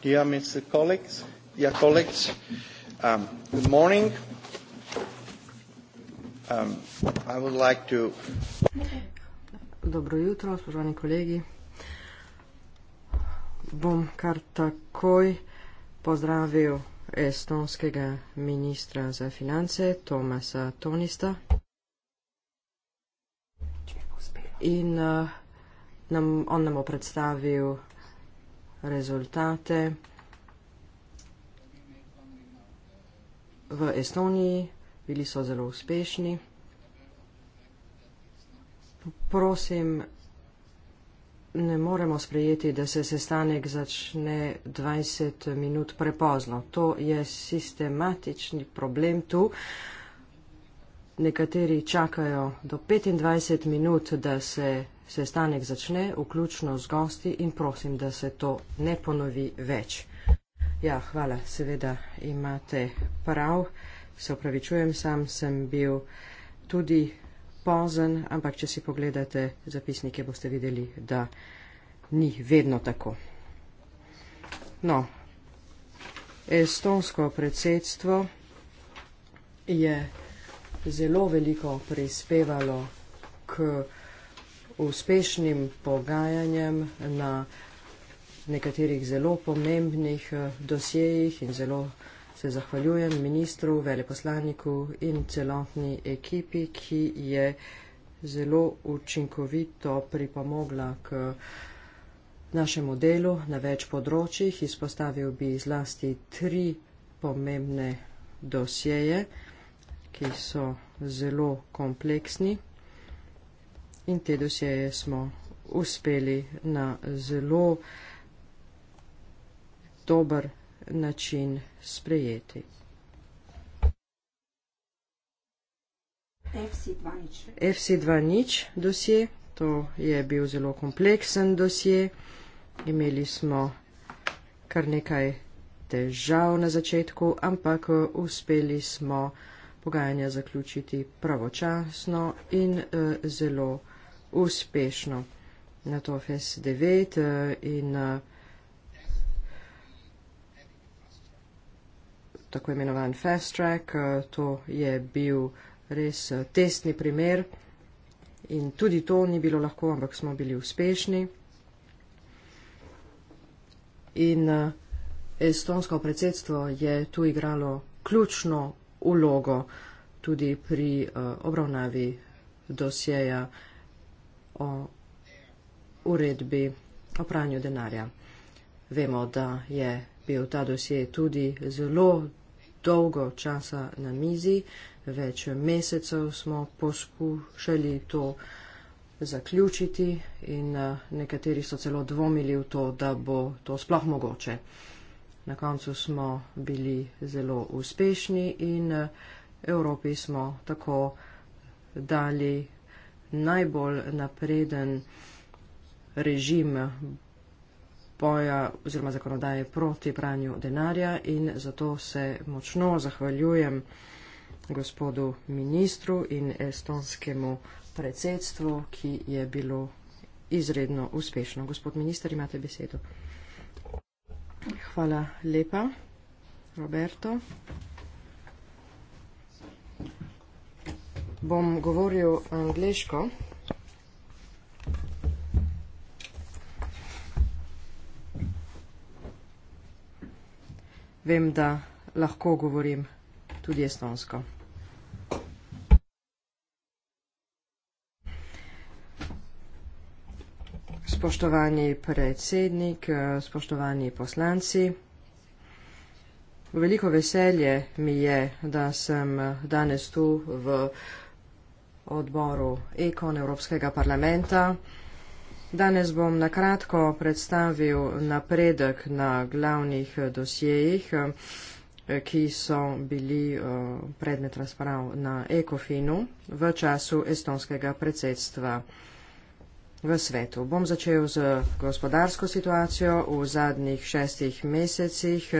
Dear Mr. colleagues, dear colleagues, um, good morning. Um, I would like to... Dobro jutro, spoštovani kolegi. Bom kar takoj pozdravil estonskega ministra za finance Tomasa Tonista in uh, nam, on nam bo predstavil rezultate v Estoniji. Bili so zelo uspešni. Prosim, ne moremo sprejeti, da se sestanek začne 20 minut prepozno. To je sistematični problem tu. Nekateri čakajo do 25 minut, da se sestanek začne, vključno z gosti in prosim, da se to ne ponovi več. Ja, hvala, seveda imate prav, se upravičujem, sam sem bil tudi pozen, ampak če si pogledate zapisnike, boste videli, da ni vedno tako. No, estonsko predsedstvo je zelo veliko prispevalo k uspešnim pogajanjem na nekaterih zelo pomembnih eh, dosjejih in zelo se zahvaljujem ministru, veleposlaniku in celotni ekipi, ki je zelo učinkovito pripomogla k našemu delu na več področjih. Izpostavil bi zlasti tri pomembne dosjeje, ki so zelo kompleksni in te doseje smo uspeli na zelo dober način sprejeti. FC2 nič dosje, to je bil zelo kompleksen dosje. Imeli smo kar nekaj težav na začetku, ampak uspeli smo pogajanja zaključiti pravočasno in eh, zelo dobro uspešno. Na to FS9 in eh, tako imenovan Fast Track, eh, to je bil res eh, testni primer in tudi to ni bilo lahko, ampak smo bili uspešni. In estonsko predsedstvo je tu igralo ključno ulogo tudi pri obravnavi dosjeja o uredbi o pranju denarja. Vemo, da je bil ta dosje tudi zelo dolgo časa na mizi, več mesecev smo poskušali to zaključiti in eh, nekateri so celo dvomili v to, da bo to sploh mogoče. Na koncu smo bili zelo uspešni in eh, Evropi smo tako dali najbolj napreden režim boja oziroma zakonodaje proti pranju denarja in zato se močno zahvaljujem gospodu ministru in estonskemu predsedstvu, ki je bilo izredno uspešno. Gospod minister, imate besedo. Hvala lepa, Roberto. bom govoril angliško. Vem, da lahko govorim tudi estonsko. Spoštovani predsednik, spoštovani poslanci, veliko veselje mi je, da sem danes tu v odboru Ekon Evropskega parlamenta. Danes bom nakratko predstavil napredek na glavnih eh, dosjejih, eh, ki so bili eh, predmet razprav na Ekofinu v času estonskega predsedstva v svetu. Bom začel z gospodarsko situacijo v zadnjih šestih mesecih.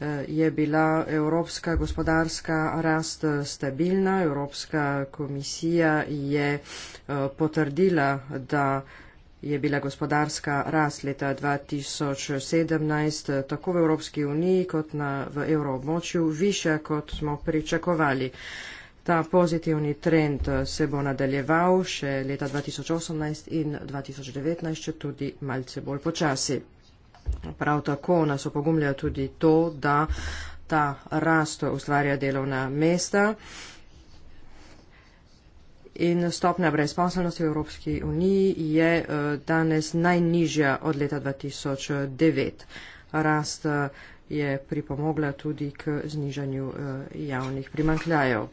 Eh, je bila evropska gospodarska rast eh, stabilna. Evropska komisija je eh, potrdila, da je bila gospodarska rast leta 2017 tako v Evropski uniji kot na, v evroobmočju više, kot smo pričakovali. Ta pozitivni trend se bo nadaljeval še leta 2018 in 2019, če tudi malce bolj počasi. Prav tako nas opogumlja tudi to, da ta rast ustvarja delovna mesta. In stopnja brezposelnosti v Evropski uniji je eh, danes najnižja od leta 2009. Rast eh, je pripomogla tudi k znižanju eh, javnih primankljajev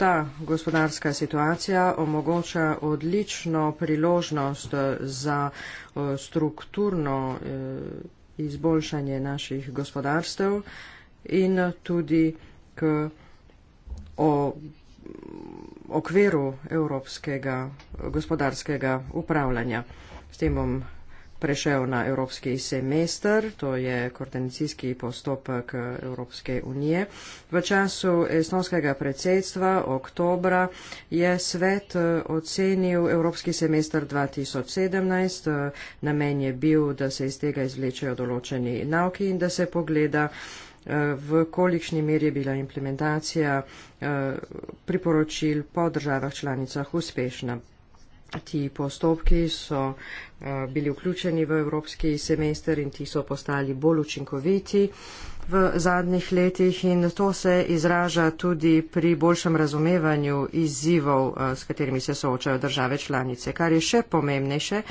ta gospodarska situacija omogoča odlično priložnost za eh, strukturno eh, izboljšanje naših gospodarstev in tudi k o okviru evropskega gospodarskega upravljanja. S tem bom prešel na evropski semester, to je koordinacijski postopek Evropske unije. V času estonskega predsedstva oktobra je svet eh, ocenil evropski semester 2017, eh, namen je bil, da se iz tega izvlečejo določeni nauki in da se pogleda, eh, v kolikšni meri je bila implementacija priporočil po državah članicah uspešna ti postopki so eh, bili vključeni v evropski semester in ti so postali bolj učinkoviti v zadnjih letih in to se izraža tudi pri boljšem razumevanju izzivov, eh, s katerimi se soočajo države članice. Kar je še pomembnejše,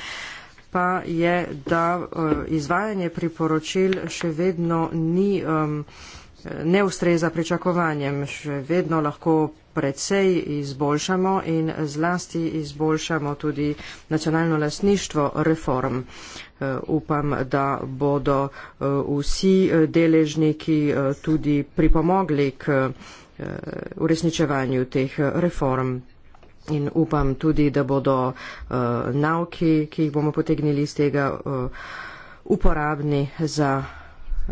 pa je, da eh, izvajanje priporočil še vedno ni. Um, Ne ustreza pričakovanjem, še vedno lahko precej izboljšamo in zlasti izboljšamo tudi nacionalno lastništvo reform. E, upam, da bodo e, vsi e, deležniki tudi pripomogli k uresničevanju teh reform. In upam tudi, da bodo uh, nauki, ki jih bomo potegnili iz tega, uh, uporabni za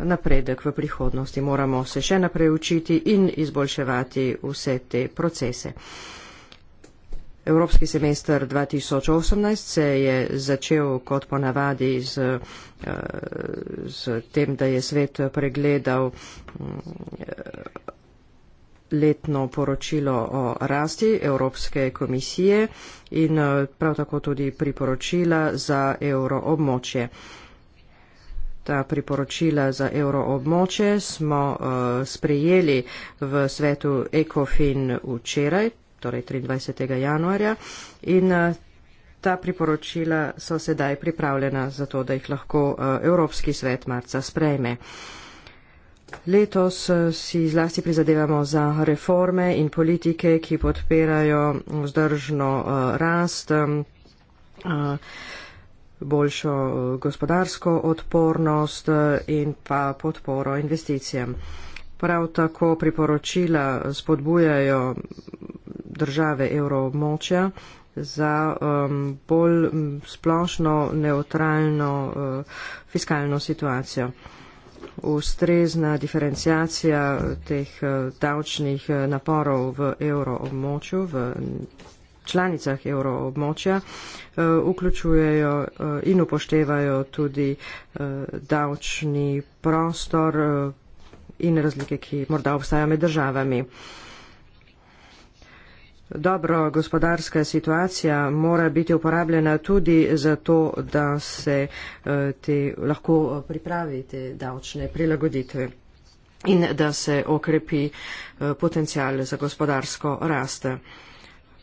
napredek v prihodnosti. Moramo se še naprej učiti in izboljševati vse te procese. Evropski semester 2018 se je začel kot ponavadi z, z eh, tem, da je svet pregledal mm, letno poročilo o rasti Evropske komisije in eh, prav tako tudi priporočila za euroobmočje. območje ta priporočila za euroobmoče smo uh, sprejeli v svetu ECOFIN včeraj, torej 23. januarja. In, uh, Ta priporočila so sedaj pripravljena za to, da jih lahko eh, Evropski svet marca sprejme. Letos si zlasti prizadevamo za reforme in politike, ki podpirajo vzdržno rast boljšo eh, gospodarsko odpornost eh, in pa podporo investicijam. Prav tako priporočila spodbujajo države evroobmočja za um, bolj splošno neutralno uh, eh, fiskalno situacijo. Ustrezna diferencijacija teh uh, davčnih naporov v evroobmočju, v članicah evroobmočja eh, vključujejo eh, in upoštevajo tudi eh, davčni prostor in razlike, ki morda obstajajo med državami. Dobro gospodarska situacija mora biti uporabljena tudi za to, da se te, lahko pripravi te davčne prilagoditve in da se okrepi potencial za gospodarsko rast.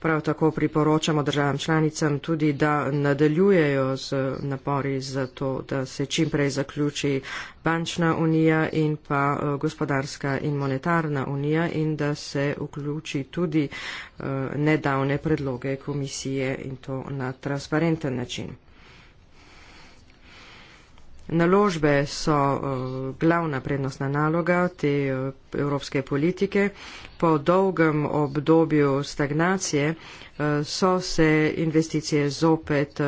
Prav tako priporočamo državam članicam tudi, da nadaljujejo z napori za to, da se čimprej zaključi bančna unija in pa eh, gospodarska in monetarna unija in da se vključi tudi eh, nedavne predloge komisije in to na transparenten način. Naložbe so eh, glavna prednostna naloga te eh, evropske politike. Po dolgem obdobju stagnacije eh, so se investicije zopet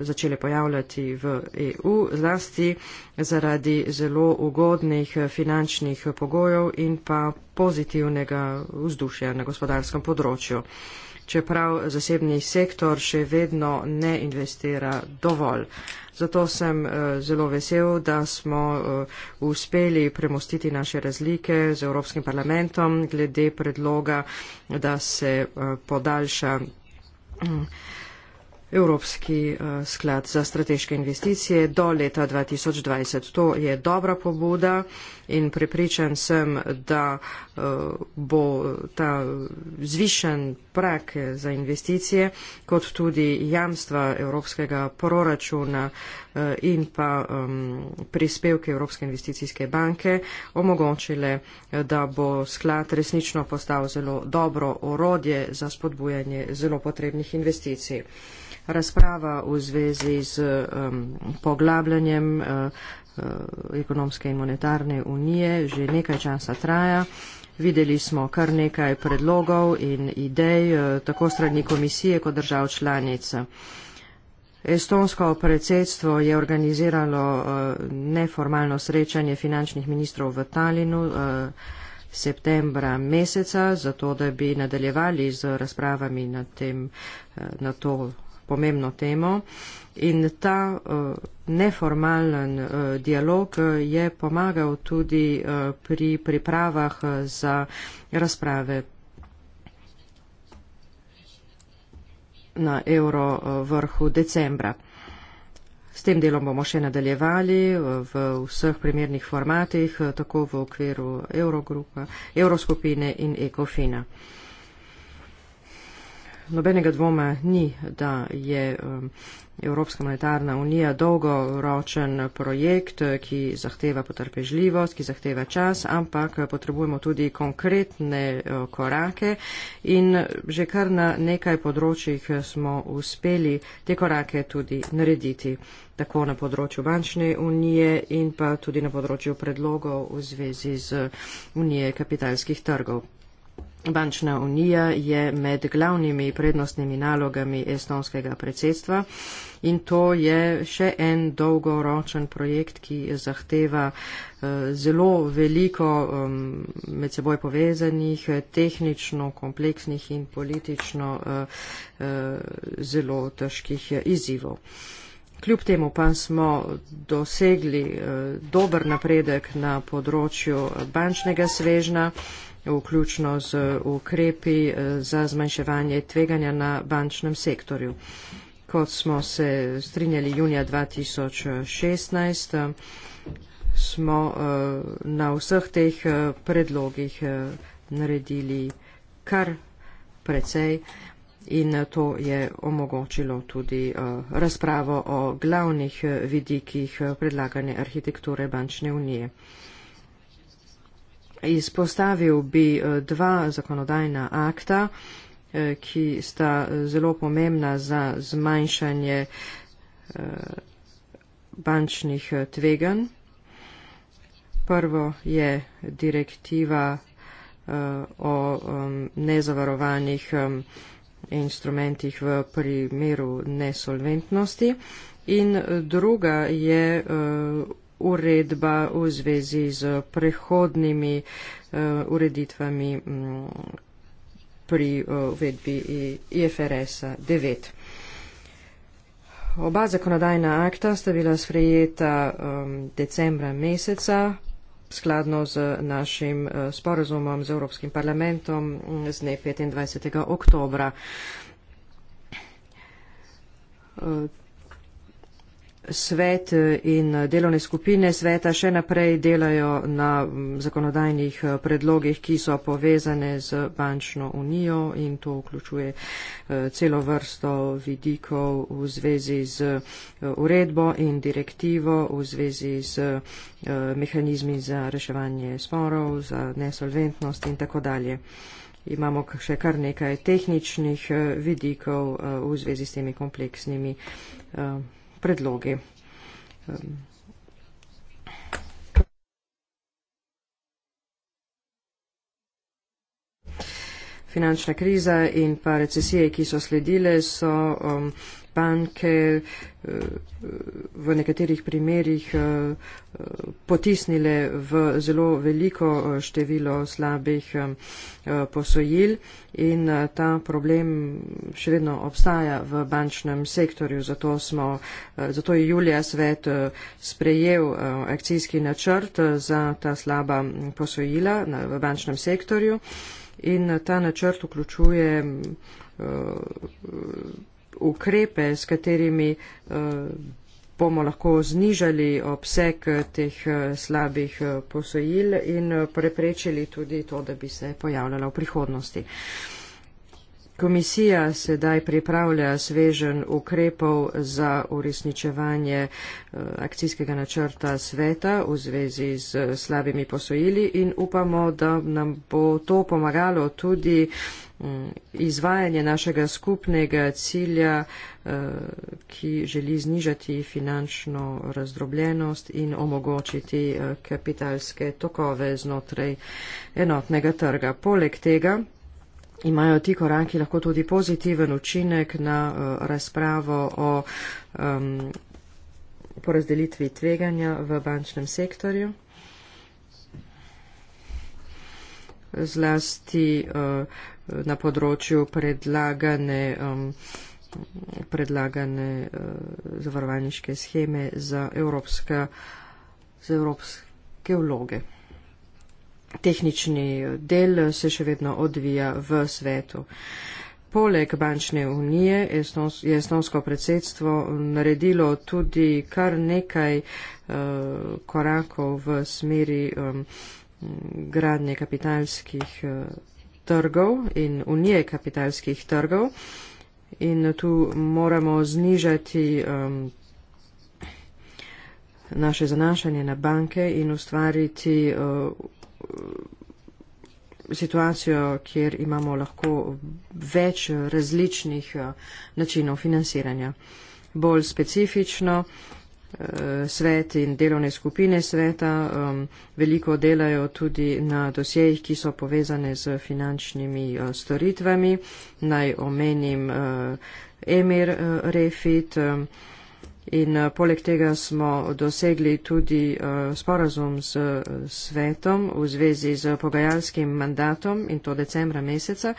začele pojavljati v EU, zlasti zaradi zelo ugodnih finančnih pogojev in pa pozitivnega vzdušja na gospodarskem področju čeprav zasebni sektor še vedno ne investira dovolj. Zato sem eh, zelo vesel, da smo eh, uspeli premostiti naše razlike z Evropskim parlamentom glede predloga, da se eh, podaljša. Mm, Evropski eh, sklad za strateške investicije do leta 2020. To je dobra pobuda in prepričan sem, da eh, bo ta zvišen prak za investicije, kot tudi jamstva Evropskega proračuna eh, in pa prispevke Evropske investicijske banke omogočile, da bo sklad resnično postal zelo dobro orodje za spodbujanje zelo potrebnih investicij razprava v zvezi z um, poglabljanjem uh, uh, ekonomske in monetarne unije že nekaj časa traja. Videli smo kar nekaj predlogov in idej, uh, tako strani komisije kot držav članic. Estonsko predsedstvo je organiziralo uh, neformalno srečanje finančnih ministrov v Talinu septembra meseca, zato da bi nadaljevali z razpravami na, tem, na to pomembno temo. In ta uh, neformalen uh, dialog eh, je pomagal tudi uh, pri pripravah za razprave na evro vrhu decembra. S tem delom bomo še nadaljevali v vseh primernih formatih, tako v okviru Euroskupine in Ekofina nobenega dvoma ni, da je um, Evropska monetarna unija dolgoročen projekt, ki zahteva potrpežljivost, ki zahteva čas, ampak potrebujemo tudi konkretne uh, korake in že kar na nekaj področjih smo uspeli te korake tudi narediti, tako na področju bančne unije in pa tudi na področju predlogov v zvezi z unije kapitalskih trgov. Bančna unija je med glavnimi prednostnimi nalogami estonskega predsedstva in to je še en dolgoročen projekt, ki zahteva eh, zelo veliko med seboj povezanih, tehnično kompleksnih in politično eh, eh, zelo težkih izzivov. Kljub temu pa smo dosegli dober napredek na področju bančnega svežna vključno z ukrepi eh, za zmanjševanje tveganja na bančnem sektorju. Kot smo se strinjali junija 2016, eh, smo eh, na vseh teh predlogih naredili kar precej in to je omogočilo tudi razpravo o glavnih vidikih predlagane arhitekture bančne unije. Izpostavil bi eh, dva zakonodajna akta, eh, ki sta eh, zelo pomembna za zmanjšanje bančnih tvegan. Prvo je direktiva o nezavarovanih instrumentih v primeru nesolventnosti in druga je uredba v zvezi z prehodnimi uh, ureditvami um, pri eh, uvedbi uh, IFRS-a 9. Oba zakonodajna akta sta bila sprejeta um, decembra meseca skladno z našim uh, eh, sporozumom z Evropskim parlamentom mm, z dne 25. oktobra. Uh, svet eh, in eh, delovne skupine sveta še naprej delajo na zakonodajnih eh, predlogih, ki so povezane z bančno unijo in to vključuje celo vrsto vidikov v zvezi z uredbo in direktivo, v zvezi z mehanizmi za reševanje sporov, za nesolventnost in tako dalje. Imamo še kar nekaj tehničnih vidikov v zvezi s temi kompleksnimi predlogi. Finančna kriza in pa recesije, ki so sledile, so. Um, banke eh, v nekaterih primerjih eh, potisnile v zelo veliko eh, število slabih posojil in ta problem še vedno obstaja v bančnem sektorju. Zato, smo, zato je julija svet sprejel akcijski načrt za ta slaba mm, posojila v bančnem sektorju. In ta načrt vključuje uh, ukrepe, s katerimi eh, bomo lahko znižali obseg eh, teh eh, slabih posojil in preprečili tudi to, da bi se pojavljala v prihodnosti. Komisija sedaj pripravlja svežen ukrepov za uresničevanje eh, akcijskega načrta sveta v zvezi z slabimi posojili in upamo, da nam bo to pomagalo tudi mm, izvajanje našega skupnega cilja, eh, ki želi znižati finančno razdrobljenost in omogočiti eh, kapitalske tokove znotraj enotnega trga. Poleg tega, imajo ti koraki lahko tudi pozitiven učinek na uh, razpravo o um, porazdelitvi tveganja v bančnem sektorju. Zlasti uh, na področju predlagane, um, predlagane uh, zavarovalniške scheme za evropske, za evropske vloge tehnični del se še vedno odvija v svetu. Poleg bančne unije je estonsko predsedstvo naredilo tudi kar nekaj eh, korakov v smeri eh, gradnje kapitalskih eh, trgov in unije kapitalskih trgov. In tu moramo znižati um, naše zanašanje na banke in ustvariti uh, situacijo, kjer imamo lahko več različnih eh, načinov financiranja. Bolj specifično, eh, svet in delovne skupine sveta veliko delajo tudi na dosjejih, ki so povezane z finančnimi eh, storitvami. Naj omenim Emir Refit, In uh, poleg tega smo dosegli tudi uh, sporazum s uh, eh, svetom v zvezi z pogajalskim mandatom in to decembra meseca.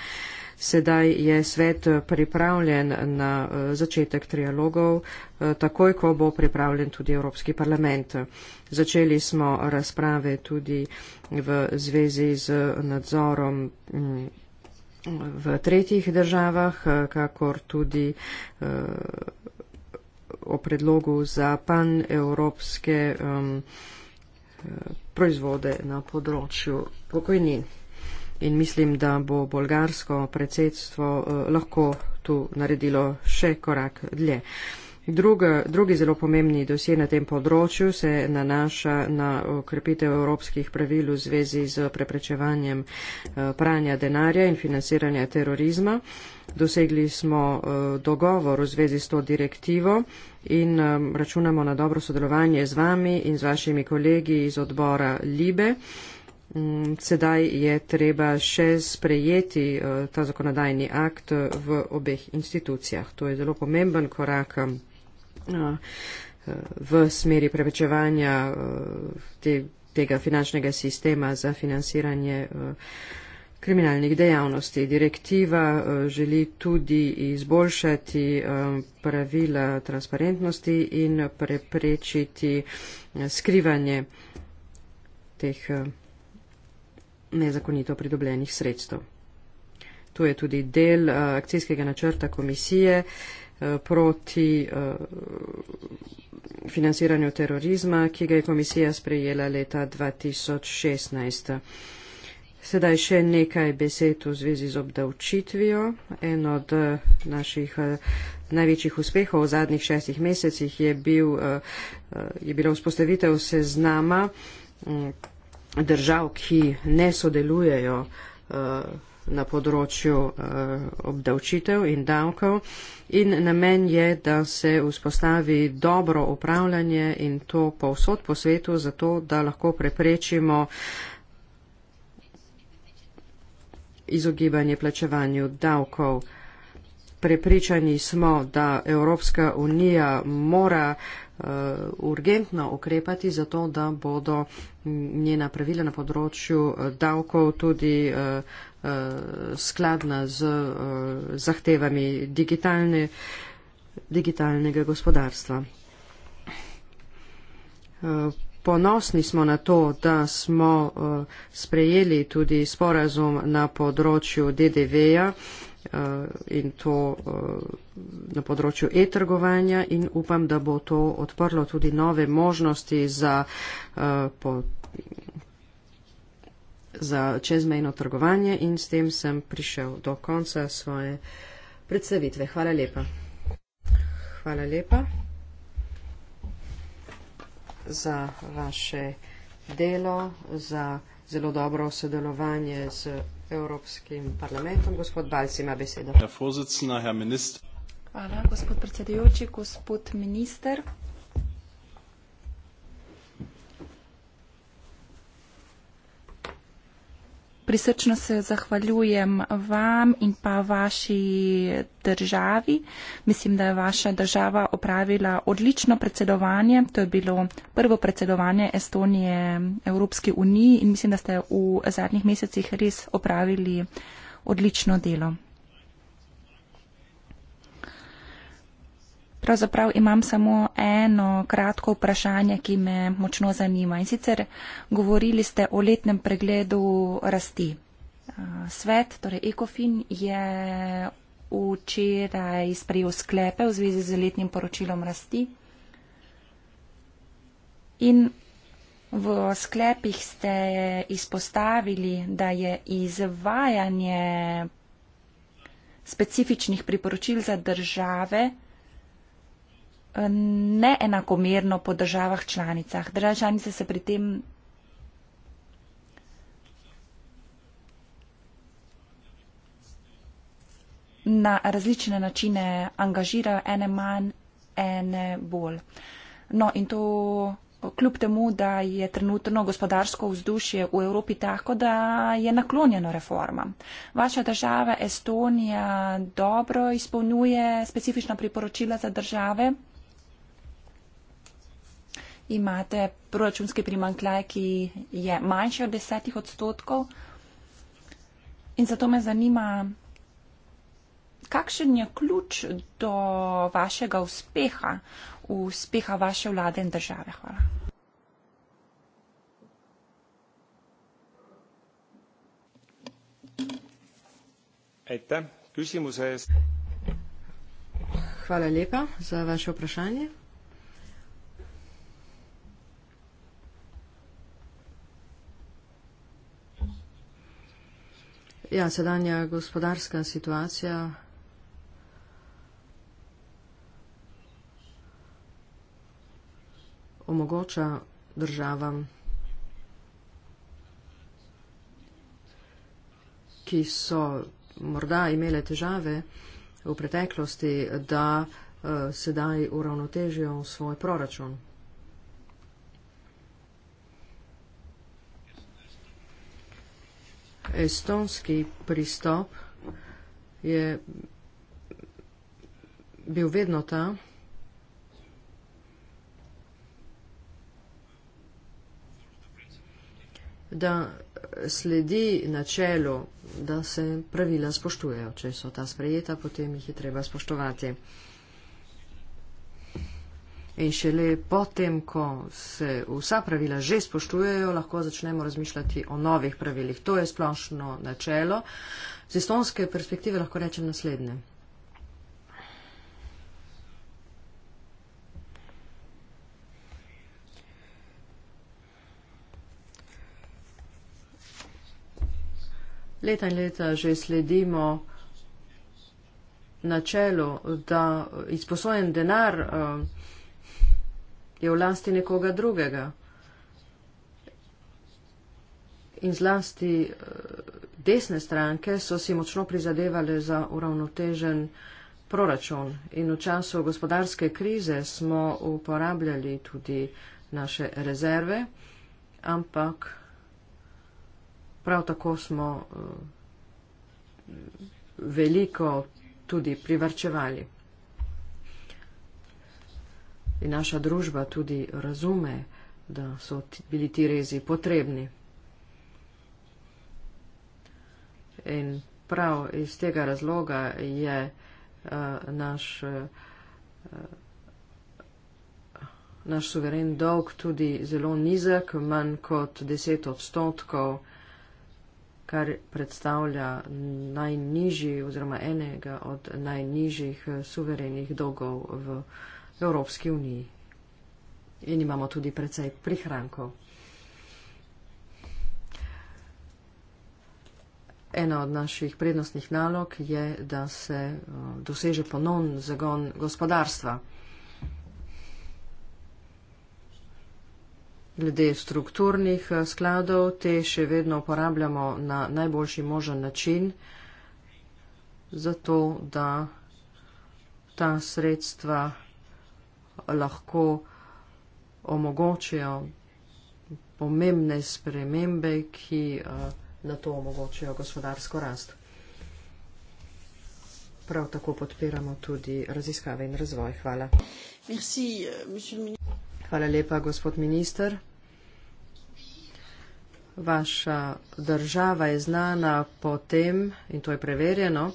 Sedaj je svet pripravljen na uh, začetek trialogov, uh, takoj ko bo pripravljen tudi Evropski parlament. Začeli smo razprave tudi v zvezi z nadzorom. Mm, v tretjih državah, kakor tudi uh, o predlogu za pan-evropske um, eh, proizvode na področju pokojnin. In mislim, da bo bolgarsko predsedstvo uh, lahko tu naredilo še korak dlje. Uh, Drug, drugi zelo pomembni dosje na tem področju se nanaša na ukrepitev evropskih pravil v zvezi z preprečevanjem eh, pranja denarja in financiranja terorizma. Dosegli smo eh, dogovor v zvezi s to direktivo in eh, računamo na dobro sodelovanje z vami in z vašimi kolegi iz odbora Libe. Mm, sedaj je treba še sprejeti ta zakonodajni akt v obeh institucijah. To je zelo pomemben korak Eh, v smeri prevečevanja eh, te, tega finančnega sistema za financiranje eh, kriminalnih dejavnosti. Direktiva želi tudi izboljšati pravila transparentnosti in preprečiti skrivanje teh nezakonito pridobljenih sredstev. To je tudi del akcijskega načrta komisije, Eh, proti eh, financiranju terorizma, ki ga je komisija sprejela leta 2016. Sedaj še nekaj besed v zvezi z obdavčitvijo. En od eh, naših največjih uspehov v zadnjih šestih mesecih je, bil, je bila vzpostavitev seznama mm, držav, ki ne sodelujejo na področju eh, obdavčitev in davkov in namen je, da se vzpostavi dobro upravljanje in to povsod po svetu, zato da lahko preprečimo izogibanje plačevanju davkov. Prepričani smo, da Evropska unija mora uh, urgentno ukrepati za to, da bodo mm, njena pravila na področju eh, davkov tudi uh, Eh, skladna z eh, zahtevami digitalne, digitalnega gospodarstva. Eh, ponosni smo na to, da smo sprejeli tudi sporazum na področju DDV-ja in to na področju e-trgovanja in upam, da bo to odprlo tudi nove možnosti za za čezmejno trgovanje in s tem sem prišel do konca svoje predstavitve. Hvala lepa. Hvala lepa za vaše delo, za zelo dobro sodelovanje z Evropskim parlamentom. Gospod Balc ima besedo. Hvala, gospod predsedujoči, gospod minister. Prisrčno se zahvaljujem vam in pa vaši državi. Mislim, da je vaša država opravila odlično predsedovanje. To je bilo prvo predsedovanje Estonije Evropski uniji in mislim, da ste v zadnjih mesecih res opravili odlično delo. Pravzaprav imam samo eno kratko vprašanje, ki me močno zanima. In sicer govorili ste o letnem pregledu rasti. Svet, torej ECOFIN, je včeraj sprejel sklepe v zvezi z letnim poročilom rasti. In v sklepih ste izpostavili, da je izvajanje specifičnih priporočil za države, neenakomerno po državah članicah. Države članice se pri tem na različne načine angažirajo, ene manj, ene bolj. No in to kljub temu, da je trenutno gospodarsko vzdušje v Evropi tako, da je naklonjeno reforma. Vaša država Estonija dobro izpolnjuje specifična priporočila za države imate proračunski primankljaj, ki je manjši od desetih odstotkov. In zato me zanima, kakšen je ključ do vašega uspeha, uspeha vaše vlade in države. Hvala. Hvala lepa za vaše vprašanje. Ja, sedanja gospodarska situacija. omogoča državam, ki so morda imele težave v preteklosti, da uh, sedaj uravnotežijo svoj proračun. estonski pristop je bil vedno ta, da sledi načelu, da se pravila spoštujejo. Če so ta sprejeta, potem jih je treba spoštovati. In šele potem, ko se vsa pravila že spoštujejo, lahko začnemo razmišljati o novih pravilih. To je splošno načelo. Z estonske perspektive lahko rečem naslednje. Leta in leta že sledimo načelu, da izposojen denar uh, je v lasti nekoga drugega. In zlasti eh, desne stranke so si močno prizadevali za uravnotežen proračun. In v času gospodarske krize smo uporabljali tudi naše rezerve, ampak prav tako smo eh, veliko tudi privrčevali in naša družba tudi razume, da so bili ti rezi potrebni. In prav iz tega razloga je uh, naš, uh, naš suveren dolg tudi zelo nizek, manj kot 10 odstotkov, kar predstavlja najnižji oziroma enega od najnižjih suverenih dolgov v Evropi. Evropski uniji. In imamo tudi precej prihrankov. Ena od naših prednostnih nalog je, da se uh, doseže ponovn zagon gospodarstva. Glede strukturnih uh, skladov, te še vedno uporabljamo na najboljši možen način, zato da ta sredstva lahko omogočijo pomembne spremembe, ki eh, na to omogočijo gospodarsko rast. Prav tako podpiramo tudi raziskave in razvoj. Hvala. Merci, euh, Hvala lepa, gospod minister. Vaša država je znana po tem, in to je preverjeno,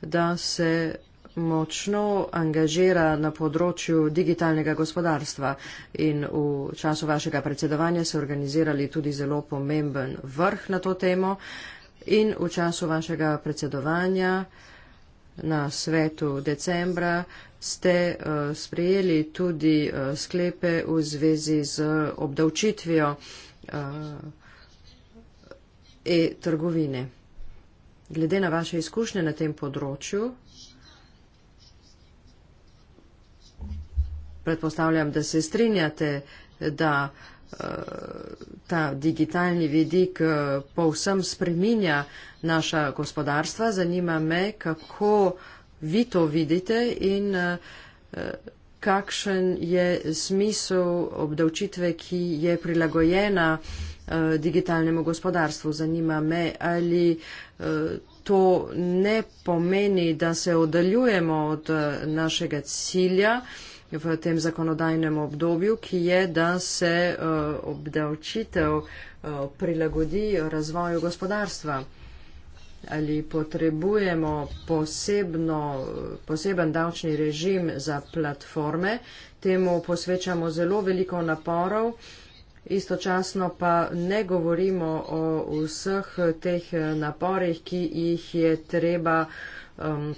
da se močno angažira na področju digitalnega gospodarstva in v času vašega predsedovanja se organizirali tudi zelo pomemben vrh na to temo in v času vašega predsedovanja na svetu decembra ste uh, sprejeli tudi uh, sklepe v zvezi z obdavčitvijo uh, e-trgovine. Glede na vaše izkušnje na tem področju, predpostavljam, da se strinjate, da eh, ta digitalni vidik eh, povsem spreminja naša gospodarstva. Zanima me, kako vi to vidite in eh, kakšen je smisel obdavčitve, ki je prilagojena digitalnemu gospodarstvu. Zanima me, ali to ne pomeni, da se oddaljujemo od našega cilja, v tem zakonodajnem obdobju, ki je, da se eh, obdavčitev eh, prilagodi razvoju gospodarstva. Ali potrebujemo posebno, poseben davčni režim za platforme, temu posvečamo zelo veliko naporov, istočasno pa ne govorimo o vseh teh eh, naporih, ki jih je treba um,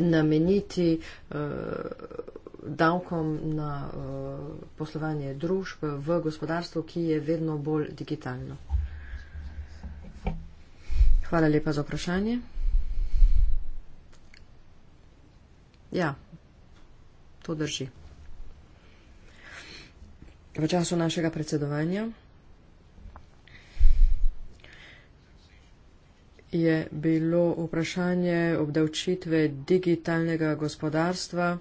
nameniti uh, davkom na eh, poslovanje družb v gospodarstvu, ki je vedno bolj digitalno? Hvala lepa za vprašanje. Ja, to drži. V času našega predsedovanja je bilo vprašanje obdavčitve digitalnega gospodarstva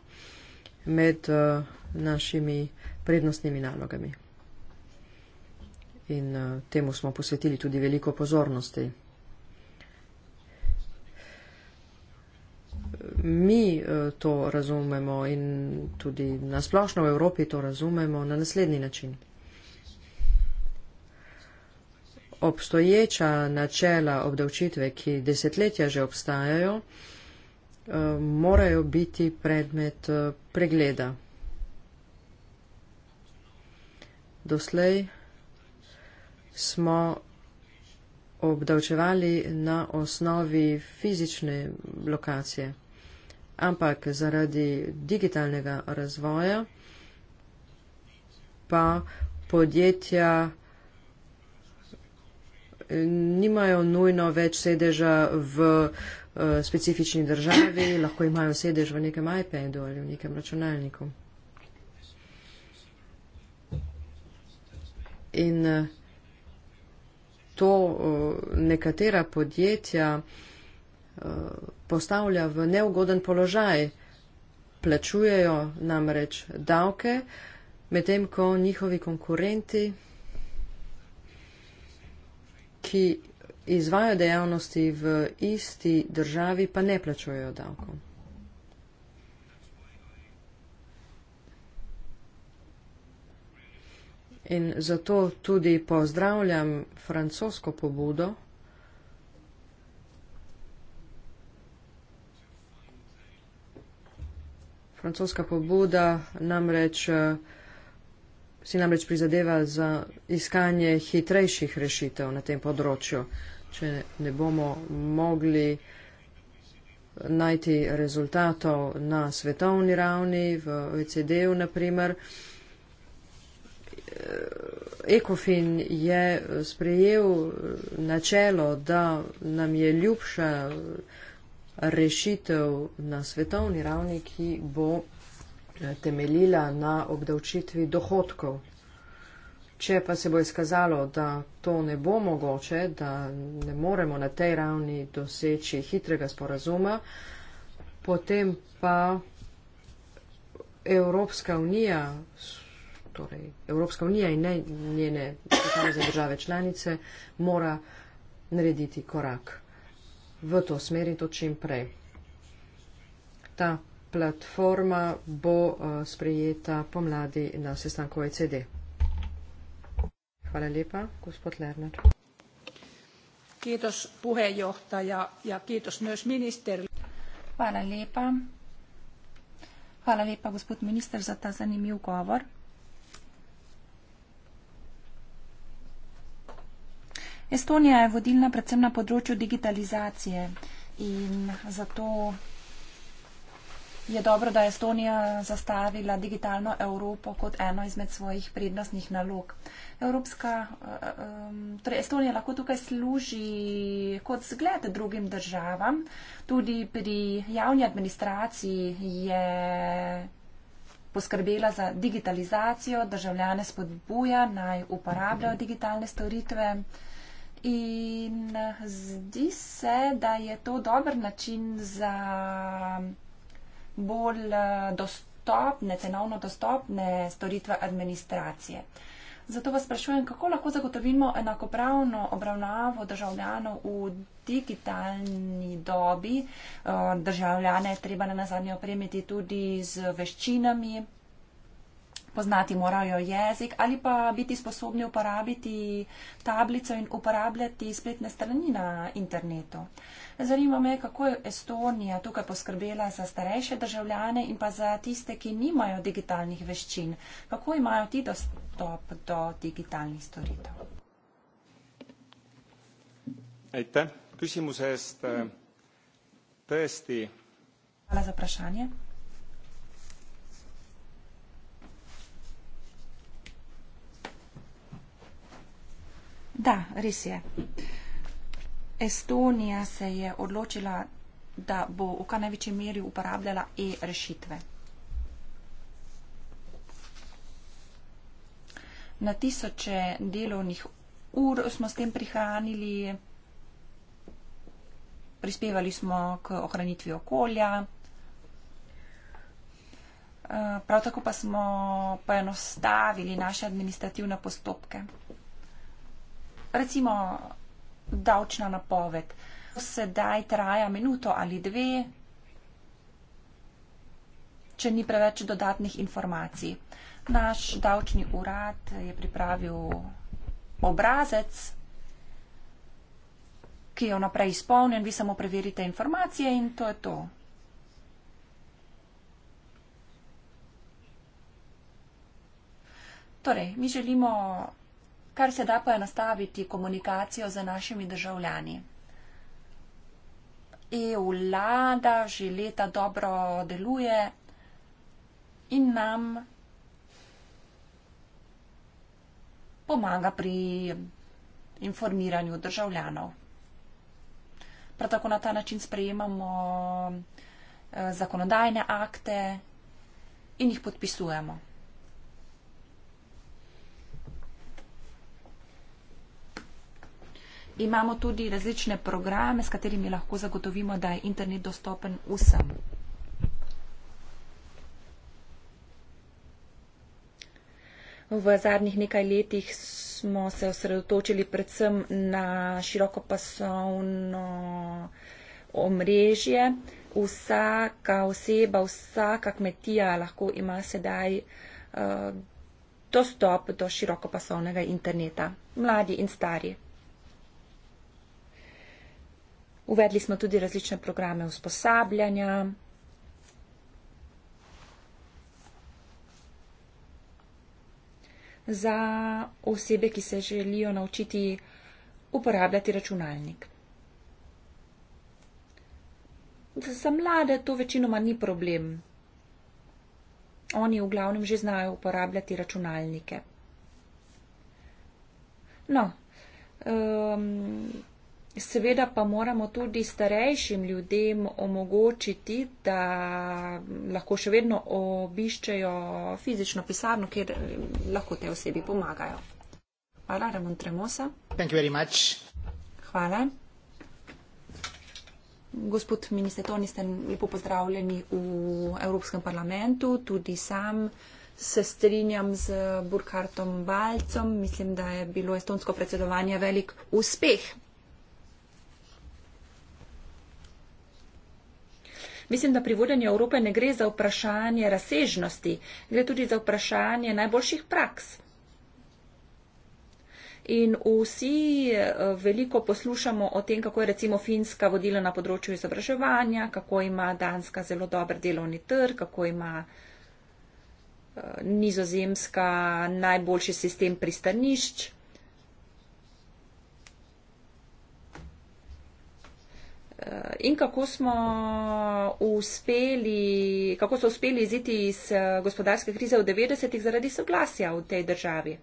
med uh, našimi prednostnimi nalogami. In uh, temu smo posvetili tudi veliko pozornosti. Mi uh, to razumemo in tudi nasplošno v Evropi to razumemo na naslednji način. Obstoječa načela obdavčitve, ki desetletja že obstajajo, uh, Eh, morajo biti predmet eh, pregleda. Doslej smo obdavčevali na osnovi fizične lokacije, ampak zaradi digitalnega razvoja pa podjetja nimajo nujno več sedeža v uh, uh, specifični državi, lahko imajo sedež v nekem iPadu ali v nekem računalniku. In uh, to uh, nekatera podjetja postavlja v neugoden položaj. Plačujejo namreč davke, medtem ko njihovi konkurenti, ki izvajo dejavnosti v isti državi, pa ne plačujejo davkov. In zato tudi pozdravljam francosko pobudo, Francoska pobuda namreč, eh, si namreč prizadeva za iskanje hitrejših rešitev na tem področju. Uh, če ne bomo mogli najti rezultatov na svetovni ravni, v OECD-u naprimer. Ekofin je sprejel načelo, da nam je ljubša rešitev na svetovni ravni, ki bo temeljila na obdavčitvi dohodkov Če pa se bo izkazalo, da to ne bo mogoče, da ne moremo na tej ravni doseči hitrega sporazuma, potem pa Evropska unija, torej Evropska unija in njene posamezne države članice, mora narediti korak v to smer in to čim prej. Ta platforma bo eh, sprejeta pomladi na sestanku OECD. Hvala lepa. Gospod Lerner. Ja Hvala lepa. Hvala lepa, gospod minister, za ta zanimiv govor. Estonija je vodilna predvsem na področju digitalizacije in zato Je dobro, da je Estonija zastavila digitalno Evropo kot eno izmed svojih prednostnih nalog. Evropska, eh, torej Estonija lahko tukaj služi kot zgled drugim državam. Tudi pri javni administraciji je poskrbela za digitalizacijo, državljane spodbuja naj uporabljajo digitalne storitve. In eh, zdi se, da je to dober način za bolj eh, dostopne, cenovno dostopne storitve administracije. Zato vas sprašujem, kako lahko zagotovimo enakopravno obravnavo državljanov v digitalni dobi. Eh, državljane je treba na nazadnje opremiti tudi z veščinami, poznati morajo jezik ali pa biti sposobni uporabiti tablico in uporabljati spletne strani na internetu. Zanima me, kako je Estonija tukaj poskrbela za starejše državljane in pa za tiste, ki nimajo digitalnih veščin. Kako imajo ti dostop do digitalnih storitev? Aitäh küsimuse eest. Tõesti. Hvala za vprašanje. Da, res je. Estonija se je odločila, da bo v kar največji meri uporabljala e-rešitve. Na tisoče delovnih ur smo s tem prihranili, prispevali smo k ohranitvi okolja, eh, prav tako pa smo poenostavili naše administrativne postopke recimo davčna napoved, sedaj traja minuto ali dve, če ni preveč dodatnih informacij. Naš davčni urad je pripravil obrazec, ki je vnaprej izpolnjen, vi samo preverite informacije in to je to. Torej, mi želimo kar se da poenostaviti komunikacijo z našimi državljani. EU vlada že leta dobro deluje in nam pomaga pri informiranju državljanov. Prav tako na ta način sprejemamo eh, zakonodajne akte in jih podpisujemo. imamo tudi različne programe, s katerimi lahko zagotovimo, da je internet dostopen vsem. V zadnjih nekaj letih smo se osredotočili predvsem na širokopasovno omrežje. Vsaka oseba, vsaka kmetija lahko ima sedaj uh, dostop do širokopasovnega interneta, mladi in stari. Uvedli smo tudi različne programe usposabljanja. Za osebe, ki se želijo naučiti uporabljati računalnik. Za mlade to večinoma ni problem. Oni v glavnem že znajo uporabljati računalnike. No, um, Seveda pa moramo tudi starejšim ljudem omogočiti, da lahko še vedno obiščejo fizično pisarno, kjer lahko te osebi pomagajo. Hvala, Ramon Tremosa. Hvala. Gospod minister Toni, ste lepo pozdravljeni v Evropskem parlamentu. Tudi sam se strinjam z Burkartom Balcom. Mislim, da je bilo estonsko predsedovanje velik uspeh. Mislim, da pri vodenju Evrope ne gre za vprašanje razsežnosti, gre tudi za vprašanje najboljših praks. In vsi eh, veliko poslušamo o tem, kako je recimo Finska vodila na področju izobraževanja, kako ima Danska zelo dober delovni trg, kako ima eh, nizozemska najboljši sistem pristanišč. Eh, in kako smo uspeli, kako so uspeli iziti iz eh, gospodarske krize v 90-ih zaradi soglasja v tej državi.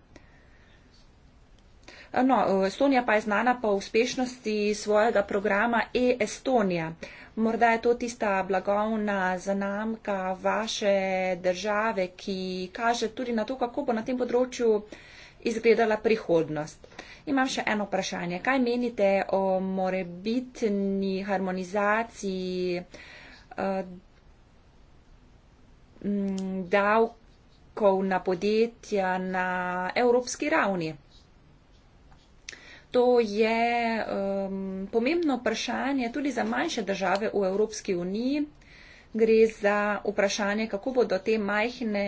Eh, no, Estonija pa je znana po uspešnosti svojega programa e-Estonija. Morda je to tista blagovna zanamka vaše države, ki kaže tudi na to, kako bo na tem področju izgledala prihodnost. Imam še eno vprašanje. Kaj menite o morebitni harmonizaciji uh, davkov na podjetja na evropski ravni? To je um, pomembno vprašanje tudi za manjše države v Evropski uniji. Gre za vprašanje, kako bodo te majhne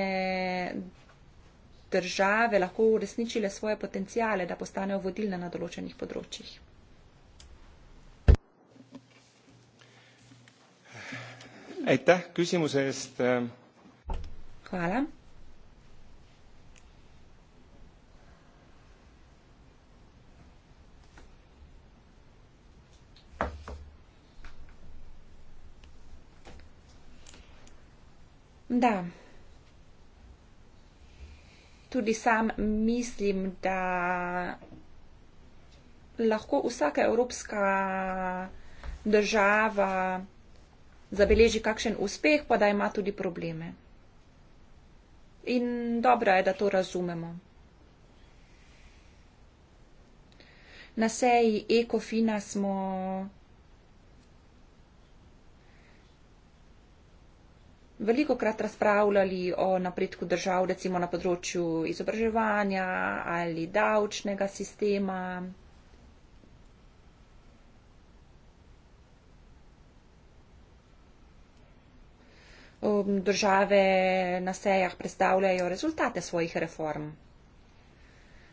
države lahko uresničile svoje potencijale, da postanejo vodilne na določenih področjih? Aitäh küsimuse eest. Hvala. Da tudi sam mislim, da lahko vsaka evropska država zabeleži kakšen uspeh, pa da ima tudi probleme. In dobro je, da to razumemo. Na seji Ekofina smo veliko krat razpravljali o napredku držav, recimo na področju izobraževanja ali davčnega sistema. Države na sejah predstavljajo rezultate svojih reform.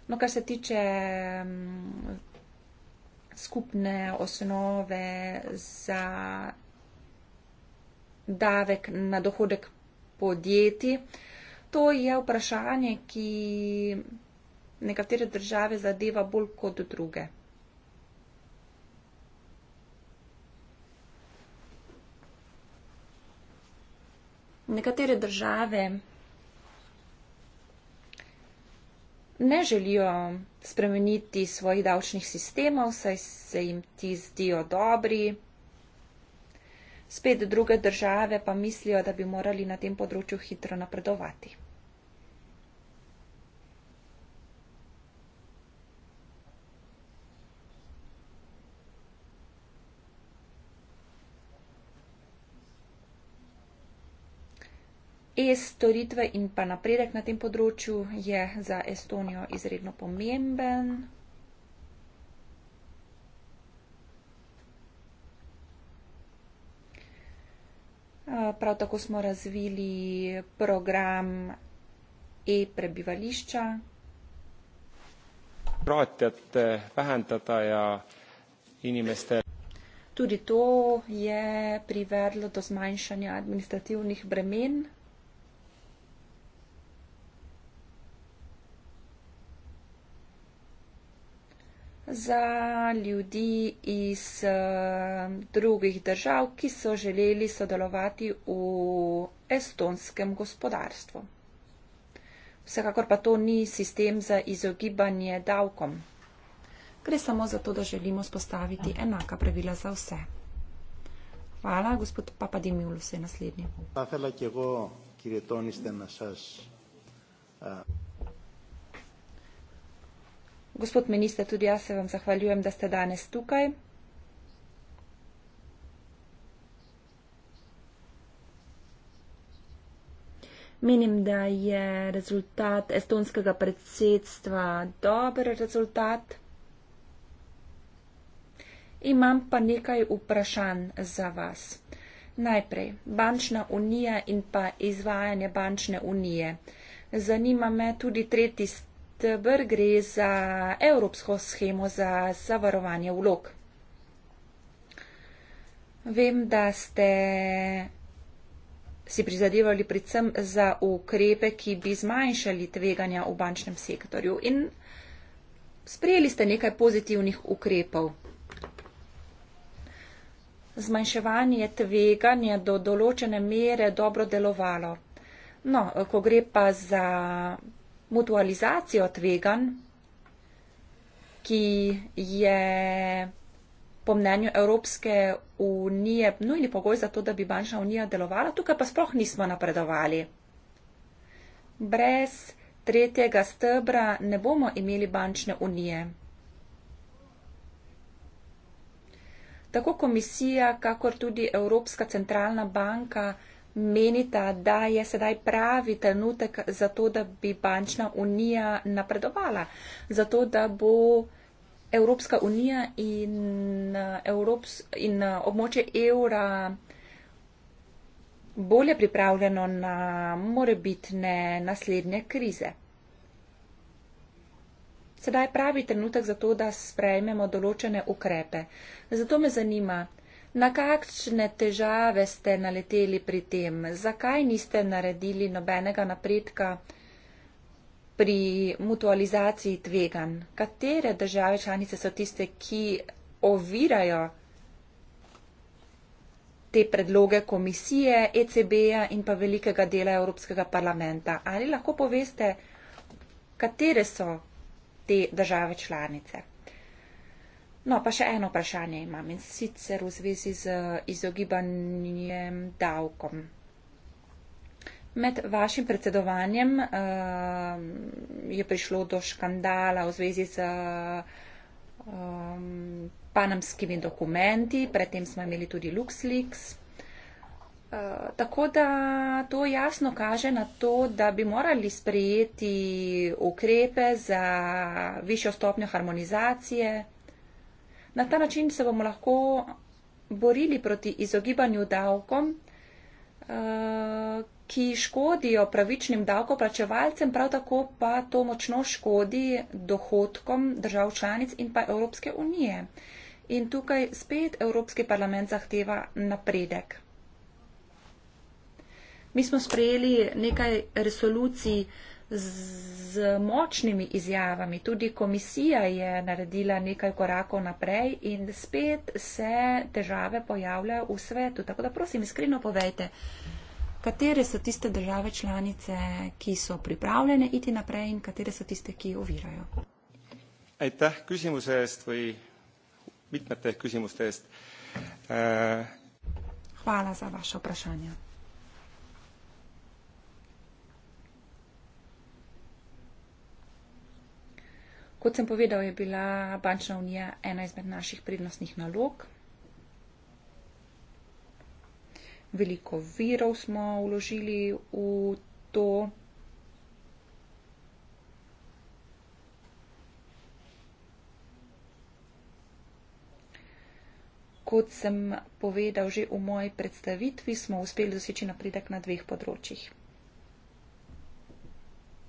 No, kar se tiče mm, skupne osnove za davek na dohodek podjetij. To je vprašanje, ki nekatere države zadeva bolj kot druge. Nekatere države ne želijo spremeniti svojih davčnih sistemov, saj se jim ti zdijo dobri spet druge države pa mislijo, da bi morali na tem področju hitro napredovati. E-storitve in pa napredek na tem področju je za Estonijo izredno pomemben. Prav tako smo razvili program e-prebivališča. Ja Tudi to je privedlo do zmanjšanja administrativnih bremen. za ljudi iz eh, drugih držav, ki so želeli sodelovati v estonskem gospodarstvu. Vsekakor pa to ni sistem za izogibanje davkom. Gre samo za to, da želimo spostaviti enaka pravila za vse. Hvala, gospod Papadimulus, je naslednji. Hvala, kjer je to, niste na šas. Gospod minister, tudi jaz se vam zahvaljujem, da ste danes tukaj. Menim, da je rezultat estonskega predsedstva dober rezultat. Imam pa nekaj vprašanj za vas. Najprej, bančna unija in pa izvajanje bančne unije. Zanima me tudi tretji stavek. TBR gre za evropsko schemo za zavarovanje vlog. Vem, da ste si prizadevali predvsem za ukrepe, ki bi zmanjšali tveganja v bančnem sektorju in sprejeli ste nekaj pozitivnih ukrepov. Zmanjševanje tveganja do določene mere dobro delovalo. No, ko gre pa za mutualizacijo tvegan, ki je po mnenju Evropske unije nujni pogoj za to, da bi bančna unija delovala. Tukaj pa sploh nismo napredovali. Brez tretjega stebra ne bomo imeli bančne unije. Tako komisija, kakor tudi Evropska centralna banka menita, da je sedaj pravi trenutek za to, da bi bančna unija napredovala, za to, da bo Evropska unija in, Evrops, in območje evra bolje pripravljeno na morebitne naslednje krize. Sedaj je pravi trenutek za to, da sprejmemo določene ukrepe. Zato me zanima, Na kakšne težave ste naleteli pri tem? Zakaj niste naredili nobenega napredka pri mutualizaciji tvegan? Katere države članice so tiste, ki ovirajo te predloge komisije, ECB-ja in pa velikega dela Evropskega parlamenta? Ali lahko poveste, katere so te države članice? No, pa še eno vprašanje imam in sicer v zvezi z izogibanjem davkom. Med vašim predsedovanjem uh, je prišlo do škandala v zvezi z um, panamskimi dokumenti, predtem smo imeli tudi LuxLeaks. Eh, tako da to jasno kaže na to, da bi morali sprejeti ukrepe za višjo stopnjo harmonizacije Na ta način se bomo lahko borili proti izogibanju davkom, eh, ki škodijo pravičnim davkoplačevalcem, prav tako pa to močno škodi dohodkom držav članic in pa Evropske unije. In tukaj spet Evropski parlament zahteva napredek. Mi smo sprejeli nekaj resolucij, z močnimi izjavami. Tudi komisija je naredila nekaj korakov naprej in spet se težave pojavljajo v svetu. Tako da prosim, iskreno povejte, katere so tiste države članice, ki so pripravljene iti naprej in katere so tiste, ki ovirajo. Aitäh küsimuse eest või mitmete küsimuste eest. Äh, Hvala za vaše vprašanje. Kot sem povedal, je bila bančna unija ena izmed naših prednostnih nalog. Veliko virov smo vložili v to. Kot sem povedal že v moji predstavitvi, smo uspeli doseči napredek na dveh področjih.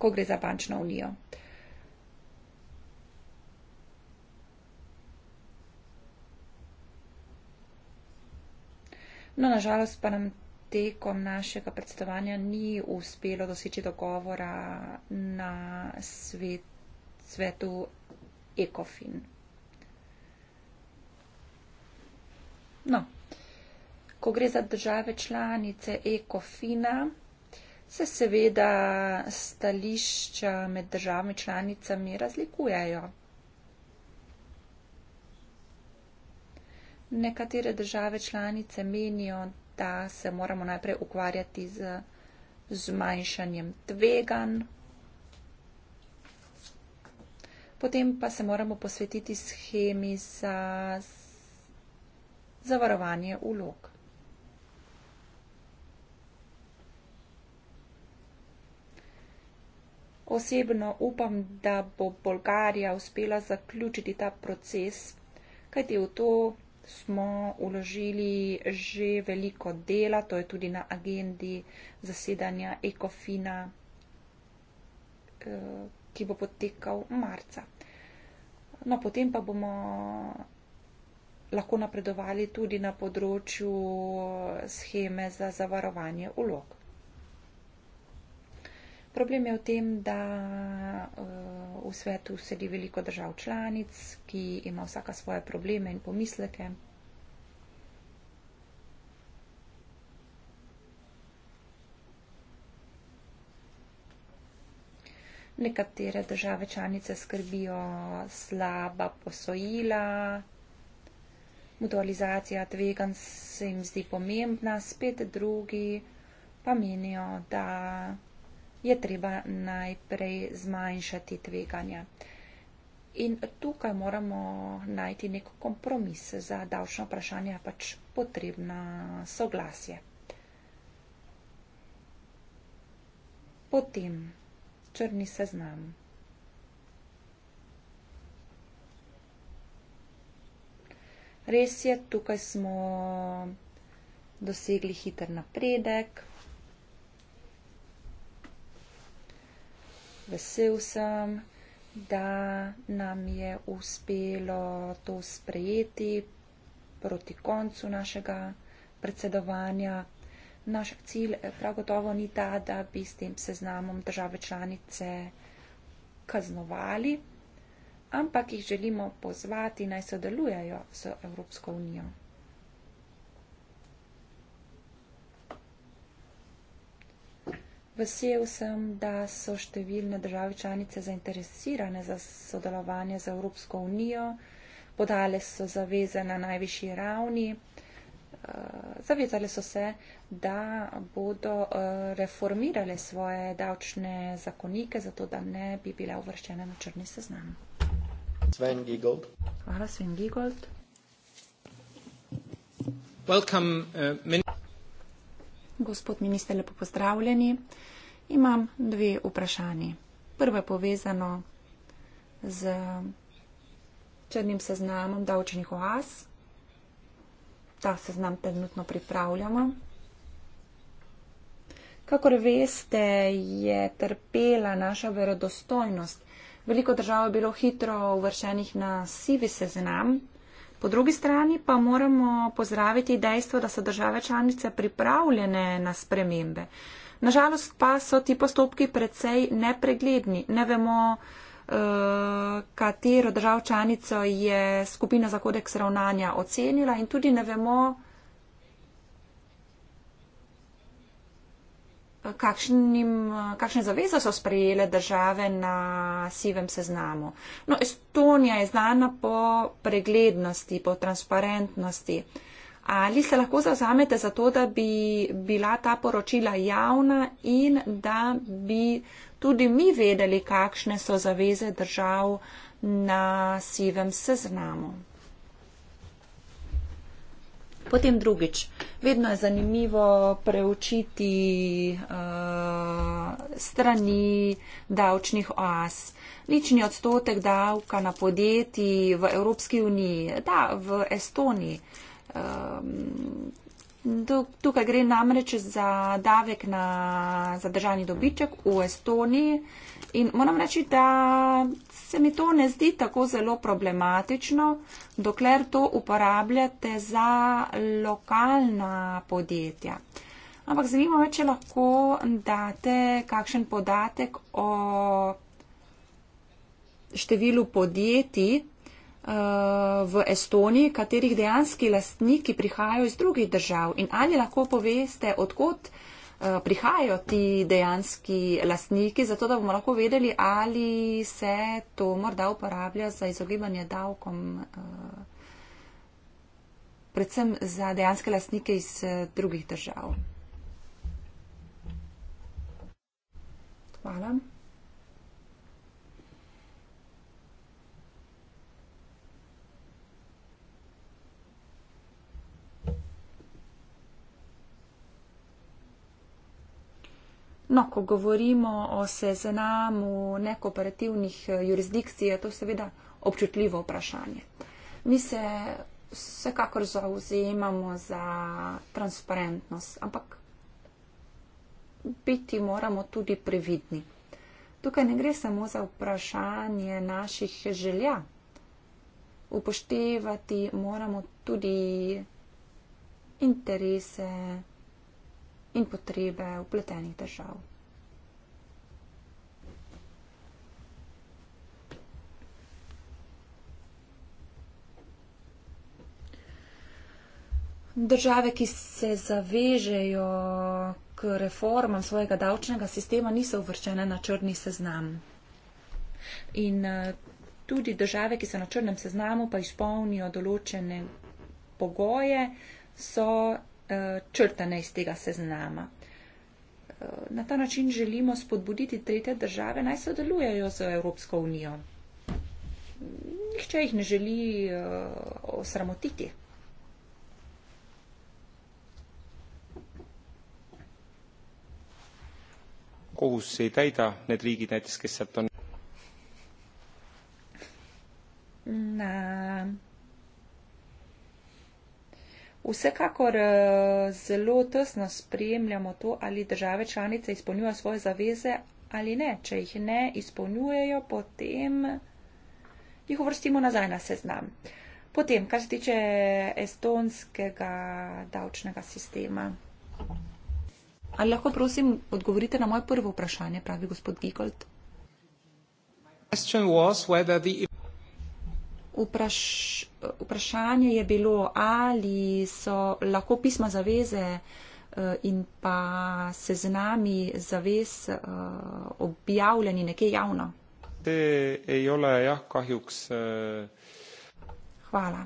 Ko gre za bančno unijo. Uh, No, nažalost pa nam tekom našega predstavanja ni uspelo doseči dogovora na svet, svetu ECOFIN. No, ko gre za države članice ECOFINA, se seveda stališča med državami članicami razlikujejo. nekatere države članice menijo, da se moramo najprej ukvarjati z zmanjšanjem tvegan, potem pa se moramo posvetiti schemi za zavarovanje ulog. Osebno upam, da bo Bolgarija uspela zaključiti ta proces, kajti v to smo uložili že veliko dela, to je tudi na agendi zasedanja Ekofina, eh, ki bo potekal marca. No, potem pa bomo lahko napredovali tudi na področju eh, scheme za zavarovanje ulog. Problem je v tem, da eh, v svetu sedi veliko držav članic, ki ima vsaka svoje probleme in pomisleke. Nekatere države članice skrbijo slaba posojila, mutualizacija tvegan se jim zdi pomembna, spet drugi pa menijo, da je treba najprej zmanjšati tveganja. In tukaj moramo najti nek kompromis za davčno vprašanje, pač potrebna soglasje. Potem črni seznam. Res je, tukaj smo dosegli hiter napredek, Vesel sem, da nam je uspelo to sprejeti proti koncu našega predsedovanja. Naš cilj eh, prav gotovo ni ta, da bi s tem seznamom države članice kaznovali, ampak jih želimo pozvati naj sodelujajo s Evropsko unijo. Vesel sem, da so številne države članice zainteresirane za sodelovanje z Evropsko unijo, podale so zaveze na najvišji ravni, eh, zavezale so se, da bodo eh, reformirale svoje davčne zakonike, zato da ne bi bila uvrščena na črni seznam. Sven Giegold. Hvala, Sven Giegold. Welcome, uh, Gospod minister, lepo pozdravljeni. Imam dve vprašanje. Prvo je povezano z črnim seznamom davčnih oaz. Ta seznam trenutno pripravljamo. Kakor veste, je trpela naša verodostojnost. Veliko držav je bilo hitro uvršenih na sivi seznam, Po drugi strani pa moramo pozdraviti dejstvo, da so države članice pripravljene na spremembe. Nažalost pa so ti postopki precej nepregledni. Ne vemo, eh, katero državo članico je skupina za kodeks ravnanja ocenila in tudi ne vemo, kakšnim, kakšne zaveze so sprejele države na sivem seznamu. No, Estonija je znana po preglednosti, po transparentnosti. Ali se lahko zauzamete za to, da bi bila ta poročila javna in da bi tudi mi vedeli, kakšne so zaveze držav na sivem seznamu? Potem drugič, vedno je zanimivo preučiti uh, strani davčnih oas. Lični odstotek davka na podjetji v Evropski uniji, da, v Estoniji. Um, tukaj gre namreč za davek na zadržani dobiček v Estoniji. In moram reči, da se mi to ne zdi tako zelo problematično, dokler to uporabljate za lokalna podjetja. Ampak zanima me, če lahko date kakšen podatek o številu podjetij eh, v Estoniji, katerih dejanski lastniki prihajajo iz drugih držav in ali lahko poveste, odkot Eh, prihajajo ti dejanski lastniki, zato da bomo lahko vedeli, ali se to morda uporablja za izogibanje davkom, eh, predvsem za dejanske lastnike iz eh, drugih držav. Hvala. No, ko govorimo o seznamu nekooperativnih eh, jurisdikcij, je to seveda občutljivo vprašanje. Mi se vsekakor zauzemamo za transparentnost, ampak biti moramo tudi previdni. Tukaj ne gre samo za vprašanje naših želja. Upoštevati moramo tudi interese in potrebe upletenih držav. Države, ki se zavežejo k reformam svojega davčnega sistema, niso uvrščene na črni seznam. In eh, tudi države, ki so na črnem seznamu, pa izpolnijo določene pogoje, so Eh, črtane iz tega seznama. Eh, na ta način želimo spodbuditi tretje države naj sodelujejo z Evropsko unijo. Nihče jih ne želi eh, osramotiti. kohus ei täida need riigid näiteks, kes sealt on? Vsekakor eh, zelo tesno spremljamo to, ali države članice izpolnjujejo svoje zaveze ali ne. Če jih ne izpolnjujejo, potem jih uvrstimo nazaj na seznam. Potem, kar se tiče estonskega davčnega sistema. Ali lahko prosim odgovorite na moje prvo vprašanje, pravi gospod Gigold? Vpraš, vprašanje je bilo, ali so lahko pisma zaveze eh, in pa se z nami zavez eh, objavljeni nekje javno. Eh, Hvala.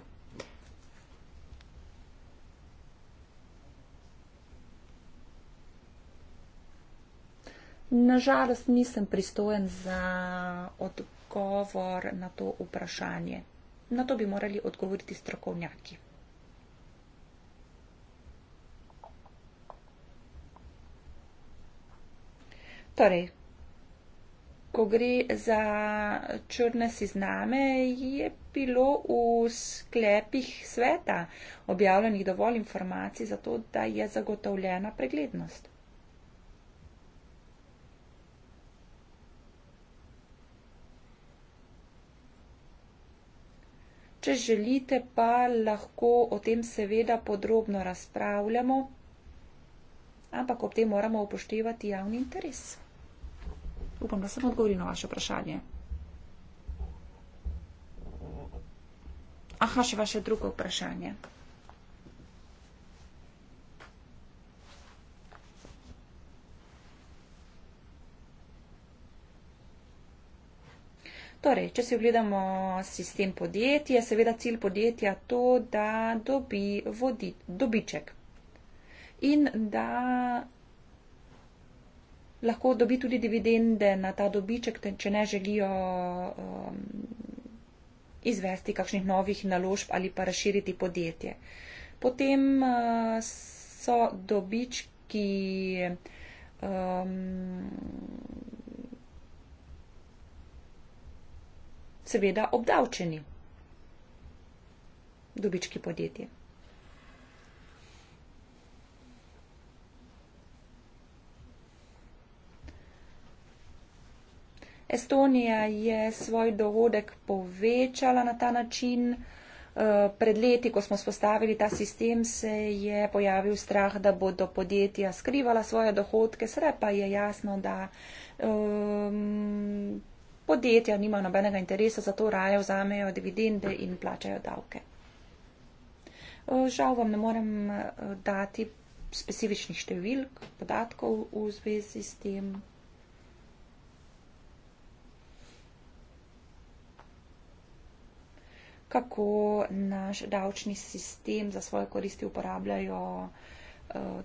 Nažalost nisem pristojen za odgovor na to vprašanje. Na to bi morali odgovoriti strokovnjaki. Torej, ko gre za črne sizname, je bilo v sklepih sveta objavljenih dovolj informacij za to, da je zagotovljena preglednost. Če želite, pa lahko o tem seveda podrobno razpravljamo, ampak ob tem moramo upoštevati javni interes. Upam, da sem odgovoril na vaše vprašanje. Aha, še vaše drugo vprašanje. Torej, če si ogledamo sistem podjetja, je seveda cilj podjetja to, da dobi vodi, dobiček in da lahko dobi tudi dividende na ta dobiček, če ne želijo um, izvesti kakšnih novih naložb ali pa razširiti podjetje. Potem uh, so dobički. Um, seveda obdavčeni dobički podjetja. Estonija je svoj dohodek povečala na ta način. Eh, pred leti, ko smo spostavili ta sistem, se je pojavil strah, da bodo podjetja skrivala svoje dohodke. Sre pa je jasno, da um, podjetja nimajo nobenega interesa, zato raje vzamejo dividende in plačajo davke. Žal vam ne morem eh, dati specifičnih številk, podatkov v zvezi s tem. kako naš davčni sistem za svoje koristi uporabljajo uh,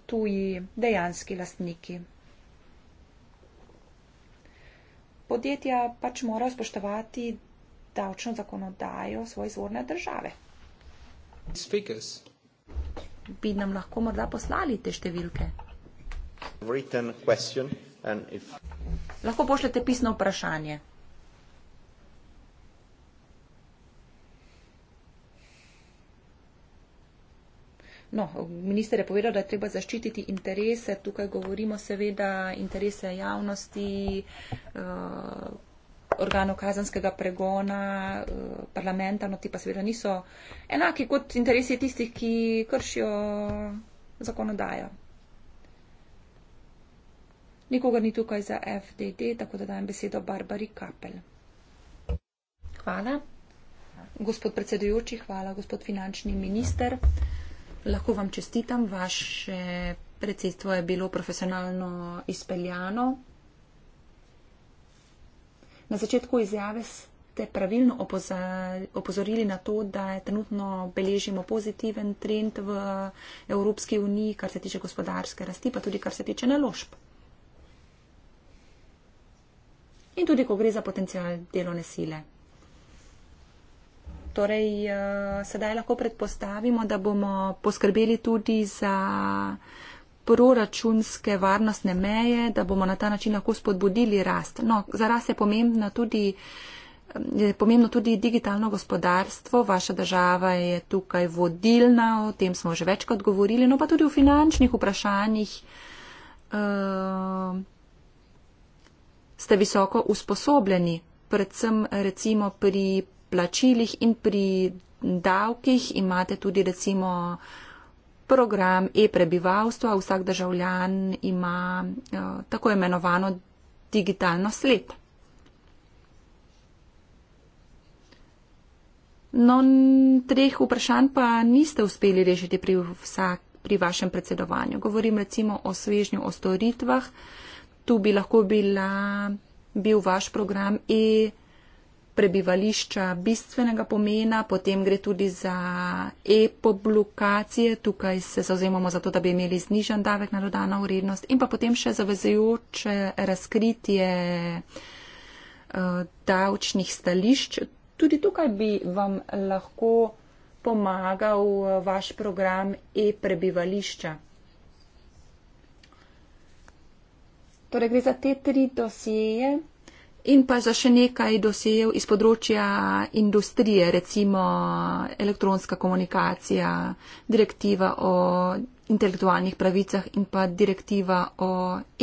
tuji dejanski lastniki. podjetja pač morajo spoštovati davčno zakonodajo svoje izvorne države. Speakers. Bi nam lahko morda poslali te številke? Lahko pošljete pisno vprašanje. No, minister je povedal, da je treba zaščititi interese. Tukaj govorimo seveda interese javnosti, eh, organov kazanskega pregona, eh, parlamenta, no ti pa seveda niso enaki kot interesi tistih, ki kršijo zakonodajo. Nikogar ni tukaj za FDD, tako da dajem besedo Barbari Kapel. Hvala. Gospod predsedujoči, hvala, gospod finančni minister. Hvala lahko vam čestitam, vaše predsedstvo je bilo profesionalno izpeljano. Na začetku izjave ste pravilno opozorili na to, da je trenutno beležimo pozitiven trend v Evropski uniji, kar se tiče gospodarske rasti, pa tudi kar se tiče naložb. In tudi, ko gre za potencial delovne sile. Torej, eh, sedaj lahko predpostavimo, da bomo poskrbeli tudi za proračunske varnostne meje, da bomo na ta način lahko spodbudili rast. No, za rast je pomembna tudi. Eh, je pomembno tudi digitalno gospodarstvo, vaša država je tukaj vodilna, o tem smo že večkrat govorili, no pa tudi o finančnih vprašanjih uh, ste visoko usposobljeni, predvsem recimo pri plačilih in pri davkih imate tudi recimo program e-prebivalstva. Vsak državljan ima eh, tako imenovano digitalno sled. No, treh vprašanj pa niste uspeli rešiti pri, vsak, pri vašem predsedovanju. Govorim recimo o svežnju, o storitvah. Tu bi lahko bila, bil vaš program e-prebivalstva prebivališča bistvenega pomena, potem gre tudi za e-poblokacije, tukaj se zauzemamo za to, da bi imeli znižen davek na dodano vrednost in pa potem še zavezujoče razkritje eh, davčnih stališč. Tudi tukaj bi vam lahko pomagal eh, vaš program e-prebivališča. Torej gre za te tri dosjeje in pa za še nekaj dosejev iz področja industrije, recimo elektronska komunikacija, direktiva o intelektualnih pravicah in pa direktiva o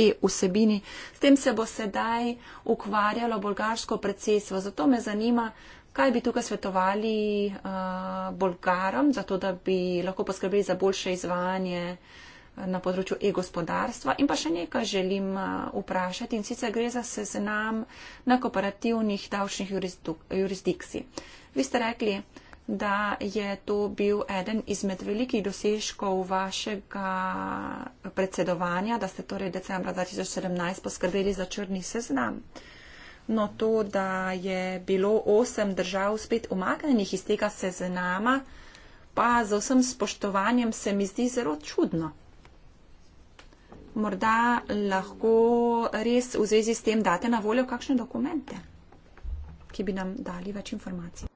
e-vsebini. S tem se bo sedaj ukvarjalo bolgarsko predsedstvo. Zato me zanima, kaj bi tukaj svetovali uh, eh, bolgaram, zato da bi lahko poskrbeli za boljše izvajanje uh, na področju e-gospodarstva in pa še nekaj želim eh, vprašati in sicer gre za seznam na kooperativnih davčnih jurisdikcij. Vi ste rekli, da je to bil eden izmed velikih dosežkov vašega predsedovanja, da ste torej decembra 2017 poskrbeli za črni seznam. No to, da je bilo osem držav spet umaknjenih iz tega seznama, pa z vsem spoštovanjem se mi zdi zelo čudno morda lahko res v zvezi s tem date na voljo kakšne dokumente, ki bi nam dali več informacij.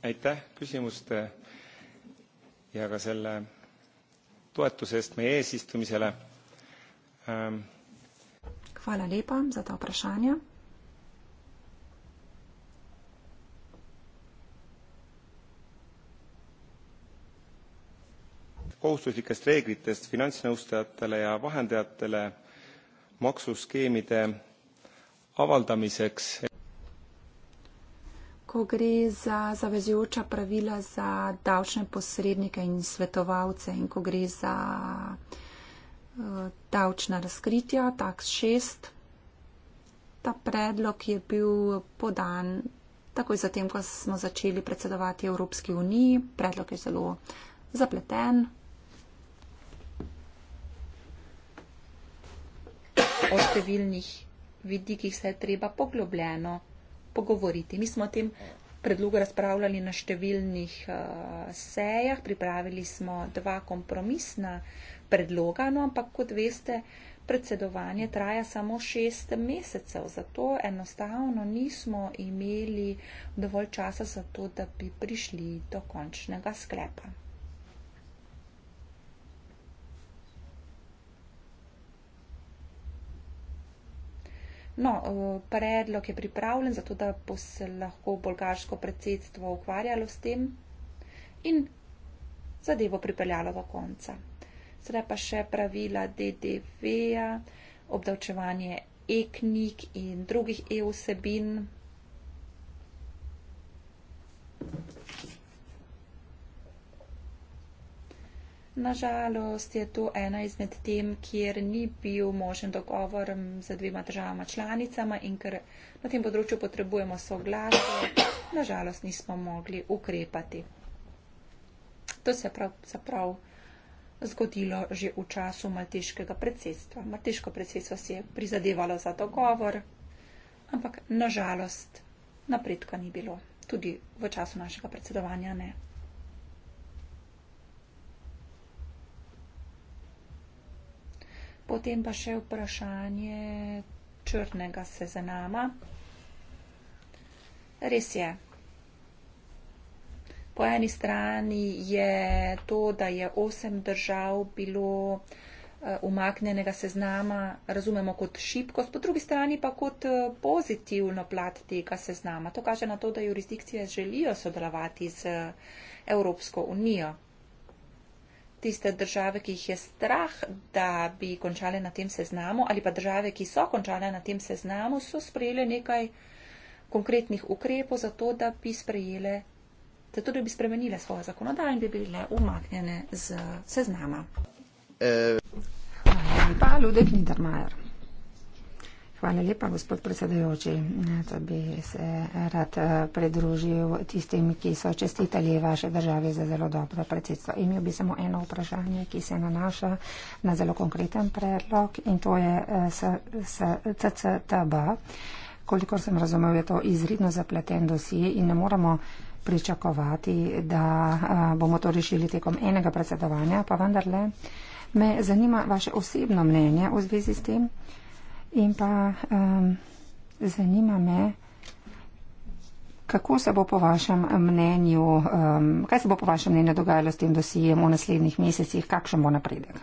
aitäh küsimuste ja ka selle toetuse eest meie eesistumisele ehm,. Hvala lepa za ta vprašanja. kohustuslikest reeglitest finantsnõustajatele ja vahendajatele maksuskeemide avaldamiseks. Ko gre za zavezujoča pravila za davčne posrednike in svetovalce in ko gre za eh, davčna razkritja, tak šest, ta predlog je bil podan takoj zatem, ko smo začeli predsedovati Evropski uniji. Predlog je zelo zapleten, o številnih vidikih se je treba poglobljeno pogovoriti. Mi smo o tem predlogu razpravljali na številnih uh, sejah, pripravili smo dva kompromisna predloga, no, ampak kot veste, predsedovanje traja samo šest mesecev, zato enostavno nismo imeli dovolj časa za to, da bi prišli do končnega sklepa. No, eh, predlog je pripravljen, zato da bo se lahko bolgarsko predsedstvo ukvarjalo s tem in zadevo pripeljalo do konca. Sedaj pa še pravila DDV-ja, obdavčevanje e-knjig in drugih e-osebin. Nažalost je to ena izmed tem, kjer ni bil možen dogovor z dvema državama članicama in ker na tem področju potrebujemo soglasje, nažalost nismo mogli ukrepati. To se je pravzaprav zgodilo že v času maltiškega predsedstva. Maltiško predsedstvo si je prizadevalo za dogovor, ampak nažalost napredka ni bilo, tudi v času našega predsedovanja ne. Potem pa še vprašanje črnega seznama. Res je. Po eni strani je to, da je osem držav bilo eh, umaknjenega seznama, razumemo kot šibkost, po drugi strani pa kot eh, pozitivno plat tega seznama. To kaže na to, da jurisdikcije želijo sodelovati z eh, Evropsko unijo tiste države, ki jih je strah, da bi končale na tem seznamu, ali pa države, ki so končale na tem seznamu, so sprejele nekaj konkretnih ukrepov za to, da bi sprejele, zato da bi spremenile svojo zakonodajo in bi bile umaknjene z seznama. E... Hvala lepa, Ludek Niedermayer. Hvala lepa, gospod predsedujoči. To bi se rad eh, pridružil tistim, ki so čestitali vaše države za zelo dobro predsedstvo. Imel bi samo eno vprašanje, ki se nanaša na zelo konkreten predlog in to je eh, s CCTB. Kolikor sem razumel, je to izredno zapleten dosije in ne moramo pričakovati, da eh, bomo to rešili tekom enega predsedovanja, pa vendarle me zanima vaše osebno mnenje v zvezi s tem. In pa um, zanima me, kako se bo po vašem mnenju, um, kaj se bo po vašem mnenju dogajalo s tem dosijem v naslednjih mesecih, kakšen bo napredek.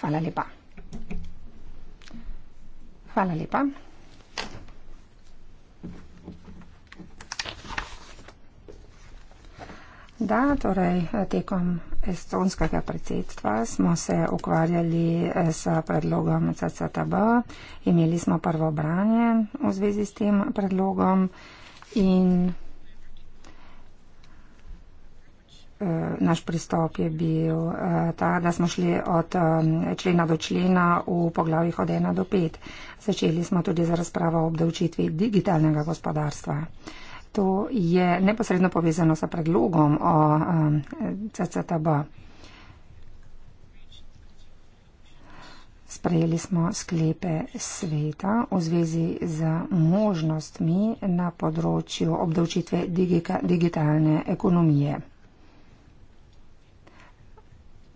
Hvala lepa. Hvala lepa. Da, torej tekom estonskega predsedstva smo se ukvarjali eh, s predlogom CCTB. Imeli smo prvo branje v zvezi s tem predlogom in eh, naš pristop je bil eh, ta, da smo šli od člena do člena v poglavjih od 1 do 5. Začeli smo tudi z razpravo o obdavčitvi digitalnega gospodarstva. To je neposredno povezano sa predlogom o um, CCTB. Sprejeli smo sklepe sveta v zvezi z možnostmi na področju obdavčitve digika, digitalne ekonomije.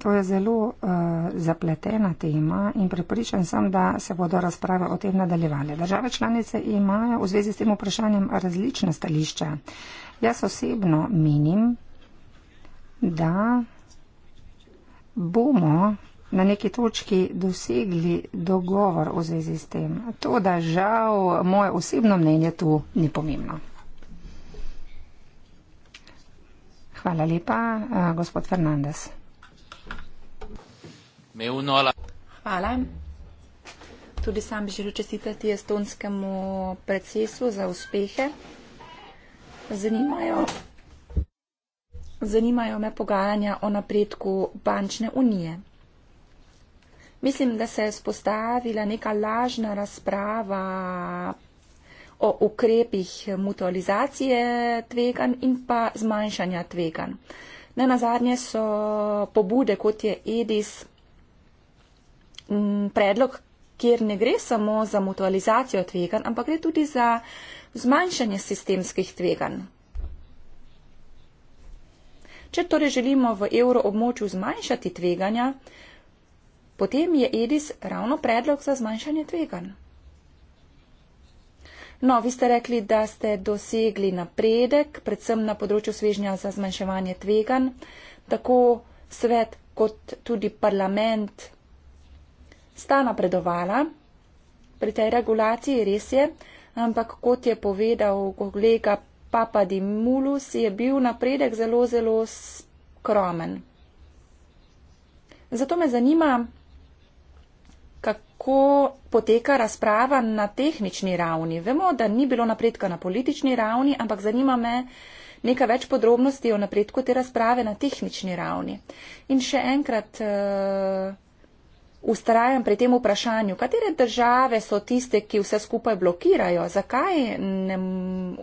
To je zelo uh, zapletena tema in prepričan sem, da se bodo razprave o tem nadaljevale. Države članice imajo v zvezi s tem vprašanjem različna stališča. Jaz osebno menim, da bomo na neki točki dosegli dogovor v zvezi s tem. To, da žal moje osebno mnenje tu ni pomembno. Hvala lepa, eh, gospod Fernandez. Me uno la... Hvala. Tudi sam bi želel čestitati estonskemu predsesu za uspehe. Zanimajo, zanimajo me pogajanja o napredku bančne unije. Mislim, da se je spostavila neka lažna razprava o ukrepih mutualizacije tvegan in pa zmanjšanja tvegan. Na nazadnje so pobude, kot je EDIS, m, predlog, kjer ne gre samo za mutualizacijo tvegan, ampak gre tudi za zmanjšanje sistemskih tvegan. Če torej želimo v evroobmočju zmanjšati tveganja, potem je EDIS ravno predlog za zmanjšanje tvegan. No, vi ste rekli, da ste dosegli napredek, predvsem na področju svežnja za zmanjševanje tvegan, tako svet kot tudi parlament sta napredovala pri tej regulaciji, res je, ampak kot je povedal kolega Papadimulus, je bil napredek zelo, zelo skromen. Zato me zanima, kako poteka razprava na tehnični ravni. Vemo, da ni bilo napredka na politični ravni, ampak zanima me nekaj več podrobnosti o napredku te razprave na tehnični ravni. In še enkrat. Uh, ustrajam pri tem vprašanju, katere države so tiste, ki vse skupaj blokirajo, zakaj ne,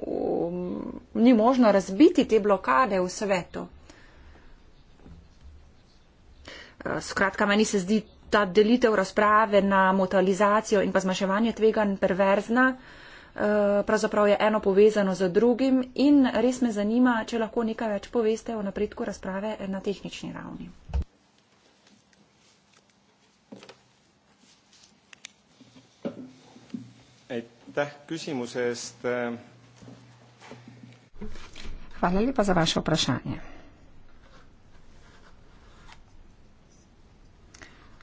um, ni možno razbiti te blokade v svetu. Eh, skratka, meni se zdi ta delitev razprave na mortalizacijo in pa zmaševanje tvegan perverzna. Eh, pravzaprav je eno povezano z drugim in res me zanima, če lahko nekaj več poveste o napredku razprave na tehnični ravni. Aitäh küsimuse eest. Hvala lepa za vaše vprašanje.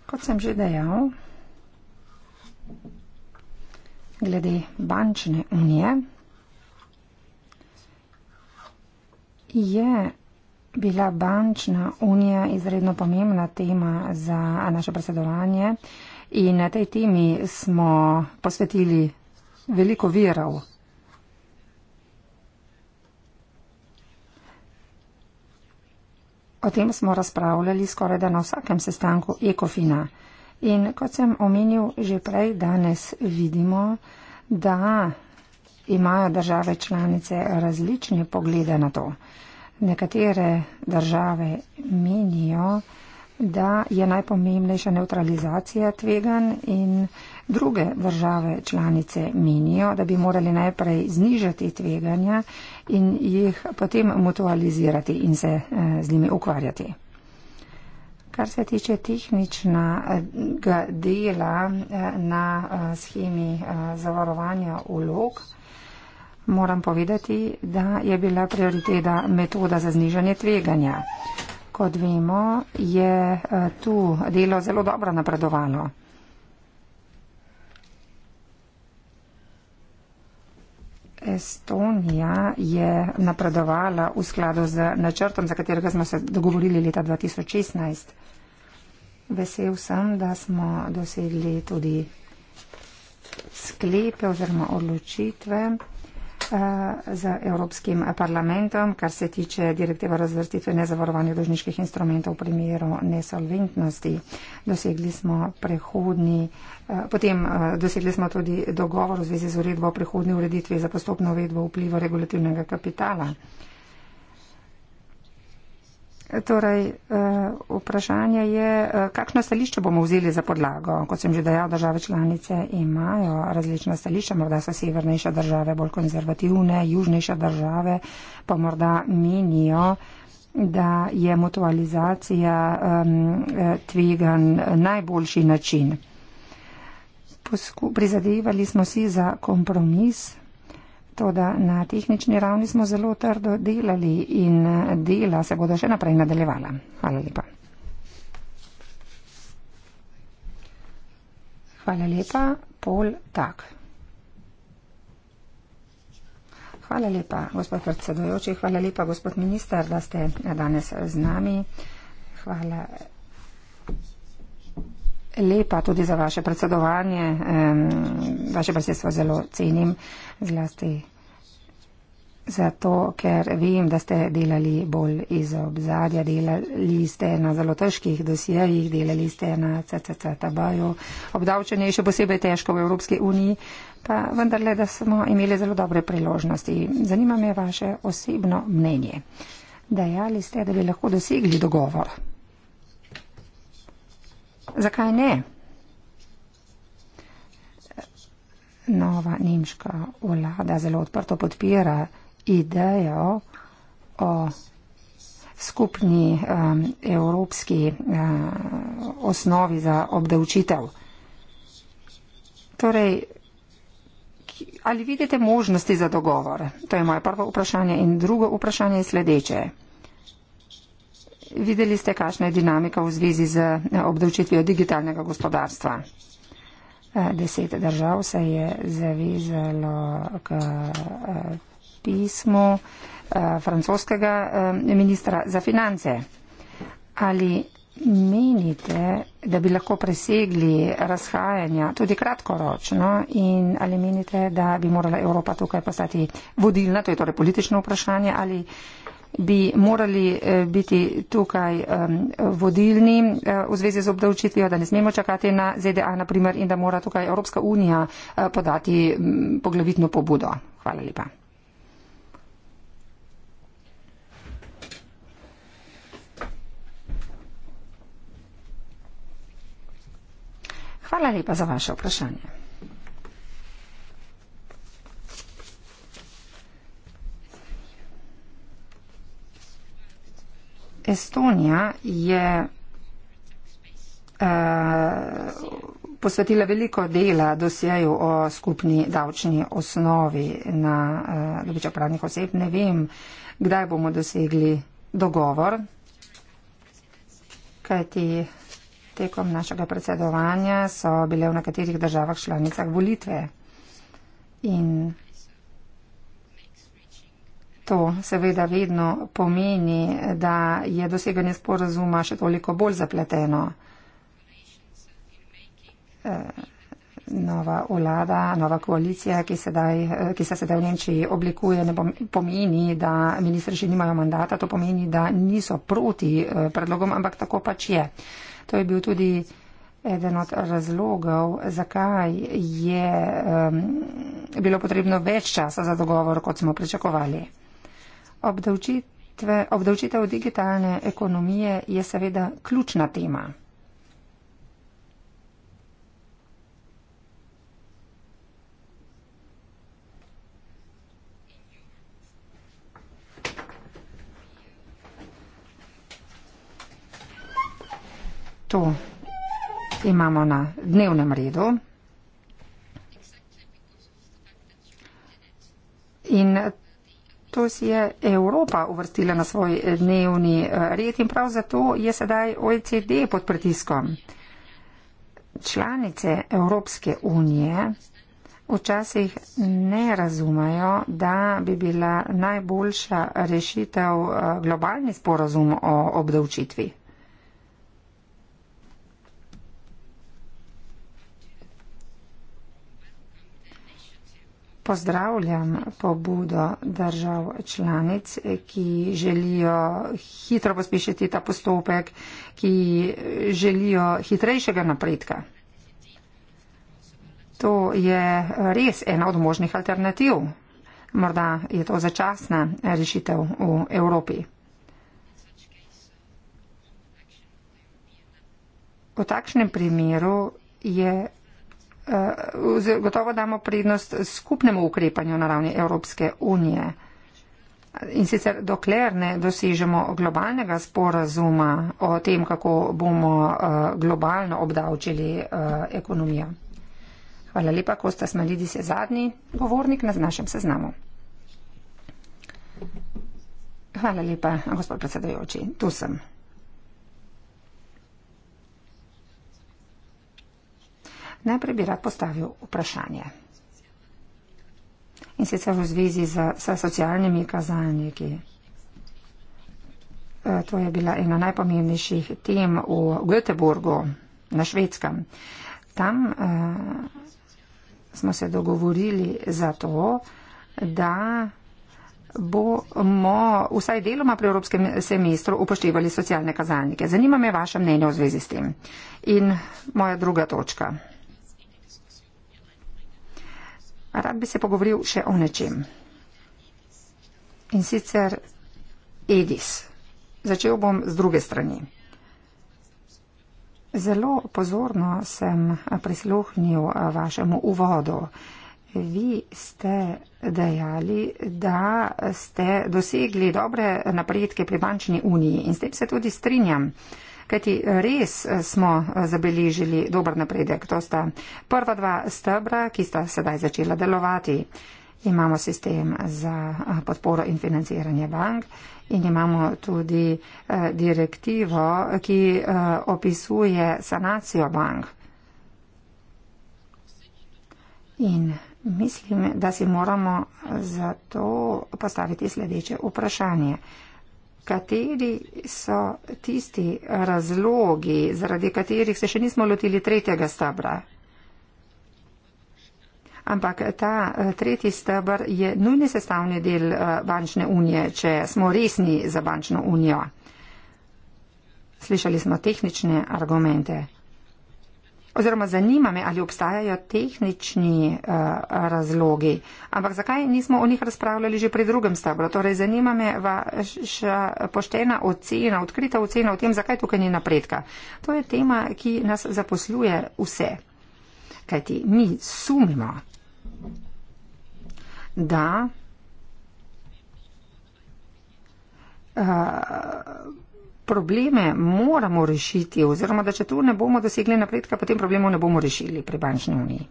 Kot sem že dejal, glede bančne unije je bila bančna unija izredno pomembna tema za naše predsedovanje in na tej temi smo posvetili veliko verov. O tem smo razpravljali skoraj da na vsakem sestanku Ekofina. In kot sem omenil že prej, danes vidimo, da imajo države članice različne poglede na to. Nekatere države menijo, da je najpomembnejša neutralizacija tvegan in Druge države članice menijo, da bi morali najprej znižati tveganja in jih potem mutualizirati in se eh, z njimi ukvarjati. Kar se tiče tehničnega dela eh, na eh, schemi zavarovanja ulog, moram povedati, da je bila prioriteta metoda za znižanje tveganja. Kot vemo, je tu delo zelo dobro napredovalo. Estonija je napredovala v skladu z načrtom, za katerega smo se dogovorili leta 2016. Vesel sem, da smo dosegli tudi sklepe oziroma odločitve. Eh, z Evropskim parlamentom, kar se tiče direktive o razvrstitvi nezavarovanja dožniških instrumentov v primeru nesolventnosti. Dosegli smo prehodni, eh, potem eh, dosegli smo tudi dogovor v zvezi z uredbo o prehodni ureditvi za postopno uvedbo vpliva regulativnega kapitala. Torej, eh, vprašanje je, eh, kakšno stališče bomo vzeli za podlago. Kot sem že dejal, države članice imajo različna stališča, morda so severnejše države bolj konzervativne, južnejše države pa morda menijo, da je mutualizacija um, tvegan najboljši način. Prizadevali smo si za kompromis. Toda na tehnični ravni smo zelo trdo delali in eh, dela se bodo še naprej nadaljevala. Hvala lepa. Hvala lepa, pol tak. Hvala lepa, gospod predsedujoči, hvala lepa, gospod minister, da ste danes z nami. Hvala lepa tudi za vaše predsedovanje. Vaše predsedstvo zelo cenim, zlasti zato, ker vem, da ste delali bolj iz obzadja, delali ste na zelo težkih dosjejih, delali ste na CCC tabaju, obdavčenje je še posebej težko v Evropski uniji, pa vendarle, da smo imeli zelo dobre priložnosti. Zanima me vaše osebno mnenje. Dejali ste, da bi lahko dosegli dogovor zakaj ne? Nova nemška vlada zelo odprto podpira idejo o skupni um, evropski uh, osnovi za obdavčitev. Torej, ali vidite možnosti za dogovor? To je moje prvo vprašanje. In drugo vprašanje je sledeče. Videli ste, kakšna je dinamika v zvezi z eh, obdavčitvijo digitalnega gospodarstva. Eh, deset držav se je zavezalo k eh, pismu francoskega ministra za finance. Ali menite, da bi lahko presegli razhajanja tudi kratkoročno in ali menite, da bi morala Evropa tukaj postati vodilna, to je torej politično vprašanje, ali bi morali eh, biti tukaj vodilni eh, v zvezi z obdavčitvijo, da ne smemo čakati na ZDA, naprimer, in da mora tukaj Evropska unija eh, podati poglavitno pobudo. Hvala lepa. Hvala lepa za vaše vprašanje. Estonija je uh, posvetila veliko dela dosjeju o skupni davčni osnovi na uh, dobiček pravnih oseb. Ne vem, kdaj bomo dosegli dogovor, kajti tekom našega predsedovanja so bile v nekaterih državah članicah volitve. In To seveda vedno pomeni, da je doseganje sporazuma še toliko bolj zapleteno. E, nova vlada, nova koalicija, ki, sedaj, ki se sedaj v Nemčiji oblikuje, ne pomeni, da ministri še nimajo mandata, to pomeni, da niso proti e, predlogom, ampak tako pač je. To je bil tudi eden od razlogov, zakaj je um, bilo potrebno več časa za dogovor, kot smo pričakovali obdavčitve, obdavčitev digitalne ekonomije je seveda ključna tema. To imamo na dnevnem redu. In letos je Evropa uvrstila na svoj eh, dnevni eh, red in prav zato je sedaj OECD pod pritiskom. Članice Evropske unije včasih ne razumejo, da bi bila najboljša rešitev eh, globalni sporozum o obdavčitvi. pozdravljam pobudo držav članic, ki želijo hitro pospešiti ta postopek, ki želijo hitrejšega napredka. To je res ena od možnih alternativ. Morda je to začasna rešitev v Evropi. V takšnem primeru je Eh, gotovo damo prednost skupnemu ukrepanju na ravni Evropske unije. In sicer dokler ne dosežemo globalnega sporazuma o tem, kako bomo eh, globalno obdavčili eh, ekonomijo. Hvala lepa, Kosta Smalidis je zadnji govornik na našem seznamu. Hvala lepa, gospod predsedajoči. Tu sem. najprej bi rad postavil vprašanje. In sicer v zvezi z socialnimi kazalniki. E, to je bila ena najpomembnejših tem v Göteborgu na švedskem. Tam eh, smo se dogovorili za to, da bomo vsaj deloma pri Evropskem semestru upoštevali socialne kazalnike. Zanima me vaše mnenje v zvezi s tem. In moja druga točka rad bi se pogovoril še o nečem. In sicer Edis. Začel bom z druge strani. Zelo pozorno sem prisluhnil eh, vašemu uvodu. Vi ste dejali, da ste dosegli dobre napredke pri bančni uniji in s tem se tudi strinjam kajti res eh, smo eh, zabeležili dober napredek. To sta prva dva stebra, ki sta sedaj začela delovati. Imamo sistem za eh, podporo in financiranje bank in imamo tudi direktivo, ki opisuje sanacijo bank. In mislim, da si moramo zato postaviti sledeče vprašanje kateri so tisti razlogi, zaradi katerih se še nismo lotili tretjega stabra. Ampak ta eh, tretji stabr je nujni sestavni del eh, bančne unije, če smo resni za bančno unijo. Slišali smo tehnične argumente. Oziroma, zanima me, ali obstajajo tehnični uh, razlogi. Ampak zakaj nismo o njih razpravljali že pri drugem stablu? Torej, zanima me vaša poštena ocena, odkrita ocena o tem, zakaj tukaj ni napredka. To je tema, ki nas zaposluje vse. Kajti mi sumimo, da. Uh, probleme moramo rešiti oziroma da če tu ne bomo dosegli napredka, potem problemov ne bomo rešili pri bančni uniji.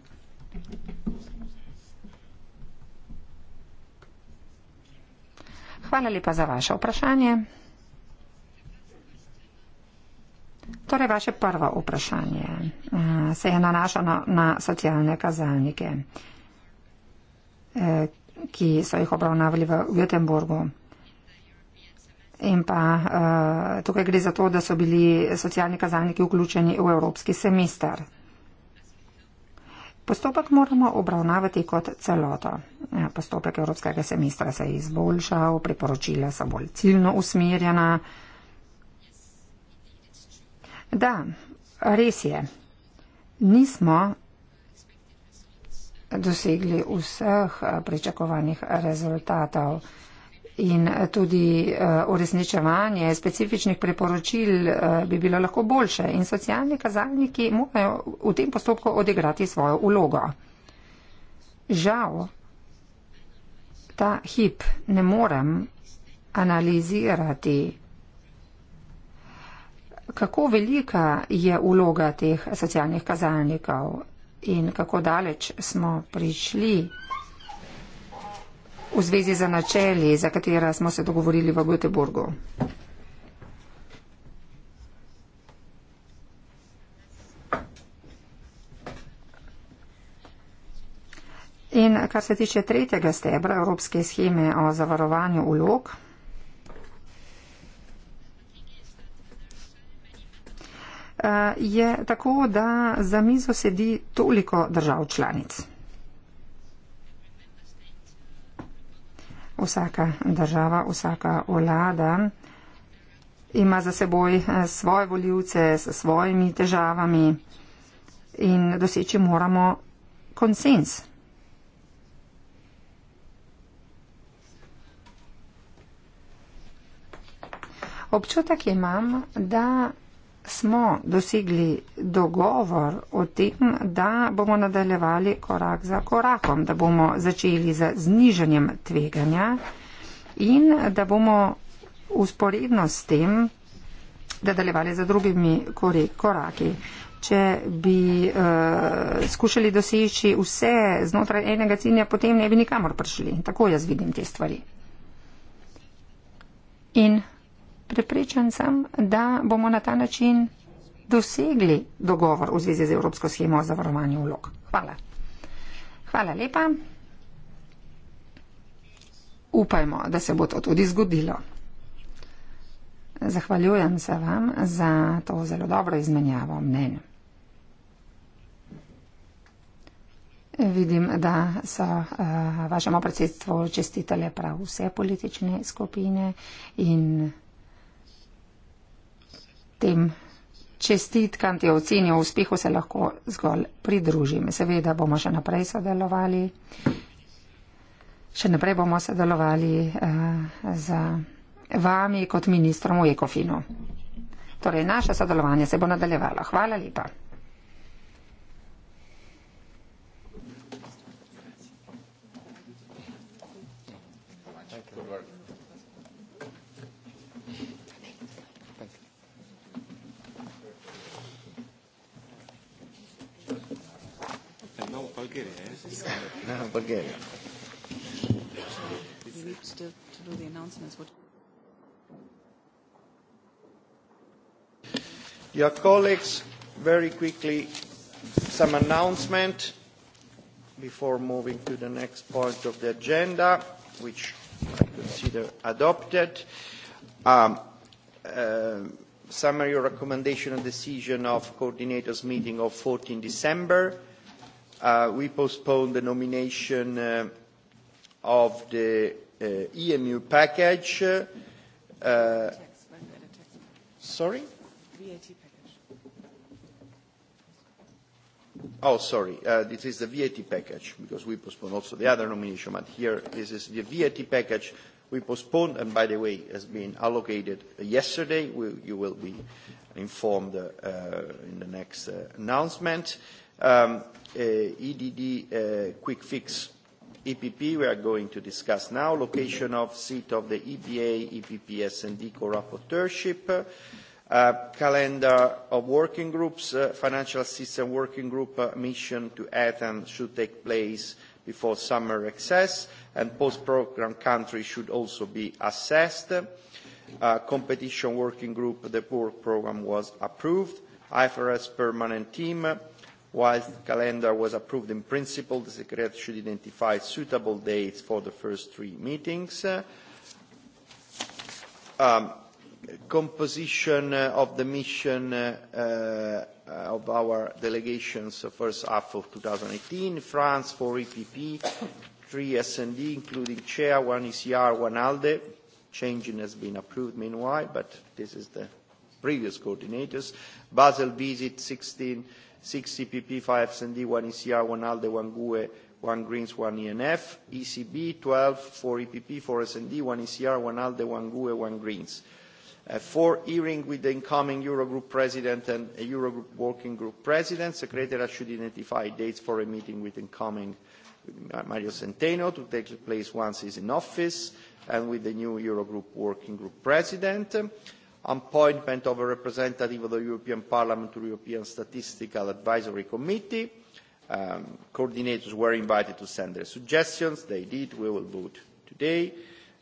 Hvala lepa za vaše vprašanje. Torej, vaše prvo vprašanje eh, se je nanašalo na, na socialne kazalnike, eh, ki so jih obravnavali v Göteborgu. In pa eh, tukaj gre za to, da so bili socialni kazalniki vključeni v evropski semester. Postopek moramo obravnavati kot celoto. Ja, postopek evropskega semestra se je izboljšal, priporočila so bolj ciljno usmerjena. Da, res je, nismo dosegli vseh eh, pričakovanih rezultatov in eh, tudi eh, uresničevanje specifičnih priporočil eh, bi bilo lahko boljše in socialni kazalniki morajo v tem postopku odigrati svojo ulogo. Žal, ta hip ne morem analizirati, kako velika je uloga teh socialnih kazalnikov in kako daleč smo prišli v zvezi z načeli, za katera smo se dogovorili v Göteborgu. In kar se tiče tretjega stebra Evropske scheme o zavarovanju ulog, eh, je tako, da za mizo sedi toliko držav članic. vsaka država, vsaka vlada ima za seboj eh, svoje voljivce s svojimi težavami in doseči moramo konsens. Občutek imam, da smo dosegli dogovor o tem, da bomo nadaljevali korak za korakom, da bomo začeli z znižanjem tveganja in da bomo usporedno s tem nadaljevali za drugimi koraki. Če bi uh, skušali doseči vse znotraj enega cilja, potem ne bi nikamor prišli. Tako jaz vidim te stvari. In Prepričan sem, da bomo na ta način dosegli dogovor v zvezi z Evropsko schemo za varovanje vlog. Hvala. Hvala lepa. Upajmo, da se bo to tudi zgodilo. Zahvaljujem se vam za to zelo dobro izmenjavo mnenja. Vidim, da so uh, vašemu predsedstvu čestitele prav vse politične skupine in tem čestitkam, ti oceni o uspehu se lahko zgolj pridružim. Seveda bomo še naprej sodelovali, še naprej bomo sodelovali uh, z vami kot ministrom v Ekofinu. Torej, naše sodelovanje se bo nadaljevalo. Hvala lepa. quiere, ¿eh? No, ¿por qué? Your colleagues, very quickly, some announcement before moving to the next point of the agenda, which I consider adopted. Um, uh, summary recommendation and decision of coordinators meeting of 14 December. Uh, we postponed the nomination uh, of the uh, EMU package. Tax benefit. Sorry? VAT package. Oh, sorry. This is the VAT package, because we postponed also the other nomination, but here this is the VAT package we postponed, and by the way, has been allocated yesterday. You will be informed in the next announcement. Um, Uh, EDD uh, quick fix EPP we are going to discuss now, location of seat of the EBA, EPP, S&D core rapporteurship, uh, calendar of working groups, uh, financial system working group uh, mission to Athens should take place before summer recess, and post-program countries should also be assessed. Uh, competition working group, the work program was approved. IFRS permanent team, Whilst the calendar was approved in principle, the secretariat should identify suitable dates for the first three meetings. Um, composition uh, of the mission uh, uh of our delegations the uh, first half of 2018, France, four EPP, three SND, including chair, one ECR, one ALDE. Changing has been approved meanwhile, but this is the previous coordinators. Basel visit, 16 six cpp five sd one ecr one alde one gue one greens one enf ecb twelve four epp four sd one ecr one alde one gue one greens uh, four hearing with the incoming eurogroup president and a eurogroup working group president secretariat should identify dates for a meeting with incoming uh, mario centeno to take place once he's in office and with the new eurogroup working group president uh, appointment of a representative of the European Parliament to the European Statistical Advisory Committee. Um, coordinators were invited to send their suggestions. They did. We will vote today.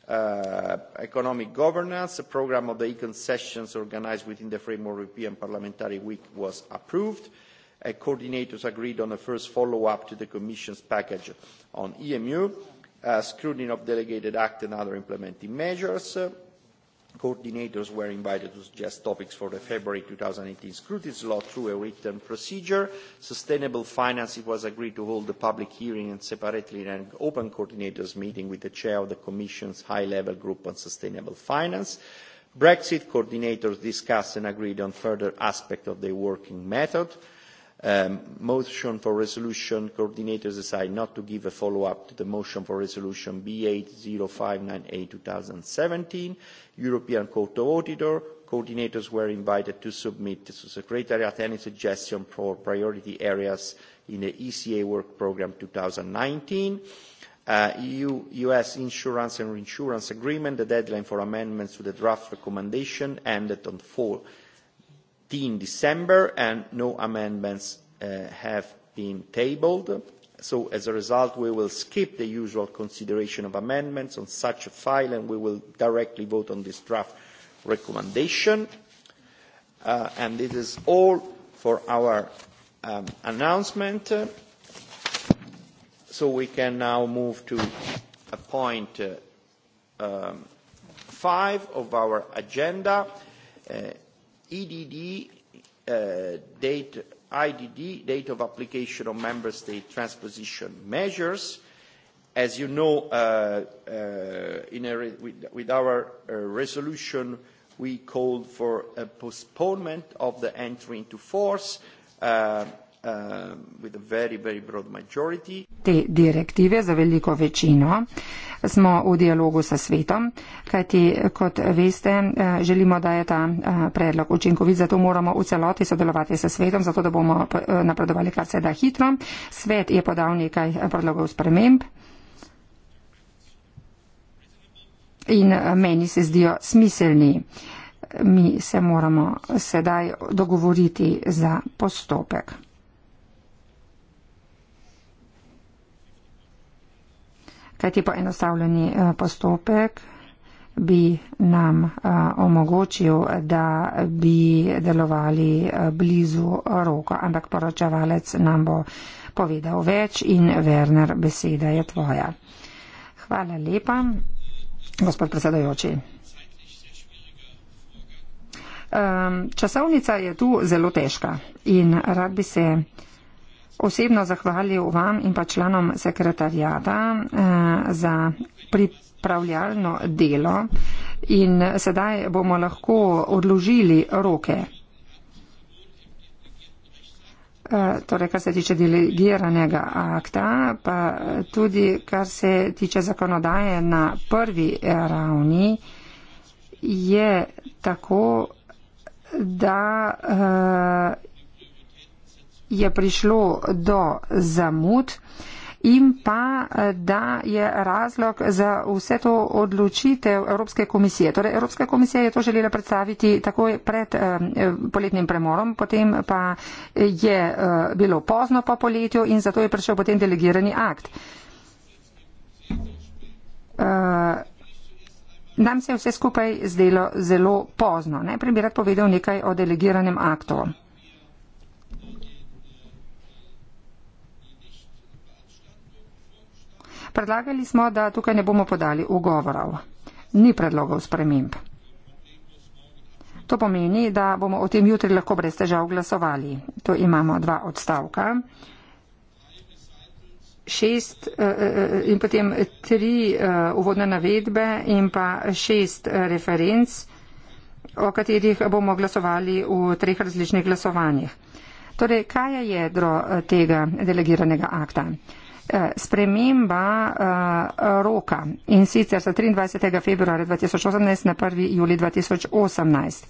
Uh, economic governance, a programme of the e-concessions organised within the framework of European Parliamentary Week was approved. Uh, coordinators agreed on a first follow-up to the Commission's package on EMU. Uh, scrutiny of delegated act and other implementing measures. Uh, coordinators were invited to suggest topics for the February 2018 scrutiny law through a written procedure. Sustainable finance, it was agreed to hold a public hearing and separately an open coordinators meeting with the chair of the Commission's high-level group on sustainable finance. Brexit coordinators discussed and agreed on further aspects of their working method. Um, motion for resolution coordinators decide not to give a follow up to the motion for resolution B80598 2017. European Court of Auditor coordinators were invited to submit to the Secretariat any suggestion for priority areas in the ECA work program 2019. Uh, EU US insurance and reinsurance agreement, the deadline for amendments to the draft recommendation ended on 4 in December and no amendments uh, have been tabled. So as a result, we will skip the usual consideration of amendments on such a file and we will directly vote on this draft recommendation. Uh, and this is all for our um, announcement. So we can now move to a point uh, um, five of our agenda. Uh, EDD, uh, date, IDD, date of application of member state transposition measures. As you know, uh, uh, in a re with, with our uh, resolution, we called for a postponement of the entry into force. Uh, Uh, Te direktive za veliko večino smo v dialogu sa svetom, kajti, kot veste, uh, želimo, da je ta uh, predlog učinkovit, zato moramo v celoti sodelovati sa svetom, zato da bomo napredovali kar se da hitro. Svet je podal nekaj predlogov sprememb. In meni se zdijo smiselni. Mi se moramo sedaj dogovoriti za postopek. Kajti poenostavljeni eh, postopek bi nam eh, omogočil, da bi delovali eh, blizu roka, ampak poročevalec nam bo povedal več in Werner, beseda je tvoja. Hvala lepa, gospod predsedajoči. Ehm, časovnica je tu zelo težka in rad bi se osebno zahvalil vam in pa članom sekretarjata eh, za pripravljalno delo in sedaj bomo lahko odložili roke. Eh, torej, kar se tiče delegiranega akta, pa tudi kar se tiče zakonodaje na prvi eh, ravni, je tako, da eh, je prišlo do zamud in pa eh, da je razlog za vse to odločitev Evropske komisije. Torej, Evropska komisija je to želela predstaviti takoj pred eh, poletnim premorom, potem pa je eh, bilo pozno po poletju in zato je prišel potem delegirani akt. Eh, Nam se je vse skupaj zdelo zelo pozno. Najprej bi rad povedal nekaj o delegiranem aktu. Predlagali smo, da tukaj ne bomo podali ugovorov. Ni predlogov sprememb. To pomeni, da bomo o tem jutri lahko brez težav glasovali. To imamo dva odstavka. Šest eh, eh, eh, in potem tri uvodne navedbe in pa šest referenc, o katerih bomo glasovali v treh različnih glasovanjih. Torej, kaj je jedro tega delegiranega akta? Eh, sprememba eh, roka in sicer sa 23. februarja 2018 na 1. juli 2018.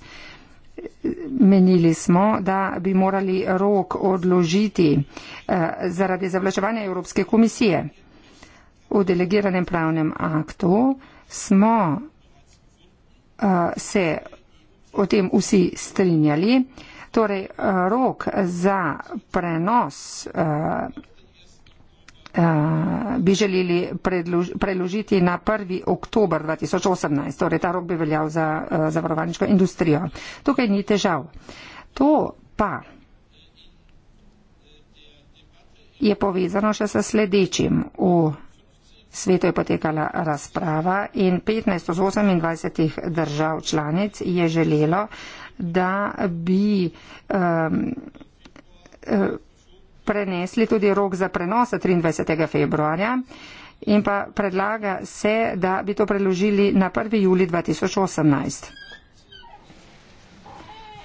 Menili smo, da bi morali rok odložiti eh, zaradi zavlačevanja Evropske komisije. V delegiranem pravnem aktu smo se o tem vsi strinjali. Torej, rok za prenos Eh, bi želeli preložiti na 1. oktober 2018. Torej ta rok bi veljal za eh, zavarovalniško industrijo. Tukaj ni težav. To pa je povezano še s sledečim. V svetu je potekala razprava in 15 od 28 držav članic je želelo, da bi um, prenesli tudi rok za prenos 23. februarja in pa predlaga se, da bi to preložili na 1. juli 2018.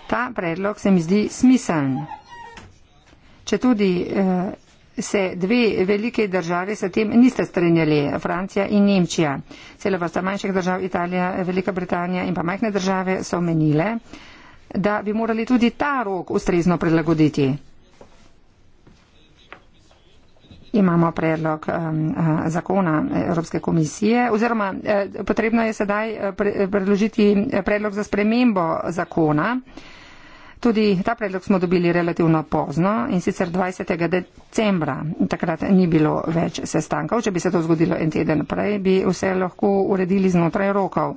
Ta predlog se mi zdi smiseln. Če tudi eh, se dve velike države s tem niste strinjali, Francija in Nemčija, celo vrsta manjših držav, Italija, Velika Britanija in pa majhne države so menile, da bi morali tudi ta rok ustrezno prilagoditi imamo predlog um, uh, zakona Evropske komisije oziroma eh, potrebno je sedaj eh, pre, predložiti eh, predlog za spremembo zakona. Tudi ta predlog smo dobili relativno pozno in sicer 20. decembra. Takrat ni bilo več sestankov. Če bi se to zgodilo en teden prej, bi vse lahko uredili znotraj rokov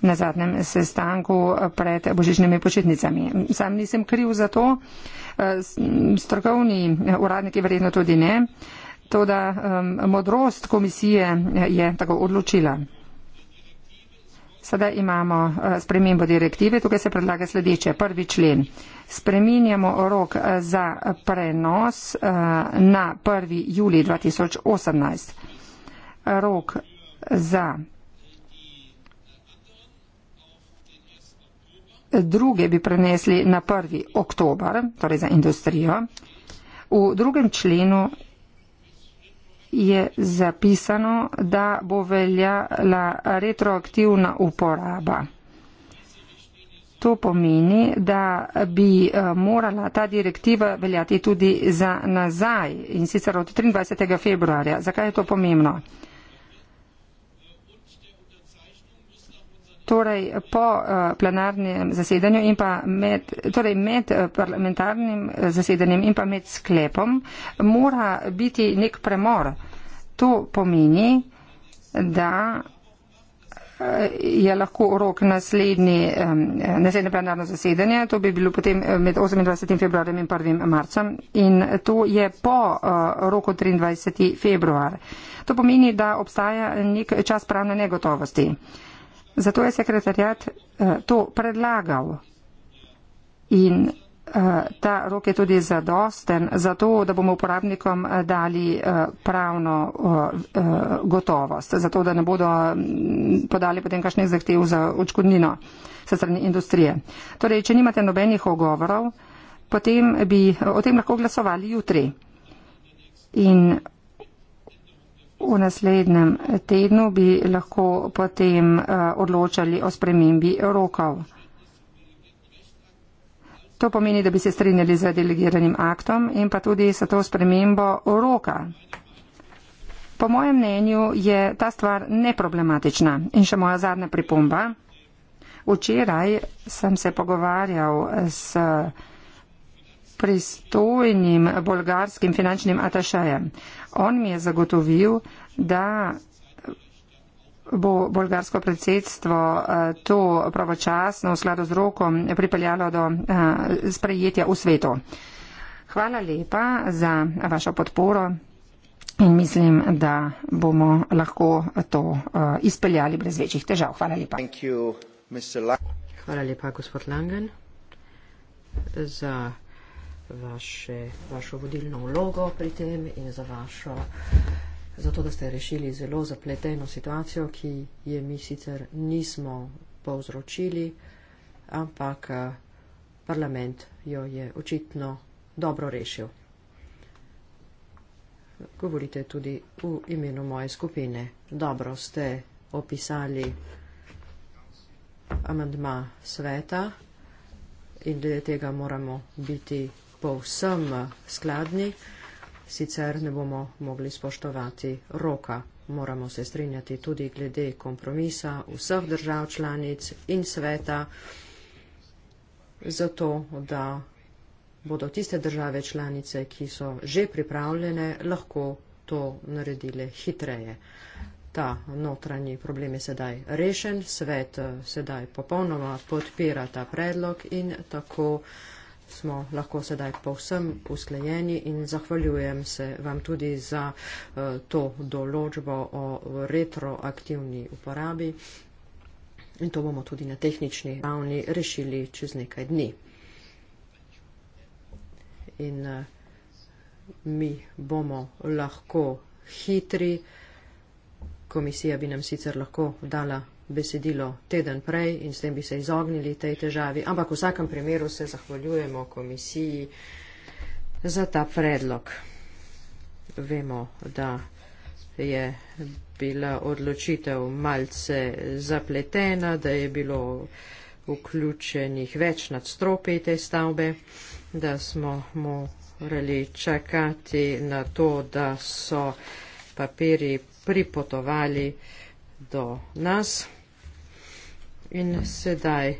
na zadnjem sestanku eh, pred božičnimi počitnicami. Sam nisem kriv za to, strokovni uradniki verjetno tudi ne. Uh, Toda um, modrost komisije je tako odločila. Sedaj imamo uh, spremembo direktive. Tukaj se predlaga sledeče. Prvi člen. Spreminjamo rok uh, za prenos uh, na 1. juli 2018. Rok za druge bi prenesli na 1. oktober, torej za industrijo. V drugem členu je zapisano, da bo veljala retroaktivna uporaba. To pomeni, da bi eh, morala ta direktiva veljati tudi za nazaj in sicer od 23. februarja. Zakaj je to pomembno? torej po eh, plenarnem zasedanju in pa med, torej med eh, parlamentarnim eh, zasedanjem in pa med sklepom mora biti nek premor. To pomeni, da je lahko rok naslednji, naslednje plenarno zasedanje, to bi bilo potem med 28. februarjem in 1. marcem in to je po roku 23. februar. To pomeni, da obstaja nek čas pravne negotovosti. Zato je sekretarjat eh, to predlagal in eh, ta rok je tudi zadosten za to, da bomo uporabnikom eh, dali pravno gotovost, zato da ne bodo mm, podali potem kakšnih zahtev za očkodnino se strani industrije. Torej, če nimate nobenih ogovorov, potem bi o tem lahko glasovali jutri. In V naslednjem tednu bi lahko potem eh, odločali o spremembi rokov. To pomeni, da bi se strinjali z delegiranim aktom in pa tudi s to spremembo roka. Po mojem mnenju je ta stvar neproblematična. In še moja zadnja pripomba. Včeraj sem se pogovarjal s pristojnim bolgarskim finančnim atašajem. On mi je zagotovil, da bo bolgarsko predsedstvo eh, to pravočasno v skladu z rokom pripeljalo do eh, sprejetja v svetu. Hvala lepa za vašo podporo in mislim, da bomo lahko to eh, izpeljali brez večjih težav. Hvala lepa. Hvala lepa, gospod Langen, za vaše, vašo vodilno vlogo pri tem in za vašo, zato da ste rešili zelo zapleteno situacijo, ki je mi sicer nismo povzročili, ampak parlament jo je očitno dobro rešil. Govorite tudi v imenu moje skupine. Dobro ste opisali amandma sveta in glede tega moramo biti povsem skladni, sicer ne bomo mogli spoštovati roka. Moramo se strinjati tudi glede kompromisa vseh držav članic in sveta, zato da bodo tiste države članice, ki so že pripravljene, lahko to naredile hitreje. Ta notranji problem je sedaj rešen, svet eh, sedaj popolnoma podpira ta predlog in tako smo lahko sedaj povsem usklejeni in zahvaljujem se vam tudi za eh, to določbo o retroaktivni uporabi. In to bomo tudi na tehnični ravni rešili čez nekaj dni. In eh, mi bomo lahko hitri. Komisija bi nam sicer lahko dala besedilo teden prej in s tem bi se izognili tej težavi. Ampak v vsakem primeru se zahvaljujemo komisiji za ta predlog. Vemo, da je bila odločitev malce zapletena, da je bilo vključenih več nadstropij te stavbe, da smo morali čakati na to, da so papiri pripotovali do nas in sedaj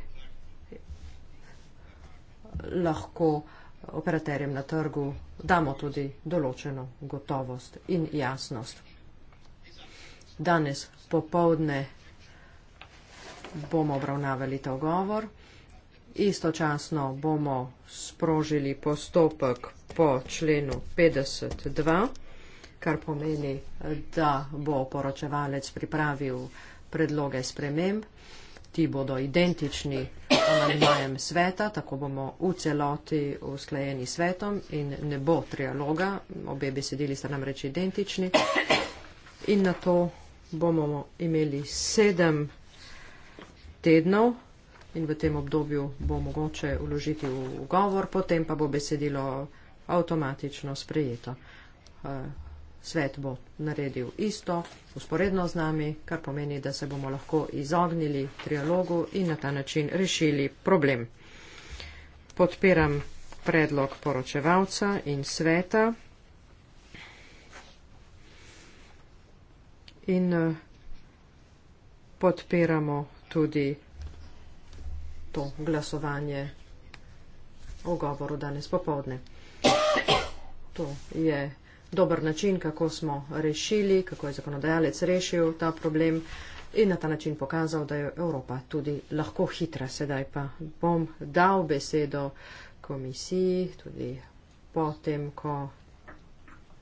lahko operaterjem na trgu damo tudi določeno gotovost in jasnost. Danes popovdne bomo obravnavali ta govor, istočasno bomo sprožili postopek po členu 52, kar pomeni, da bo poročevalec pripravil predloge sprememb. Ti bodo identični amandmajem sveta, tako bomo v celoti usklajeni svetom in ne bo trialoga, obe besedili sta nam reči identični. In na to bomo imeli sedem tednov in v tem obdobju bo mogoče uložiti v govor, potem pa bo besedilo avtomatično sprejeto. Eh, svet bo naredil isto, usporedno z nami, kar pomeni, da se bomo lahko izognili trialogu in na ta način rešili problem. Podpiram predlog poročevalca in sveta. In eh, podpiramo tudi to glasovanje o govoru danes popovdne. To je dober način, kako smo rešili, kako je zakonodajalec rešil ta problem in na ta način pokazal, da je Evropa tudi lahko hitra. Sedaj pa bom dal besedo komisiji tudi potem, ko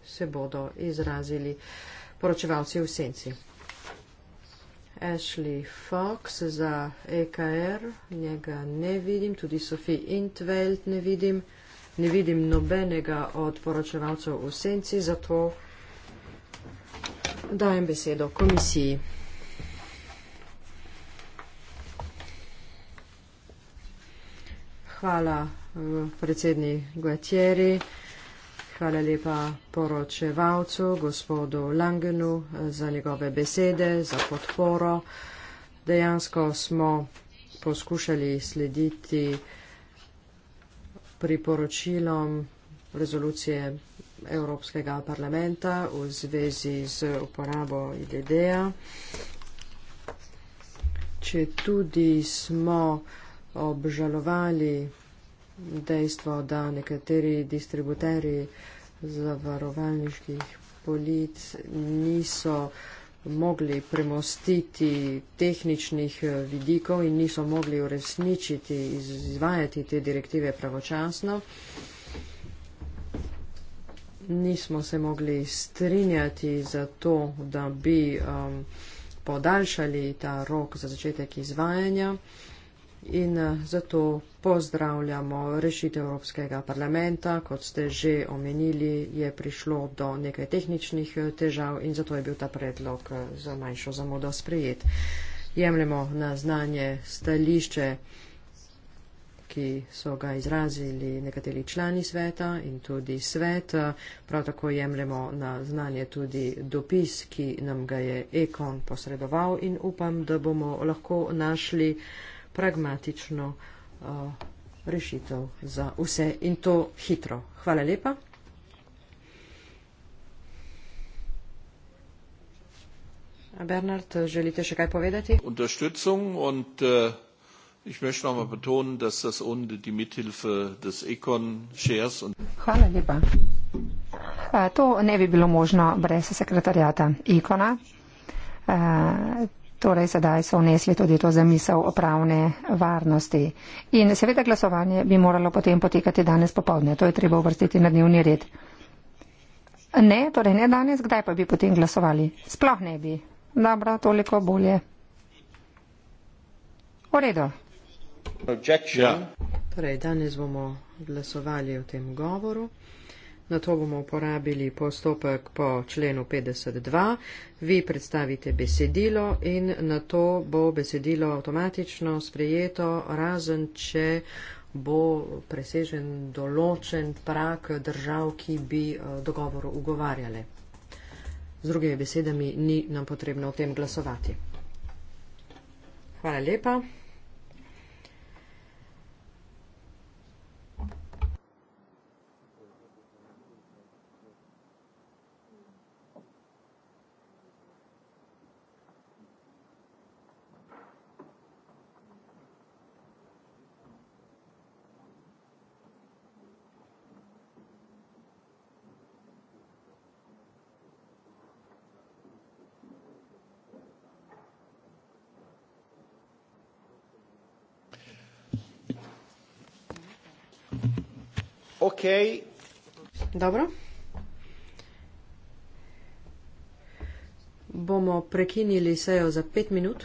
se bodo izrazili poročevalci v senci. Ashley Fox za EKR, njega ne vidim, tudi Sofi Intveld ne vidim. Ne vidim nobenega od poročevalcev v senci, zato dajem besedo komisiji. Hvala eh, predsednik Guatieri, hvala lepa poročevalcu gospodu Langenu eh, za njegove besede, za podporo. Dejansko smo poskušali slediti uh, priporočilom rezolucije Evropskega parlamenta v zvezi z uporabo IDD-ja. Če tudi smo obžalovali dejstvo, da nekateri distributeri zavarovalniških polic niso uh, mogli premostiti tehničnih eh, vidikov in niso mogli uresničiti, izvajati te direktive pravočasno. Nismo se mogli strinjati za to, da bi um, podaljšali ta rok za začetek izvajanja. Um, in eh, zato pozdravljamo rešitev Evropskega parlamenta. Kot ste že omenili, je prišlo do nekaj tehničnih eh, težav in zato je bil ta predlog eh, za manjšo zamudo sprejet. Jemljemo na znanje stališče, ki so ga izrazili nekateri člani sveta in tudi svet. Prav tako jemljemo na znanje tudi dopis, ki nam ga je Ekon posredoval in upam, da bomo lahko našli pragmatično uh, rešitev za vse in to hitro. Hvala lepa. Bernard, želite še kaj povedati? Unterstützung und äh, Ich möchte noch mal betonen, dass das ohne die Mithilfe des Econ Shares und Hvala lepa. To ne bi bilo možno brez sekretarjata Ikona. Äh, Torej sedaj so vnesli tudi to zamisel o pravne varnosti. In seveda glasovanje bi moralo potem potekati danes popovdne, to je treba uvrstiti na dnevni red. Ne, torej ne danes, kdaj pa bi potem glasovali? Sploh ne bi. Dobro, toliko bolje. V redu. Ja. Torej, danes bomo glasovali o tem govoru. Na to bomo uporabili postopek po členu 52. Vi predstavite besedilo in na to bo besedilo avtomatično sprejeto, razen če bo presežen določen prak držav, ki bi eh, dogovor ugovarjale. Z drugimi besedami ni nam potrebno o tem glasovati. Hvala lepa. ok. Dobro. Bomo prekinili sejo za pet minut.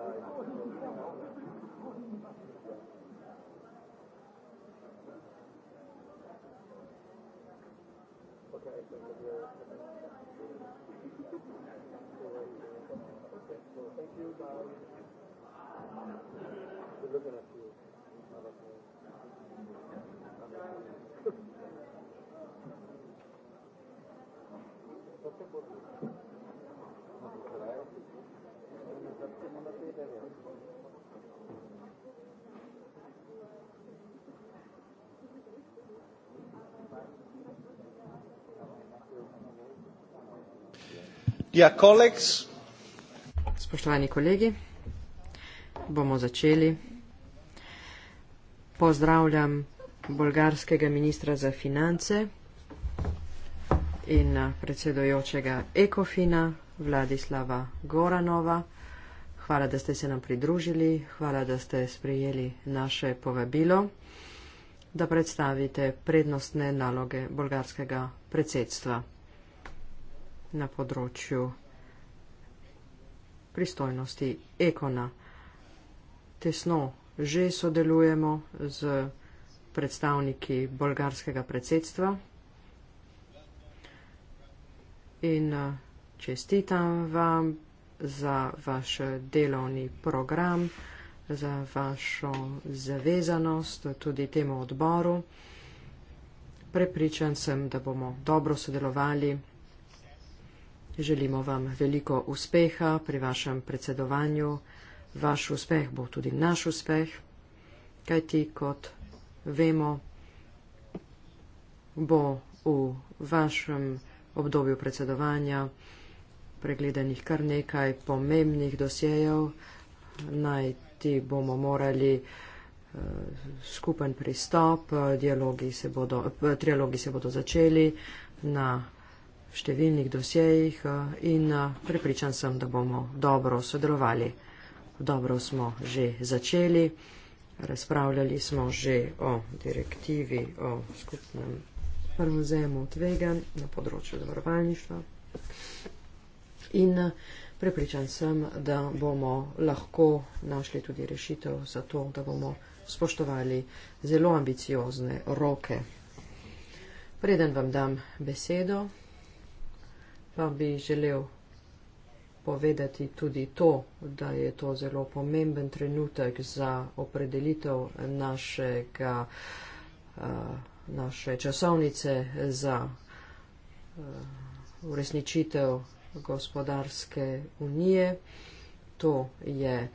Thank you, Bob. Spoštovani kolegi, bomo začeli. Pozdravljam bolgarskega ministra za finance in predsedojočega Ekofina Vladislava Goranova. Hvala, da ste se nam pridružili, hvala, da ste sprejeli naše povabilo, da predstavite prednostne naloge bolgarskega predsedstva na področju pristojnosti ekona. Tesno že sodelujemo z predstavniki bolgarskega predsedstva in eh, čestitam vam za vaš delovni program, za vašo zavezanost tudi temu odboru. Prepričan sem, da bomo dobro sodelovali. Želimo vam veliko uspeha pri vašem predsedovanju. Vaš uspeh bo tudi naš uspeh, kajti kot vemo, bo v vašem obdobju predsedovanja pregledanih kar nekaj pomembnih dosjejev. Najti bomo morali eh, skupen pristop, dialogi se bodo, trialogi se bodo začeli na v številnih dosjejih eh, in eh, prepričan sem, da bomo dobro sodelovali. Dobro smo že začeli, razpravljali smo že o direktivi o skupnem prvozemu tvegan na področju dobrovalništva in eh, prepričan sem, da bomo lahko našli tudi rešitev za to, da bomo spoštovali zelo ambiciozne roke. Preden vam dam besedo, pa bi želel povedati tudi to, da je to zelo pomemben trenutek za opredelitev našega, eh, naše časovnice za eh, uresničitev gospodarske unije. To je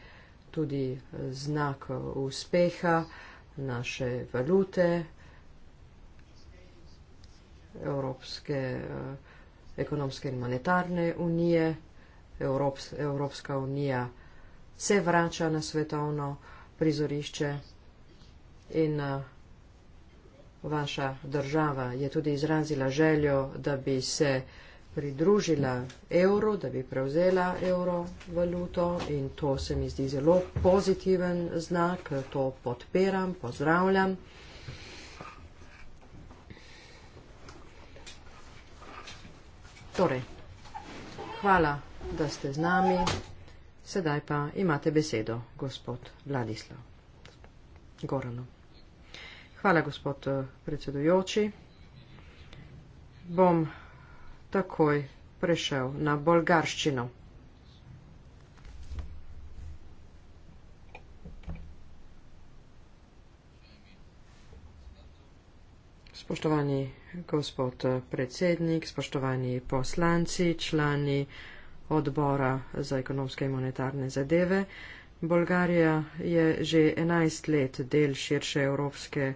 tudi znak uspeha naše valute, evropske uh, ekonomske in monetarne unije, Evrops, Evropska unija se vrača na svetovno prizorišče in eh, vaša država je tudi izrazila željo, da bi se pridružila evru, da bi prevzela evro valuto in to se mi zdi zelo pozitiven znak, to podpiram, pozdravljam. Torej, hvala, da ste z nami. Sedaj pa imate besedo, gospod Vladislav Gorano. Hvala, gospod eh, predsedujoči. Bom takoj prešel na bolgarščino. spoštovani gospod predsednik, spoštovani poslanci, člani odbora za ekonomske in monetarne zadeve. Bolgarija je že 11 let del širše evropske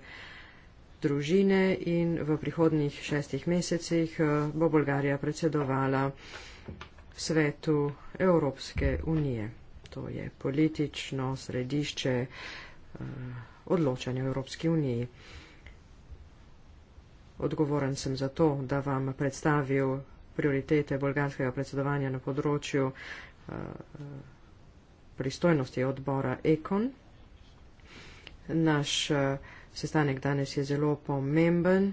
družine in v prihodnih šestih mesecih eh, bo Bolgarija predsedovala svetu Evropske unije. To je politično središče eh, odločanja v Evropski uniji odgovoren sem za to, da vam predstavil prioritete bolgarskega predsedovanja na področju eh, pristojnosti odbora Ekon. Naš eh, sestanek danes je zelo pomemben.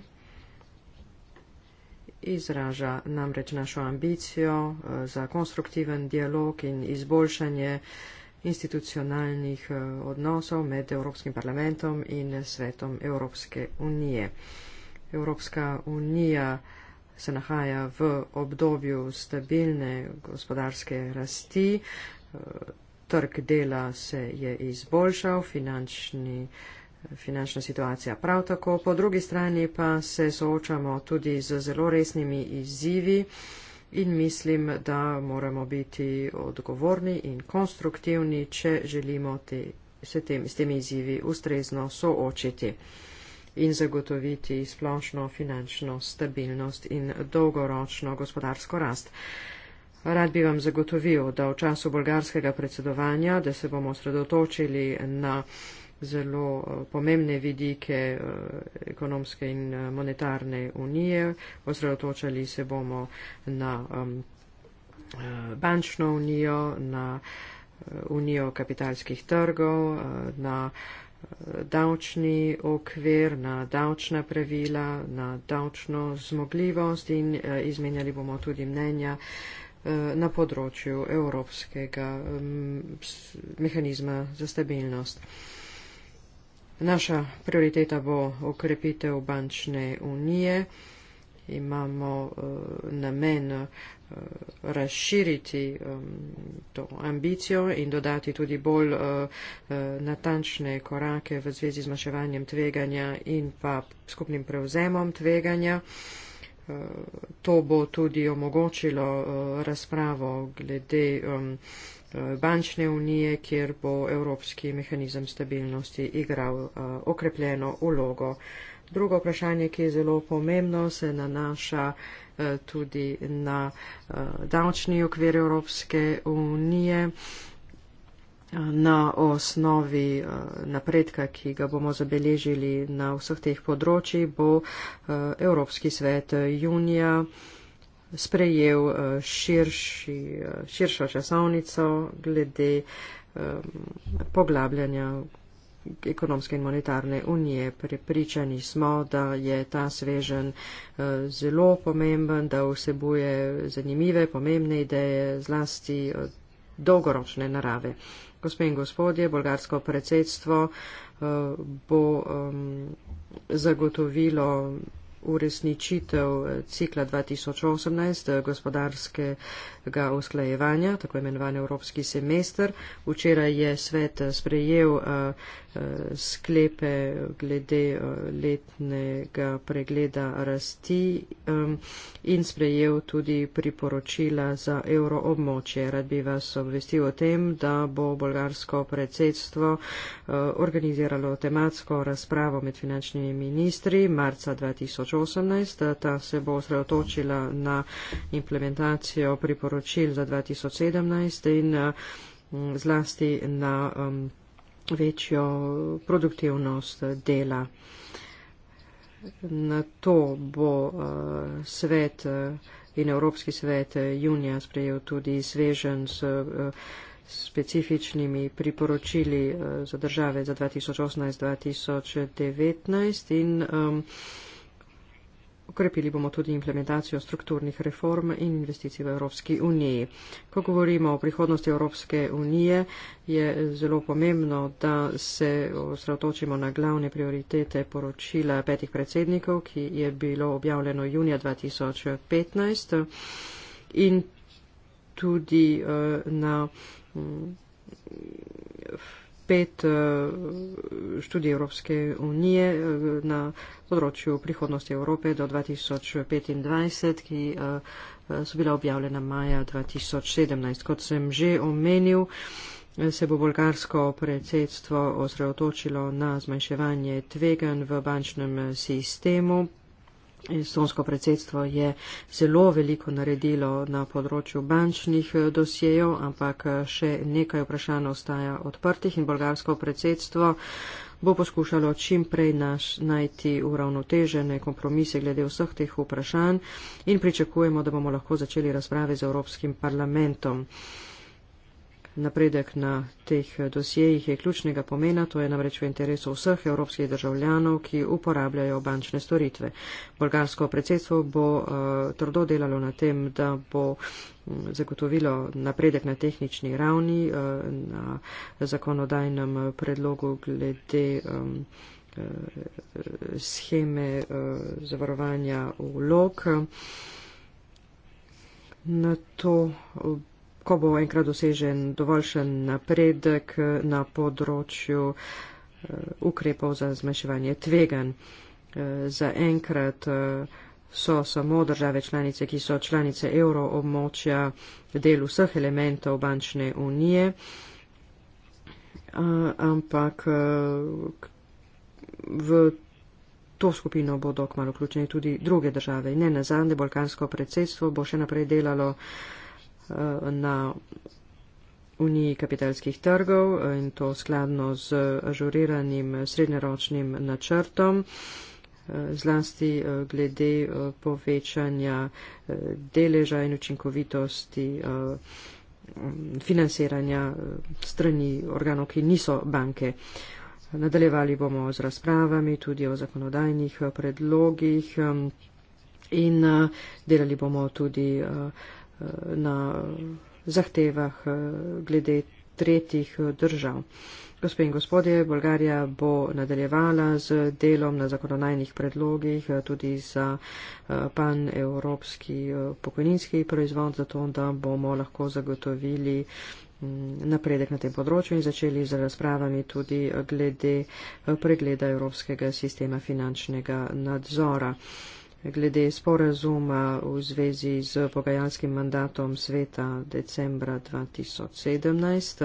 Izraža namreč našo ambicijo eh, za konstruktiven dialog in izboljšanje institucionalnih odnosov med Evropskim parlamentom in svetom Evropske unije. Evropska unija se nahaja v obdobju stabilne gospodarske rasti, eh, trg dela se je izboljšal, finančni, eh, finančna situacija prav tako. Po drugi strani pa se soočamo tudi z zelo resnimi izzivi in mislim, da moramo biti odgovorni in konstruktivni, če želimo te, se tem, s temi izzivi ustrezno soočiti in zagotoviti splošno finančno stabilnost in dolgoročno gospodarsko rast. Rad bi vam zagotovil, da v času bolgarskega predsedovanja, da se bomo sredotočili na zelo eh, pomembne vidike eh, ekonomske in eh, monetarne unije, osredotočali se bomo na bančno unijo, na unijo kapitalskih trgov, na davčni okvir, na davčna pravila, na davčno zmogljivost in eh, izmenjali bomo tudi mnenja eh, na področju evropskega mehanizma za stabilnost. Naša prioriteta bo okrepitev bančne unije. Imamo eh, namen Eh, razširiti um, to ambicijo in dodati tudi bolj uh, natančne korake v zvezi z maševanjem tveganja in pa skupnim prevzemom tveganja. Uh, to bo tudi omogočilo uh, razpravo glede um, bančne unije, kjer bo Evropski mehanizem stabilnosti igral uh, okrepljeno ulogo. Drugo vprašanje, ki je zelo pomembno, se nanaša Eh, tudi na eh, davčni okvir Evropske unije eh, na osnovi napredka, ki ga bomo zabeležili na vseh teh področjih, bo Evropski svet junija sprejel širši, širšo časovnico glede poglabljanja ekonomske in monetarne unije. Prepričani smo, da je ta svežen eh, zelo pomemben, da vsebuje zanimive, pomembne ideje, zlasti eh, dolgoročne narave. Gospe in gospodje, bolgarsko predsedstvo eh, bo ehm, zagotovilo uresničitev eh, cikla 2018 eh, gospodarskega usklajevanja, tako imenovan Evropski semester. Včeraj je svet eh, sprejel sklepe glede letnega pregleda rasti in sprejel tudi priporočila za euroobmočje. Rad bi vas obvestil o tem, da bo bolgarsko predsedstvo organiziralo tematsko razpravo med finančnimi ministri marca 2018 2018. Eh, ta se bo osredotočila na implementacijo priporočil za 2017 in eh, zlasti na um, večjo produktivnost dela. Na to bo uh, svet uh, in Evropski svet junija sprejel tudi svežen s uh, specifičnimi priporočili uh, za države za 2018-2019 in um, Ukrepili bomo tudi implementacijo strukturnih reform in investicij v Evropski uniji. Ko govorimo o prihodnosti Evropske unije, je zelo pomembno, da se osredotočimo na glavne prioritete poročila petih predsednikov, ki je bilo objavljeno junija 2015 in tudi uh, na. Mm, pet eh, študij Evropske unije eh, na področju prihodnosti Evrope do 2025, ki eh, so bila objavljena maja 2017. Kot sem že omenil, se bo bolgarsko predsedstvo osredotočilo na zmanjševanje tvegan v bančnem sistemu. Estonsko predsedstvo je zelo veliko naredilo na področju bančnih eh, dosjejev, ampak eh, še nekaj vprašanj ostaja odprtih in bolgarsko predsedstvo bo poskušalo čim prej naš najti uravnotežene kompromise glede vseh teh vprašanj in pričakujemo, da bomo lahko začeli razprave z Evropskim parlamentom. Napredek na teh eh, dosjejih je ključnega pomena, to je namreč v interesu vseh evropskih državljanov, ki uporabljajo bančne storitve. Bolgarsko predsedstvo bo uh, trdo delalo na tem, da bo mm, zagotovilo napredek na tehnični ravni, uh, na zakonodajnem predlogu glede. Um, scheme zavarovanja vlog. Na to ko bo enkrat dosežen dovoljšen napredek na področju eh, ukrepov za zmanjševanje tvegan. Eh, za enkrat eh, so samo države članice, ki so članice euroobmočja, del vseh elementov bančne unije, ampak v to skupino bodo kmalo vključene tudi druge države. Ne nazadnje, Balkansko predsedstvo bo še naprej delalo Eh, na uniji kapitalskih trgov eh, in to skladno z ažuriranim srednjeročnim načrtom, eh, zlasti glede povečanja deleža in učinkovitosti financiranja strani organov, ki niso banke. Nadaljevali bomo z razpravami tudi o zakonodajnih predlogih in delali bomo tudi na zahtevah eh, glede tretjih eh, držav. Gospe in gospodje, Bolgarija bo nadaljevala z delom na zakonodajnih predlogih eh, tudi za pan-evropski pokojninski proizvod, zato da bomo lahko zagotovili mm, napredek na tem področju in začeli z razpravami tudi glede pregleda evropskega sistema finančnega nadzora glede sporazuma v zvezi z pogajalskim mandatom sveta decembra 2017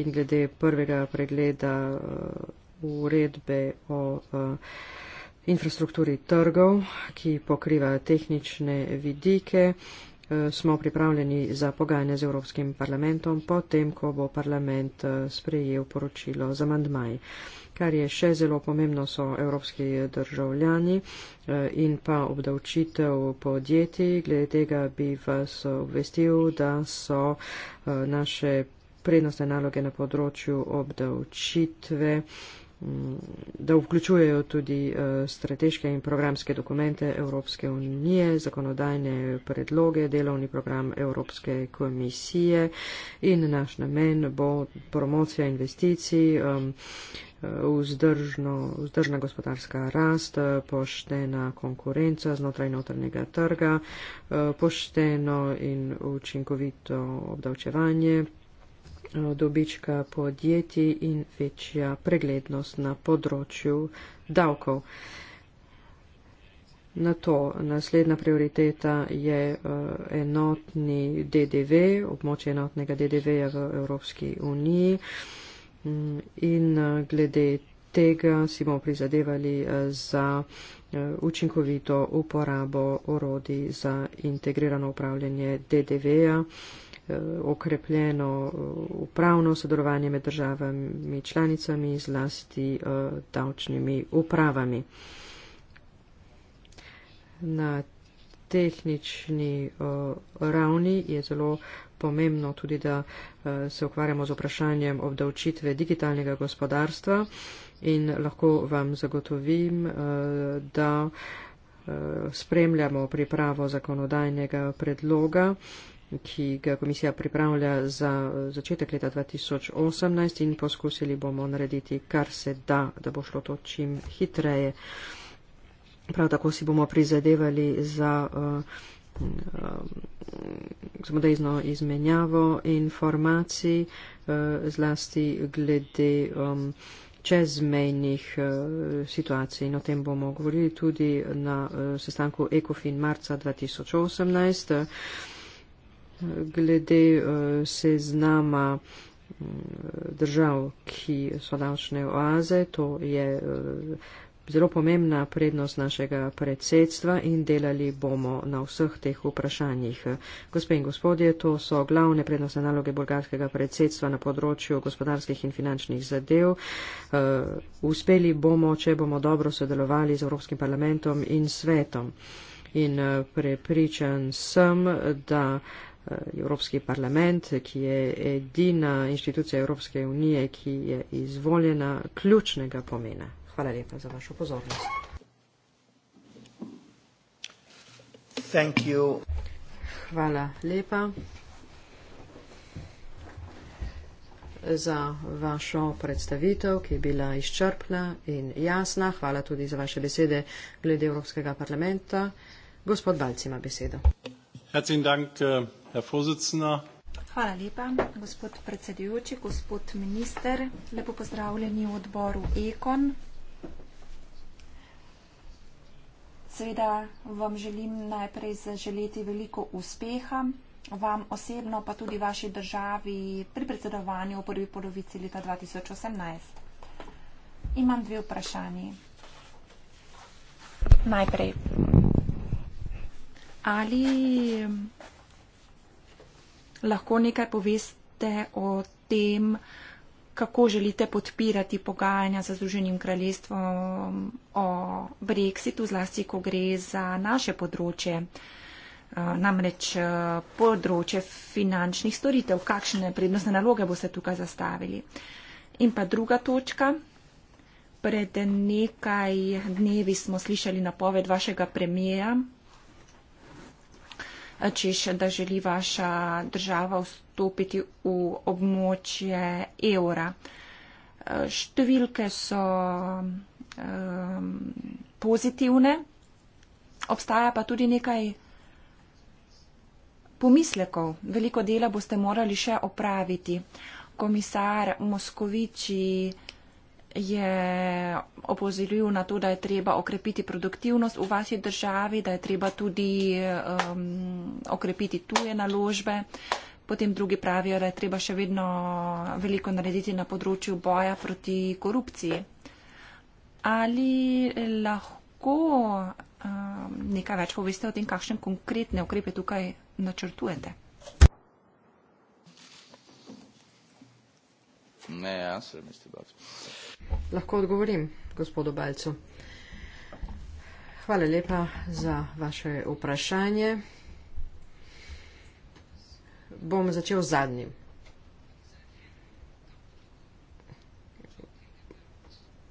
in glede prvega pregleda eh, uredbe o eh, infrastrukturi trgov, ki pokriva tehnične vidike, eh, smo pripravljeni za pogajanje z Evropskim parlamentom, potem, ko bo parlament sprejel poročilo z amandmaji kar je še zelo pomembno, so evropski državljani eh, in pa obdavčitev podjetij. Glede tega bi vas obvestil, da so eh, naše prednostne naloge na področju obdavčitve da vključujejo tudi eh, strateške in programske dokumente Evropske unije, zakonodajne predloge, delovni program Evropske komisije in naš namen bo promocija investicij, eh, vzdržna gospodarska rast, eh, poštena konkurenca znotraj notranjega trga, pošteno in učinkovito obdavčevanje, dobička podjetij in večja preglednost na področju davkov. Na to naslednja prioriteta je eh, enotni DDV, območje enotnega DDV-ja v Evropski uniji mm, in eh, glede tega si bomo prizadevali eh, za učinkovito uporabo orodij za integrirano upravljanje DDV-ja. Eh, okrepljeno eh, upravno sodelovanje med državami članicami, zlasti eh, davčnimi upravami. Na tehnični ravni je zelo pomembno tudi, da se ukvarjamo z vprašanjem obdavčitve digitalnega gospodarstva in lahko vam zagotovim, da spremljamo pripravo zakonodajnega predloga ki ga komisija pripravlja za eh, začetek leta 2018 in poskusili bomo narediti, kar se da, da bo šlo to čim hitreje. Prav tako si bomo prizadevali za uh, eh, uh, eh, modezno izmenjavo informacij, uh, zlasti glede um, čezmejnih uh, situacij. In o tem bomo govorili tudi na uh, sestanku ECOFIN marca 2018 glede eh, seznama mm, držav, ki so davčne oaze. To je eh, zelo pomembna prednost našega predsedstva in delali bomo na vseh teh vprašanjih. Gospe in gospodje, to so glavne prednostne naloge bolgarskega predsedstva na področju gospodarskih in finančnih zadev. Eh, uspeli bomo, če bomo dobro sodelovali z Evropskim parlamentom in svetom. In prepričan sem, da. Eh, Evropski parlament, ki je edina inštitucija Evropske unije, ki je izvoljena, ključnega pomena. Hvala lepa za vašo pozornost. Thank you. Hvala lepa za vašo predstavitev, ki je bila izčrpna in jasna. Hvala tudi za vaše besede glede Evropskega parlamenta. Gospod Balc ima besedo. Herzlichen Dank, äh, Herr Vorsitzender. Hvala lepa, gospod predsedujoči, gospod minister. Lepo pozdravljeni v odboru Ekon. Seveda vam želim najprej zaželeti veliko uspeha, vam osebno pa tudi vaši državi pri predsedovanju v prvi polovici leta 2018. Imam dve vprašanje. Najprej, Ali mm, lahko nekaj poveste o tem, kako želite podpirati pogajanja za Združenim kraljestvom mm, o Brexitu, zlasti ko gre za naše področje, eh, namreč eh, področje finančnih storitev, kakšne prednostne naloge boste tukaj zastavili. In pa druga točka. Pred nekaj dnevi smo slišali napoved vašega premijeja, češ, da želi vaša država vstopiti v območje evra. Številke so um, pozitivne, obstaja pa tudi nekaj pomislekov. Veliko dela boste morali še opraviti. Komisar Moskoviči je opozoril na to, da je treba okrepiti produktivnost v vaši državi, da je treba tudi um, okrepiti tuje naložbe. Potem drugi pravijo, da je treba še vedno veliko narediti na področju boja proti korupciji. Ali lahko um, nekaj več poveste o tem, kakšne konkretne ukrepe tukaj načrtujete? Ne, jaz se mi ste bavili. Lahko odgovorim gospodu Balcu. Hvala lepa za vaše vprašanje. Bom začel z zadnjim.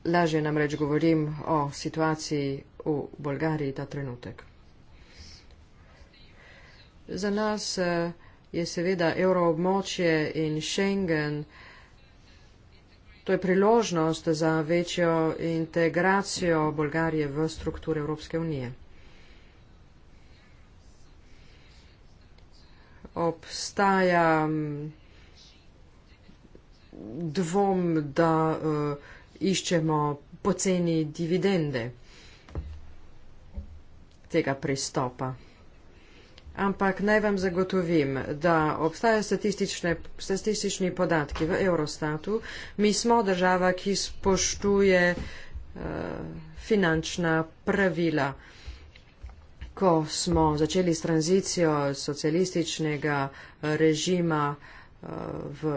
Lažje namreč govorim o situaciji v Bolgariji ta trenutek. Za nas eh, je seveda evroobmočje in Schengen. To je priložnost za večjo integracijo Bolgarije v strukture Evropske unije. Obstaja mm, dvom, da uh, iščemo poceni dividende tega pristopa. Ampak naj vam zagotovim, da obstaja statistični podatki v Eurostatu. Mi smo država, ki spoštuje uh, finančna pravila. Ko smo začeli s tranzicijo socialističnega režima uh, v,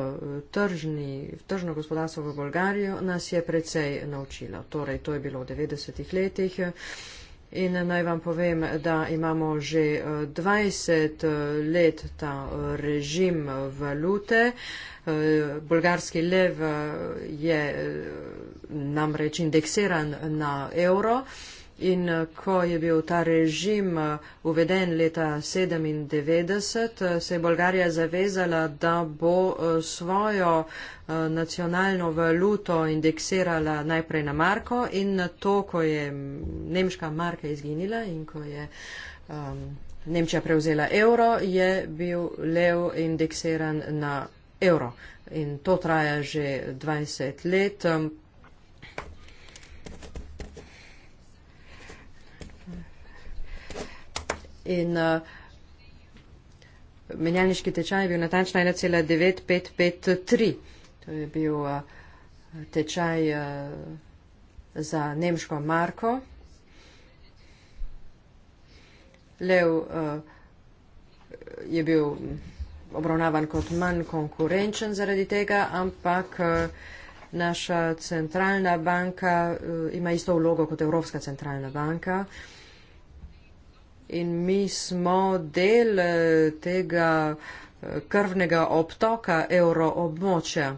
tržni, v tržno gospodarstvo v Bolgarijo, nas je precej naučila. Torej, to je bilo v 90-ih letih. Uh, In naj vam povem, da imamo že 20 eh, eh, let ta eh, režim valute. Bolgarski lev je namreč indeksiran na evro. In eh, ko je bil ta režim eh, uveden leta 1997, eh, se je Bolgarija zavezala, da bo svojo nacionalno valuto indeksirala najprej na Marko in na to, ko je nemška marka izginila in ko je um, Nemčija prevzela evro, je bil lev indeksiran na evro. In to traja že 20 let. Ehm, in uh, menjalniški tečaj je bil natančno 1,9553. To je bil uh, tečaj uh, za nemško marko. Lev uh, je bil obravnavan kot manj konkurenčen zaradi tega, ampak uh, naša centralna banka uh, ima isto vlogo kot Evropska centralna banka. Uh, In mi smo del eh, tega eh, krvnega obtoka euroobmočja.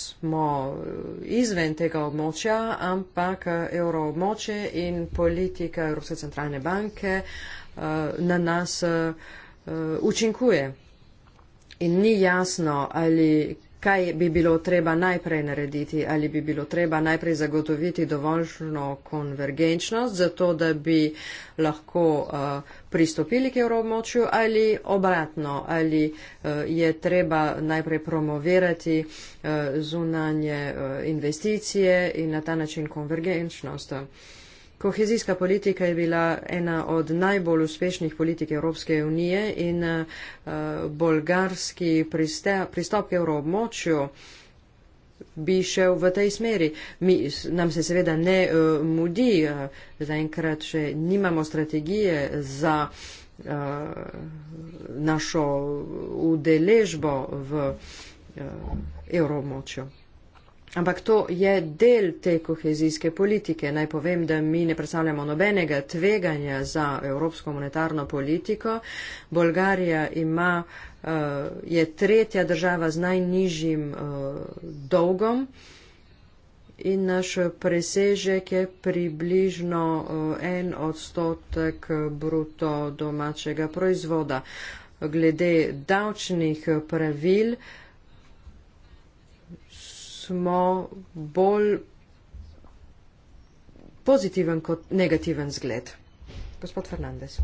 Smo eh, izven tega območja, ampak euroobmočje in politika Evropske centralne banke na nas učinkuje. In ni jasno, ali kaj bi bilo treba najprej narediti, ali bi bilo treba najprej zagotoviti dovoljšno konvergenčnost, zato da bi lahko uh, pristopili k evroobmočju ali obratno, ali uh, je treba najprej promovirati uh, zunanje uh, investicije in na ta način konvergenčnost. Uh, Kohezijska politika je bila ena od najbolj uspešnih politik Evropske unije in uh, bolgarski priste, pristop k evroobmočju bi šel v tej smeri. Mi, nam se seveda ne uh, mudi, uh, zaenkrat še nimamo strategije za uh, našo udeležbo v uh, evroobmočju. Ampak to je del te kohezijske politike. Naj povem, da mi ne predstavljamo nobenega tveganja za evropsko monetarno politiko. Bolgarija ima, eh, je tretja država z najnižjim eh, dolgom in naš presežek je približno eh, en odstotek bruto domačega proizvoda. Glede davčnih pravil smo bolj pozitiven kot negativen zgled. Gospod Fernandez.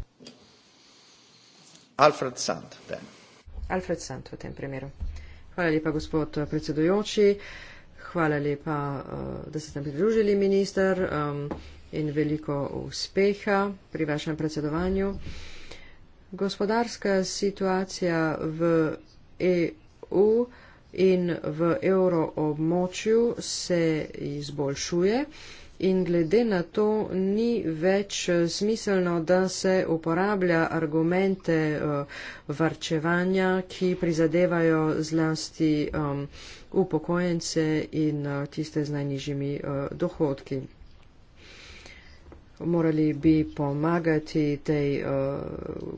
Alfred Sand. Then. Alfred Sand v tem primeru. Hvala lepa, gospod eh, predsedujoči. Hvala lepa, eh, da ste nam pridružili, minister, um, in veliko uspeha pri vašem predsedovanju. Gospodarska situacija v EU in v evroobmočju se izboljšuje. In glede na to ni več eh, smiselno, da se uporablja argumente eh, varčevanja, ki prizadevajo zlasti upokojence in eh, tiste z najnižjimi dohodki morali bi pomagati tej uh,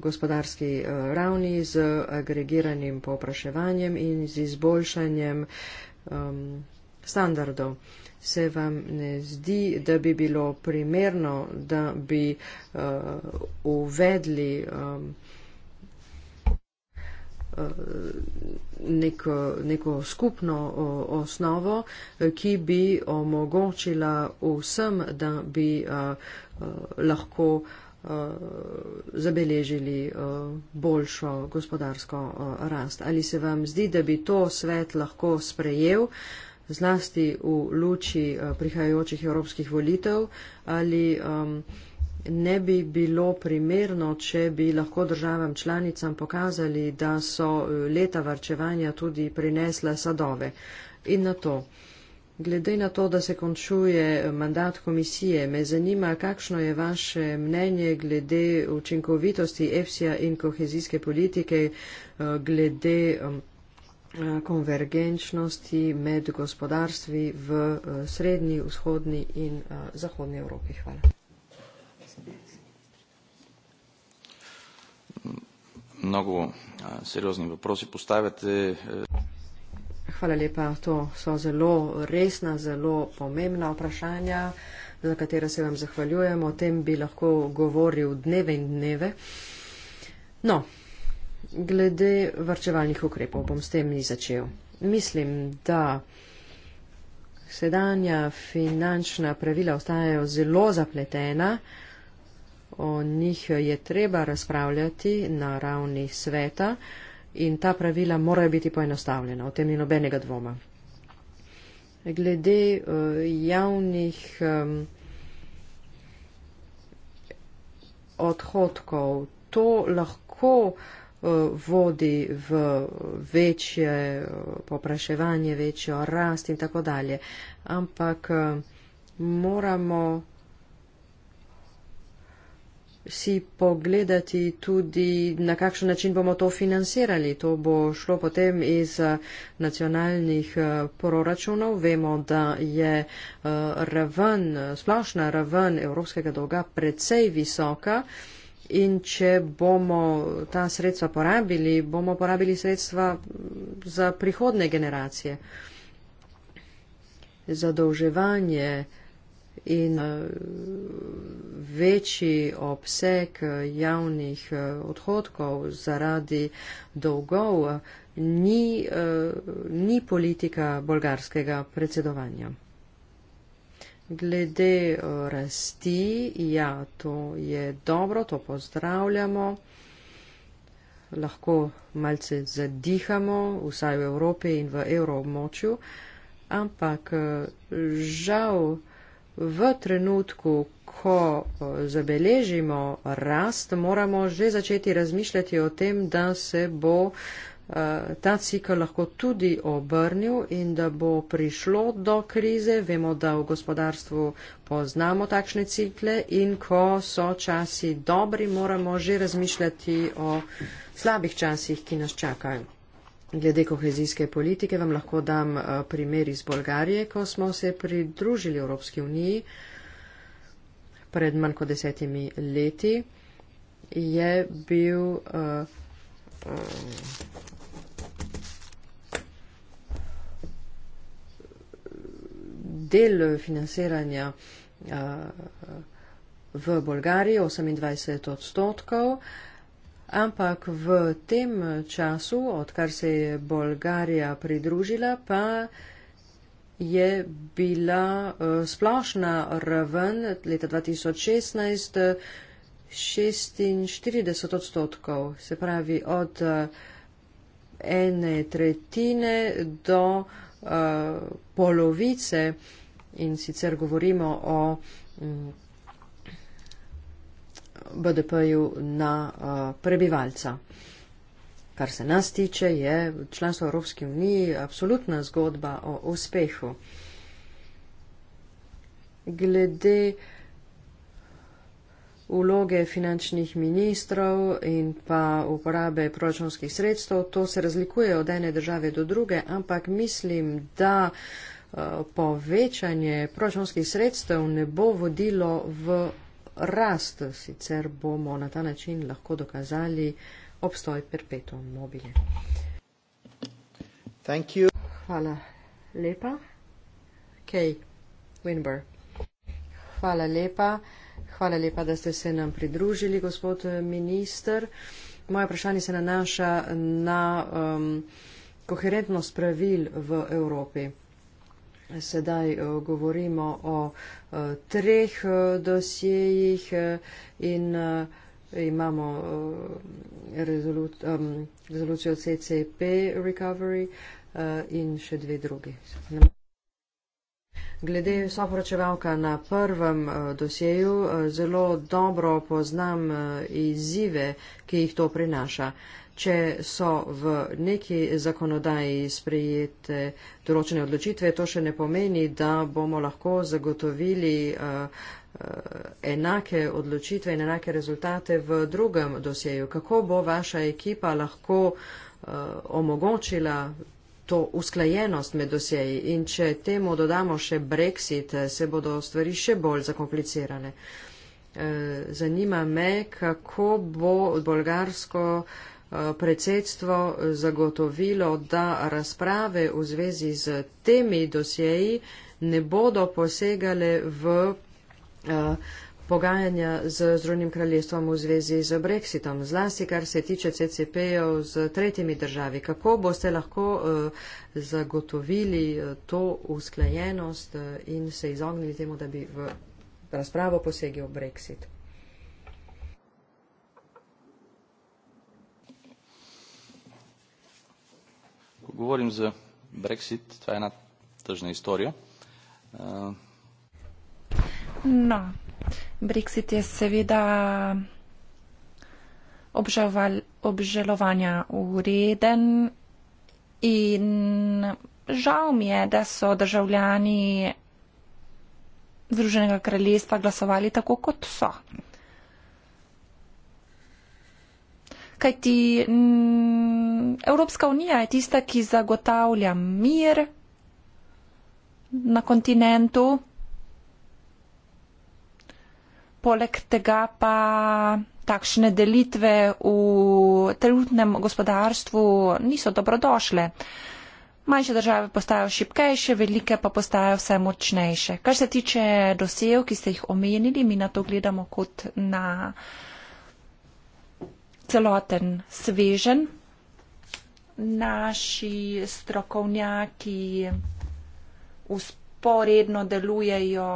gospodarski uh, ravni z agregiranim popraševanjem in z izboljšanjem um, standardov. Se vam ne zdi, da bi bilo primerno, da bi uh, uvedli um, Eh, nek, neko skupno osnovo, eh, ki bi omogočila vsem, da bi eh, lahko zabeležili boljšo gospodarsko rast. Ali se vam zdi, da bi to svet lahko sprejel? zlasti v luči prihajajočih evropskih volitev ali um, ne bi bilo primerno, če bi lahko državam članicam pokazali, da so e, leta varčevanja tudi prinesla sadove. In na to, glede na to, da se končuje e, mandat komisije, me zanima, kakšno je vaše mnenje glede učinkovitosti EFSA in kohezijske politike, e, glede konvergenčnosti med gospodarstvi v srednji, vzhodni in zahodni Evropi. Hvala. Mnogo seriozni vprosi postavljate. Hvala lepa. To so zelo resna, zelo pomembna vprašanja, za katera se vam zahvaljujem. O tem bi lahko govoril dneve in dneve. No, glede vrčevalnih ukrepov bom s tem ni začel. Mislim, da sedanja finančna pravila ostajajo zelo zapletena o njih je treba razpravljati na ravni sveta in ta pravila morajo biti poenostavljena, o tem ni nobenega dvoma. Glede eh, javnih odhodkov, to lahko eh, vodi v večje eh, popraševanje, večjo rast in tako dalje. Ampak moramo si pogledati tudi, na kakšen način bomo to financirali. To bo šlo potem iz eh, nacionalnih eh, proračunov. Vemo, da je eh, raven, splošna raven evropskega dolga precej visoka. In če bomo ta sredstva porabili, bomo porabili sredstva mm, za prihodne generacije. Zadolževanje in eh, večji obseg eh, javnih eh, odhodkov zaradi dolgov ni, ni politika bolgarskega predsedovanja. Glede rasti, ja, to je dobro, to pozdravljamo, lahko malce zadihamo, vsaj v Evropi in v evroobmočju, ampak žal, v trenutku, ko eh, zabeležimo rast, moramo že začeti razmišljati o tem, da se bo eh, ta cikl lahko tudi obrnil in da bo prišlo do krize. Vemo, da v gospodarstvu poznamo takšne cikle in ko so časi dobri, moramo že razmišljati o slabih časih, ki nas čakajo. Glede kohezijske politike vam lahko dam eh, primer iz Bolgarije, ko smo se pridružili Evropski uniji pred manj kot desetimi leti, je bil. Uh, um, Del financiranja uh, v Bolgariji 28 odstotkov, uh, ampak v tem času, odkar se je Bolgarija pridružila, pa je bila eh, splošna raven leta 2016 46 odstotkov, se pravi od eh, ene tretjine do uh, polovice in sicer govorimo o mm, BDP-ju na eh, prebivalca. Kar se nas tiče, je članstvo Evropske unije absolutna zgodba o uspehu. Glede uloge finančnih ministrov in pa uporabe proračunskih sredstev, to se razlikuje od ene države do druge, ampak mislim, da eh, povečanje proračunskih sredstev ne bo vodilo v rast, sicer bomo na ta način lahko dokazali obstoj perpetuum mobile. Hvala lepa. Kay Winber. Hvala lepa. Hvala lepa, da ste se nam pridružili, gospod eh, minister. Moje vprašanje se nanaša na um, koherentnost pravil v Evropi. Sedaj eh, govorimo o eh, treh eh, dosjejih in imamo rezolucijo CCP Recovery in še dve drugi. Glede soporočevalka na prvem dosjeju, zelo dobro poznam izzive, ki jih to prinaša če so v neki zakonodaji sprejete določene odločitve, to še ne pomeni, da bomo lahko zagotovili eh, eh, enake odločitve in enake rezultate v drugem dosjeju. Kako bo vaša ekipa lahko eh, omogočila to usklajenost med dosjeji in če temu dodamo še brexit, se bodo stvari še bolj zakomplicirane. Zanima me, kako bo bolgarsko uh, predsedstvo zagotovilo, da razprave v zvezi z temi dosjeji ne bodo posegale v eh, pogajanja z Združenim kraljestvom v zvezi z Brexitom, zlasti kar se tiče CCP-jev z tretjimi državi. Kako boste lahko eh, zagotovili eh, to usklajenost in se izognili temu, da bi v razpravo posegel Brexit? govorim za Brexit, to je ena tržna istorija. No, Brexit je seveda obžaloval, obžalovanja ureden in žal mi je, da so državljani Združenega kraljestva glasovali tako, kot so. kajti mm, Evropska unija je tista, ki zagotavlja mir na kontinentu. Poleg tega pa takšne delitve v trenutnem gospodarstvu niso dobrodošle. Manjše države postajajo šipkejše, velike pa postajajo vse močnejše. Kar se tiče dosev, ki ste jih omenili, mi na to gledamo kot na uh, celoten svežen. Naši strokovnjaki usporedno delujejo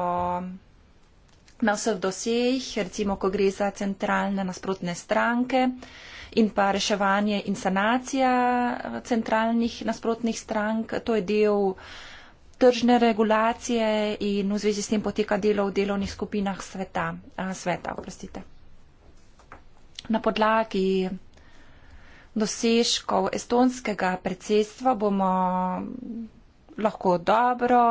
na vseh dosejih, recimo, ko gre za centralne nasprotne stranke in pa reševanje in sanacija eh, centralnih nasprotnih strank. To je del tržne regulacije in v zvezi s tem poteka delo v delovnih skupinah sveta. Eh, sveta Na podlagi dosežkov estonskega predsedstva bomo lahko dobro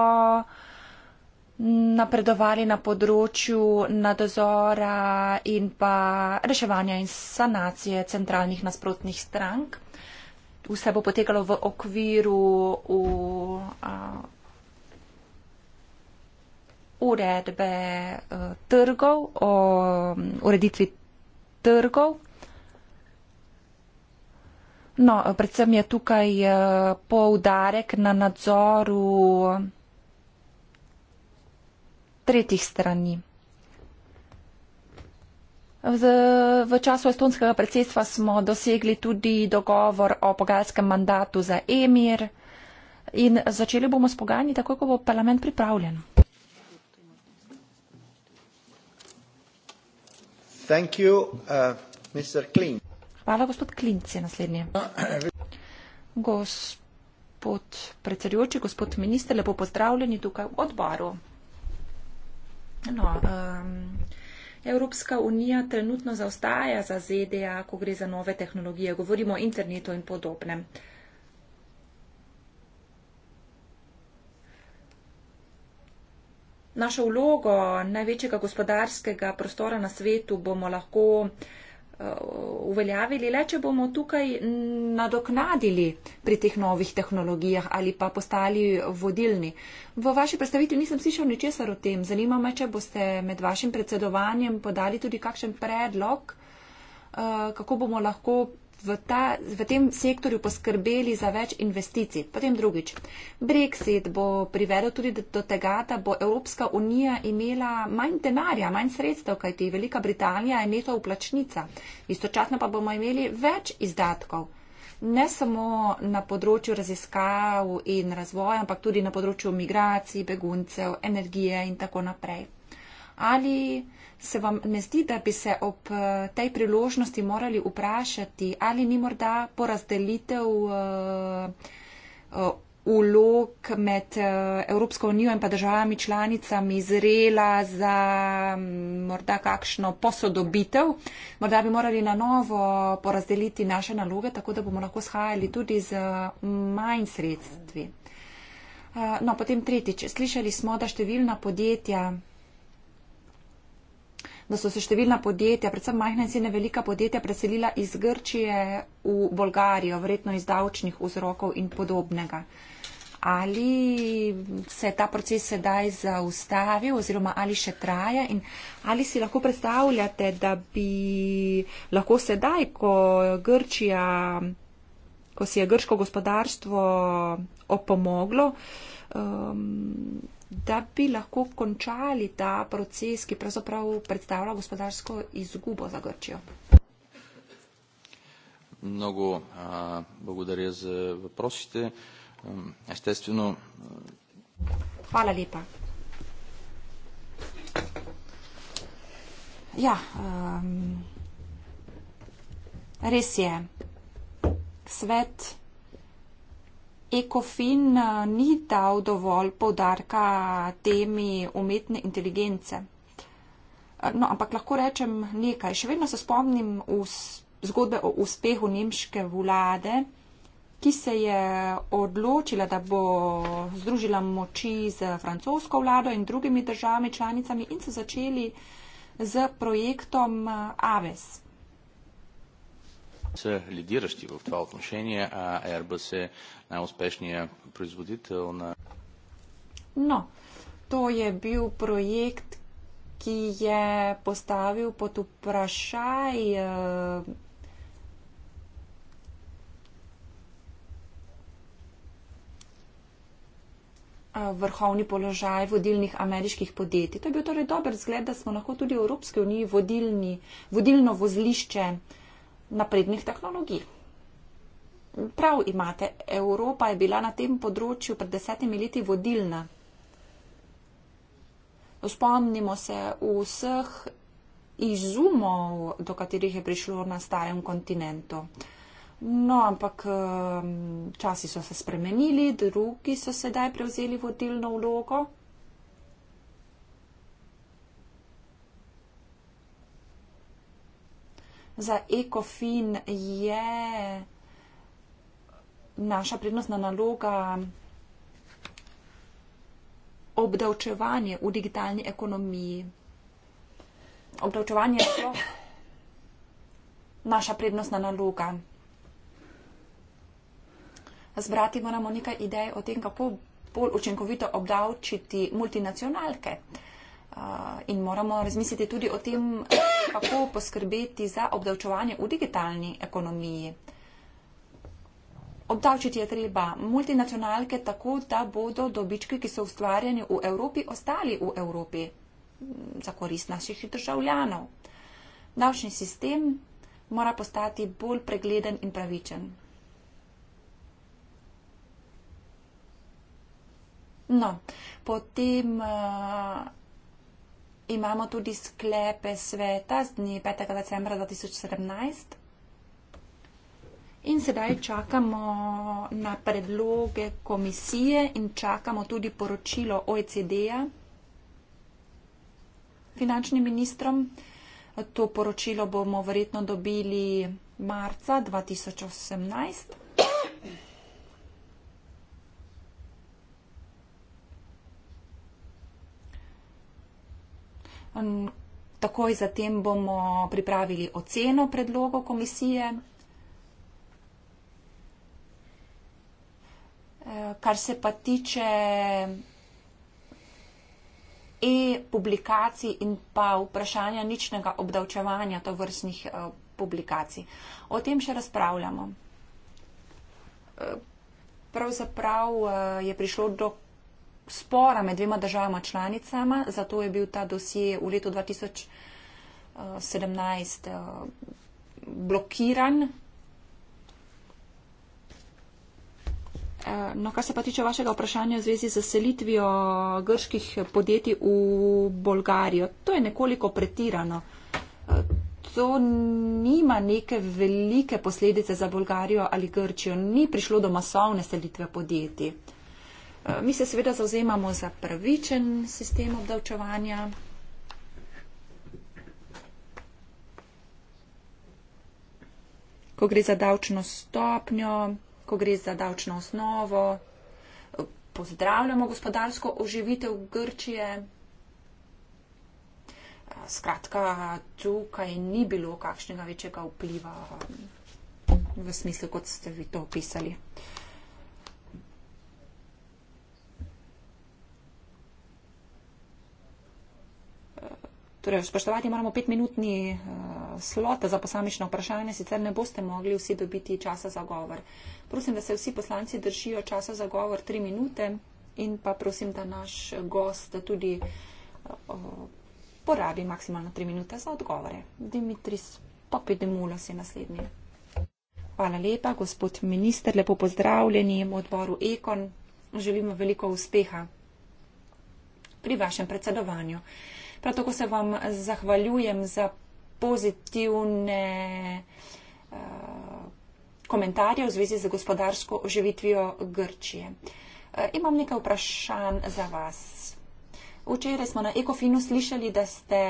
napredovali na področju nadzora in pa reševanja in sanacije centralnih nasprotnih strank. Vse bo potekalo v okviru v, a, uredbe a, e, trgov o ureditvi trgov trgov. No, predvsem je tukaj eh, poudarek na nadzoru tretjih strani. V, v času estonskega predsedstva smo dosegli tudi dogovor o pogajalskem mandatu za emir in začeli bomo s pogajanji, tako ko bo parlament pripravljen. Thank you, uh, Mr. Hvala, gospod Klinc je naslednji. Gospod predsedujoči, gospod minister, lepo pozdravljeni tukaj v odboru. No, um, Evropska unija trenutno zaostaja za ZDA, ko gre za nove tehnologije, govorimo o internetu in podobnem. Uh, Našo vlogo največjega gospodarskega prostora na svetu bomo lahko eh, uveljavili le, če bomo tukaj nadoknadili pri teh novih tehnologijah ali pa postali vodilni. V vaši predstavitvi nisem slišal ničesar o tem. Zanima me, če boste med vašim predsedovanjem podali tudi kakšen predlog, eh, kako bomo lahko v, ta, v tem sektorju poskrbeli za več investicij. Potem drugič, Brexit bo privedel tudi do tega, da bo Evropska unija imela manj denarja, manj sredstev, kajti Velika Britanija je neto uplačnica. Istočasno pa bomo imeli več izdatkov. Ne samo na področju raziskav in razvoja, ampak tudi na področju migracij, beguncev, energije in tako naprej. Ali se vam ne zdi, da bi se ob eh, tej priložnosti morali vprašati, ali ni morda porazdelitev ulog eh, eh, med Evropsko unijo in pa državami članicami zrela za mm, morda kakšno posodobitev. Morda bi morali na novo porazdeliti naše naloge, tako da bomo lahko shajali tudi z mm, manj sredstvi. No, potem tretjič. Slišali smo, da številna podjetja da so se številna podjetja, predvsem majhna in sine velika podjetja, preselila iz Grčije v Bolgarijo, verjetno iz davčnih vzrokov in podobnega. Ali se je ta proces sedaj zaustavil oziroma ali še traja in ali si lahko predstavljate, da bi lahko sedaj, ko, Grčija, ko si je grško gospodarstvo opomoglo, um, da bi lahko končali ta proces, ki pravzaprav predstavlja gospodarsko izgubo za Grčijo? Mnogo благодаря za vprašanje. Естествено. Hvala lepa. Ja, um, res je. Svet. Ekofin eh, ni dal dovolj povdarka temi umetne inteligence. Eh, no, ampak lahko rečem nekaj. Še vedno se spomnim zgodbe o uspehu nemške vlade, ki se je odločila, da bo združila moči z francosko vlado in drugimi državami članicami in so začeli z projektom eh, Aves лидирующий в этом отношении, а Airbus – это успешный производитель. На... Но, то е был проект, ki je postavil pod vprašaj vrhovni položaj vodilnih ameriških podjetij. To je bil torej dober zgled, da smo lahko tudi v Evropski uniji vodilni, vodilno vozlišče naprednih tehnologij. Prav imate, Evropa je bila na tem področju pred desetimi leti vodilna. Spomnimo se vseh izumov, do katerih je prišlo na starem kontinentu. No, ampak ehm, časi so se spremenili, drugi so sedaj prevzeli vodilno vlogo. za ekofin je naša prednostna naloga obdavčevanje v digitalni ekonomiji. Obdavčevanje je sploh naša prednostna naloga. Zbrati moramo nekaj idej o tem, kako bolj učinkovito obdavčiti multinacionalke. Uh, in moramo razmisliti tudi o tem, kako poskrbeti za obdavčovanje v digitalni ekonomiji. Obdavčiti je treba multinacionalke tako, da bodo dobički, ki so ustvarjeni v Evropi, ostali v Evropi za korist naših državljanov. Davčni sistem mora postati bolj pregleden in pravičen. No, potem. Uh, imamo tudi sklepe sveta z dne 5. decembra 2017. In sedaj čakamo na predloge komisije in čakamo tudi poročilo OECD-ja finančnim ministrom. To poročilo bomo verjetno dobili marca 2018. Um, takoj zatem bomo pripravili oceno predlogo komisije. Eh, kar se pa tiče e-publikacij in pa vprašanja ničnega obdavčevanja to vrstnih eh, publikacij. O tem še razpravljamo. Eh, pravzaprav je prišlo do spora med dvema državama članicama, zato je bil ta dosje v letu 2017 eh, eh, blokiran. Eh, no, kar se pa tiče vašega vprašanja v zvezi z selitvijo grških podjetij v Bolgarijo, to je nekoliko pretirano. To nima neke velike posledice za Bolgarijo ali Grčijo. Ni prišlo do masovne selitve podjetij. Eh, mi se seveda zauzemamo za pravičen sistem obdavčevanja. Ko gre za davčno stopnjo, ko gre za davčno osnovo, eh, pozdravljamo gospodarsko oživitev Grčije. Eh, skratka, tukaj ni bilo kakšnega večjega vpliva v smislu, kot ste vi to opisali. Torej, spoštovati moramo petminutni eh, slot za posamično vprašanje, sicer ne boste mogli vsi dobiti časa za govor. Prosim, da se vsi poslanci držijo časa za govor tri minute in pa prosim, da naš gost tudi eh, porabi maksimalno tri minute za odgovore. Dimitris Popidemulos je naslednji. Hvala lepa, gospod minister, lepo pozdravljeni v odboru Ekon. Želimo veliko uspeha pri vašem predsedovanju. Prav tako se vam zahvaljujem za pozitivne uh, komentarje v zvezi z gospodarsko oživitvijo Grčije. Uh, imam nekaj vprašanj za vas. Včeraj smo na Ekofinu slišali, da ste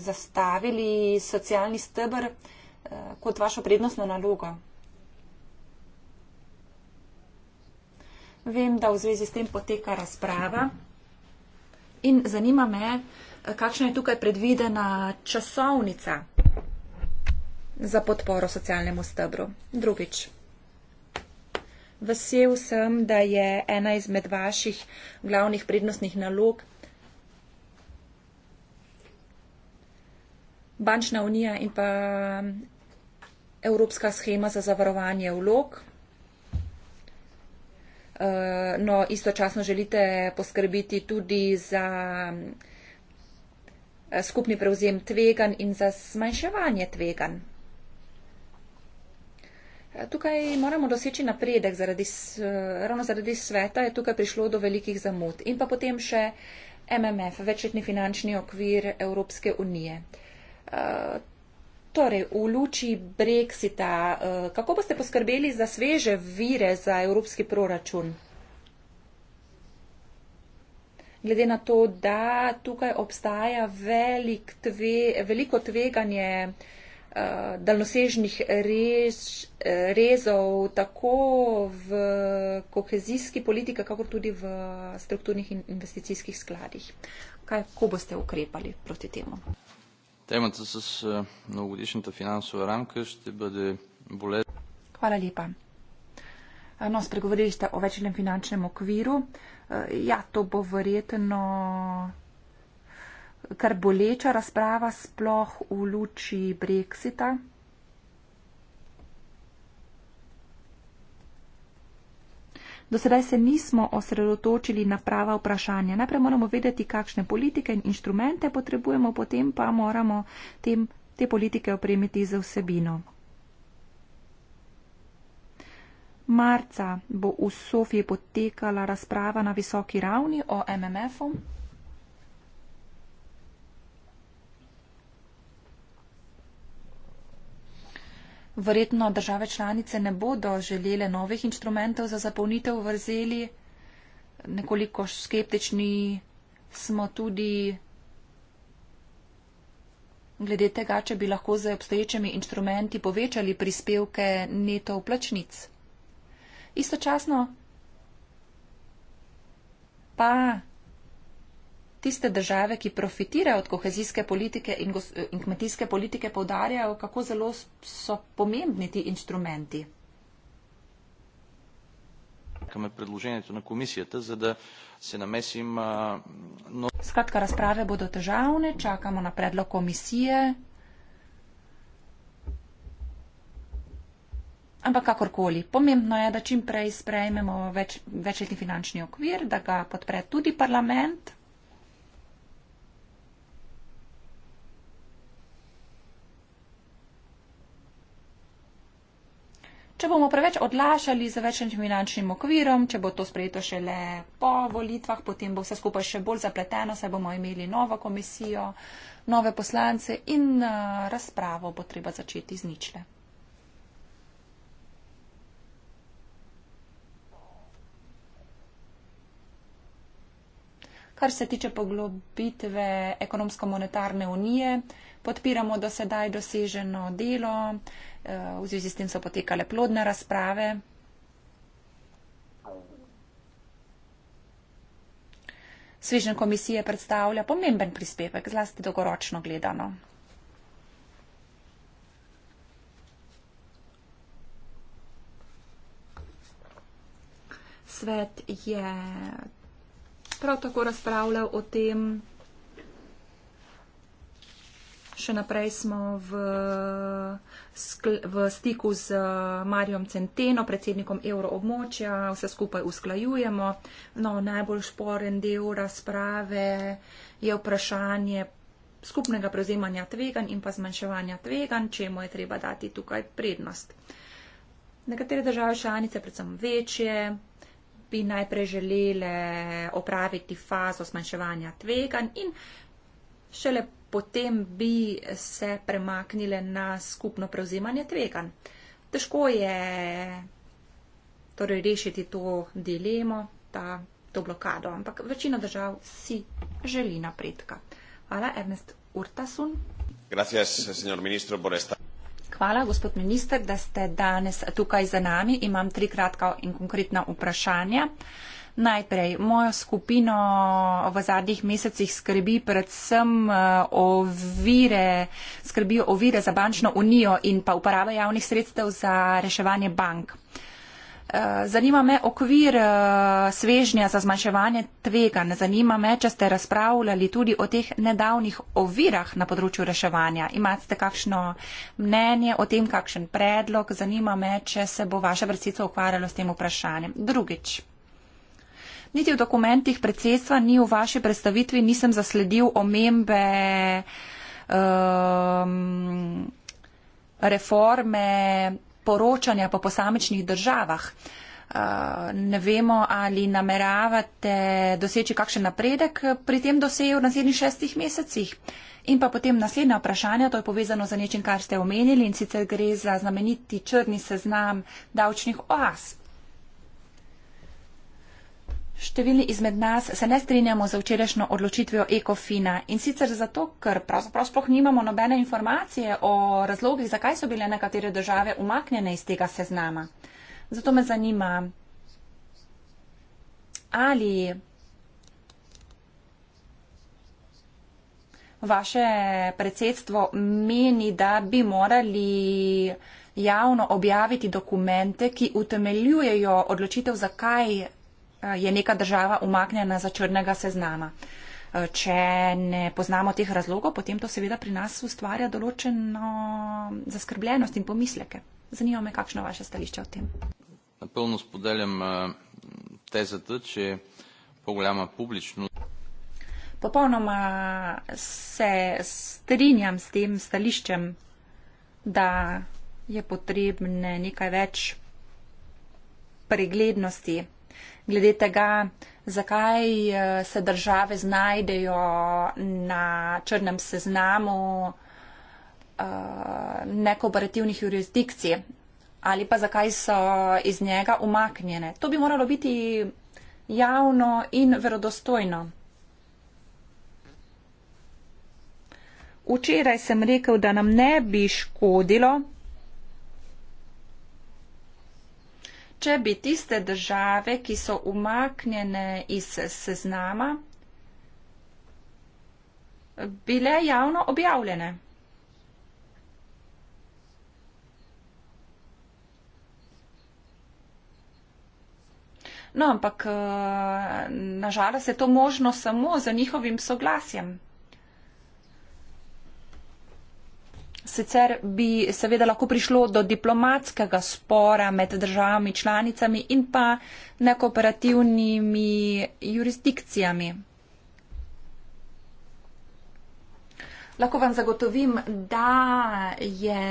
zastavili socialni stebr eh, kot vašo prednostno nalogo. Vem, da v zvezi s tem poteka razprava in zanima me, kakšna je tukaj predvidena časovnica za podporo socialnemu stebru. Drugič. Vesel sem, da je ena izmed vaših glavnih prednostnih nalog bančna unija in pa evropska schema za zavarovanje vlog. Eh, no, istočasno želite poskrbiti tudi za Eh, skupni prevzem tvegan in za zmanjševanje tvegan. Eh, tukaj moramo doseči napredek, zaradi, eh, ravno zaradi sveta je tukaj prišlo do velikih zamud. In pa potem še MMF, večletni finančni okvir Evropske unije. Torej, v luči Brexita, kako boste poskrbeli za sveže vire za evropski proračun? glede na to, da tukaj obstaja velik tve, veliko tveganje uh, daljnosežnih rež, rezov tako v kohezijski politiki, kako tudi v strukturnih in investicijskih skladih. Kako boste ukrepali proti temu? Темата с новогодишната финансова рамка ще бъде болезнена. Хвала лепа. No, spregovorili ste o večjem finančnem okviru. Eh, ja, to bo verjetno kar boleča razprava, sploh v luči Brexita. Do sedaj se nismo osredotočili na prava vprašanja. Najprej moramo vedeti, kakšne politike in inštrumente potrebujemo, potem pa moramo tem, te politike opremiti z vsebino marca bo v Sofiji potekala razprava na visoki ravni o MMF-u. Verjetno države članice ne bodo želele novih inštrumentov za zapolnitev vrzeli. Nekoliko skeptični smo tudi glede tega, če bi lahko z obstoječimi inštrumenti povečali prispevke neto vplačnic. Istočasno pa tiste države, ki profitirajo od kohezijske politike in, in kmetijske politike, povdarjajo, kako zelo so pomembni ti instrumenti. Kam je predloženje na komisijo TZD? Se namesim, no... Skratka, razprave bodo težavne, čakamo na predlog komisije. Ampak kakorkoli, pomembno je, da čim prej sprejmemo več, večletni finančni okvir, da ga podpre tudi parlament. Če bomo preveč odlašali z večletnim finančnim okvirom, če bo to sprejeto šele po volitvah, potem bo vse skupaj še bolj zapleteno, saj bomo imeli novo komisijo, nove poslance in eh, razpravo bo treba začeti z ničle. Kar se tiče poglobitve ekonomsko-monetarne unije, podpiramo do sedaj doseženo delo, eh, v zvezi s tem so potekale plodne razprave. Svežen komisije predstavlja pomemben prispevek, zlasti dolgoročno gledano. Svet je prav tako razpravljal o tem. Še naprej smo v, v stiku z eh, Marijom Centeno, predsednikom evroobmočja, vse skupaj usklajujemo. No, najbolj šporen del razprave je vprašanje skupnega prevzemanja tvegan in pa zmanjševanja tvegan, čemu je treba dati tukaj prednost. Nekatere države članice, predvsem večje, bi najprej želele opraviti fazo zmanjševanja tvegan in šele potem bi se premaknile na skupno prevzemanje tvegan. Težko je torej rešiti to dilemo, ta, to blokado, ampak večina držav si želi napredka. Hvala, Ernest Urtasun. Gracias, señor ministro, por esta hvala, gospod minister, da ste danes tukaj za nami. Imam tri kratka in konkretna vprašanja. Najprej, mojo skupino v zadnjih mesecih skrbi predvsem eh, ovire, skrbijo ovire za bančno unijo in pa uporaba javnih sredstev za reševanje bank. Zanima me okvir eh, svežnja za zmanjševanje tveganj. Zanima me, če ste razpravljali tudi o teh nedavnih ovirah na področju reševanja. Imate kakšno mnenje o tem, kakšen predlog? Zanima me, če se bo vaše vrstico ukvarjalo s tem vprašanjem. Drugič. Niti v dokumentih predsedstva, ni v vaši predstavitvi nisem zasledil omembe um, reforme poročanja po posamečnih državah. Eh, ne vemo, ali nameravate doseči kakšen napredek pri tem doseju v naslednjih šestih mesecih. In pa potem naslednja vprašanja, to je povezano za nečim, kar ste omenili in sicer gre za znameniti črni seznam davčnih oas. Številni izmed nas se ne strinjamo z včerajšnjo odločitvijo Ekofina in sicer zato, ker pravzaprav sploh nimamo nobene informacije o razlogih, zakaj so bile nekatere države umaknjene iz tega seznama. Zato me zanima, ali vaše predsedstvo meni, da bi morali javno objaviti dokumente, ki utemeljujejo odločitev, zakaj je neka država umaknjena za črnega seznama. Če ne poznamo teh razlogov, potem to seveda pri nas ustvarja določeno zaskrbljenost in pomisleke. Zanima me, kakšno je vaše stališče o tem. Napolno spodeljam te zato, če je pogoljama publično. Popolnoma se strinjam s tem stališčem, da je potrebne nekaj več preglednosti glede tega, zakaj eh, se države znajdejo na črnem seznamu eh, nekooperativnih jurisdikcij ali pa zakaj so iz njega umaknjene. To bi moralo biti javno in verodostojno. Včeraj sem rekel, da nam ne bi škodilo, če bi tiste države, ki so umaknjene iz seznama, bile javno objavljene. No, ampak eh, nažalost je to možno samo za njihovim soglasjem. Sicer bi seveda lahko prišlo do diplomatskega spora med državami članicami in pa nekooperativnimi jurisdikcijami. Lahko vam zagotovim, da je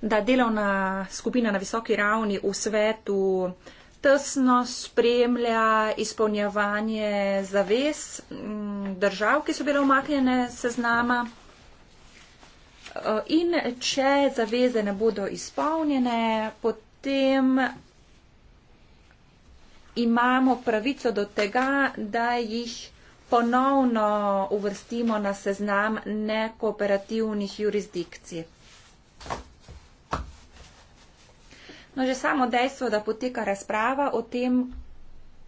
da delovna skupina na visoki ravni v svetu tesno spremlja izpolnjevanje zavez držav, ki so bile omaknjene seznama. In če zaveze ne bodo izpolnjene, potem imamo pravico do tega, da jih ponovno uvrstimo na seznam nekooperativnih jurisdikcij. No, že samo dejstvo, da poteka razprava o tem,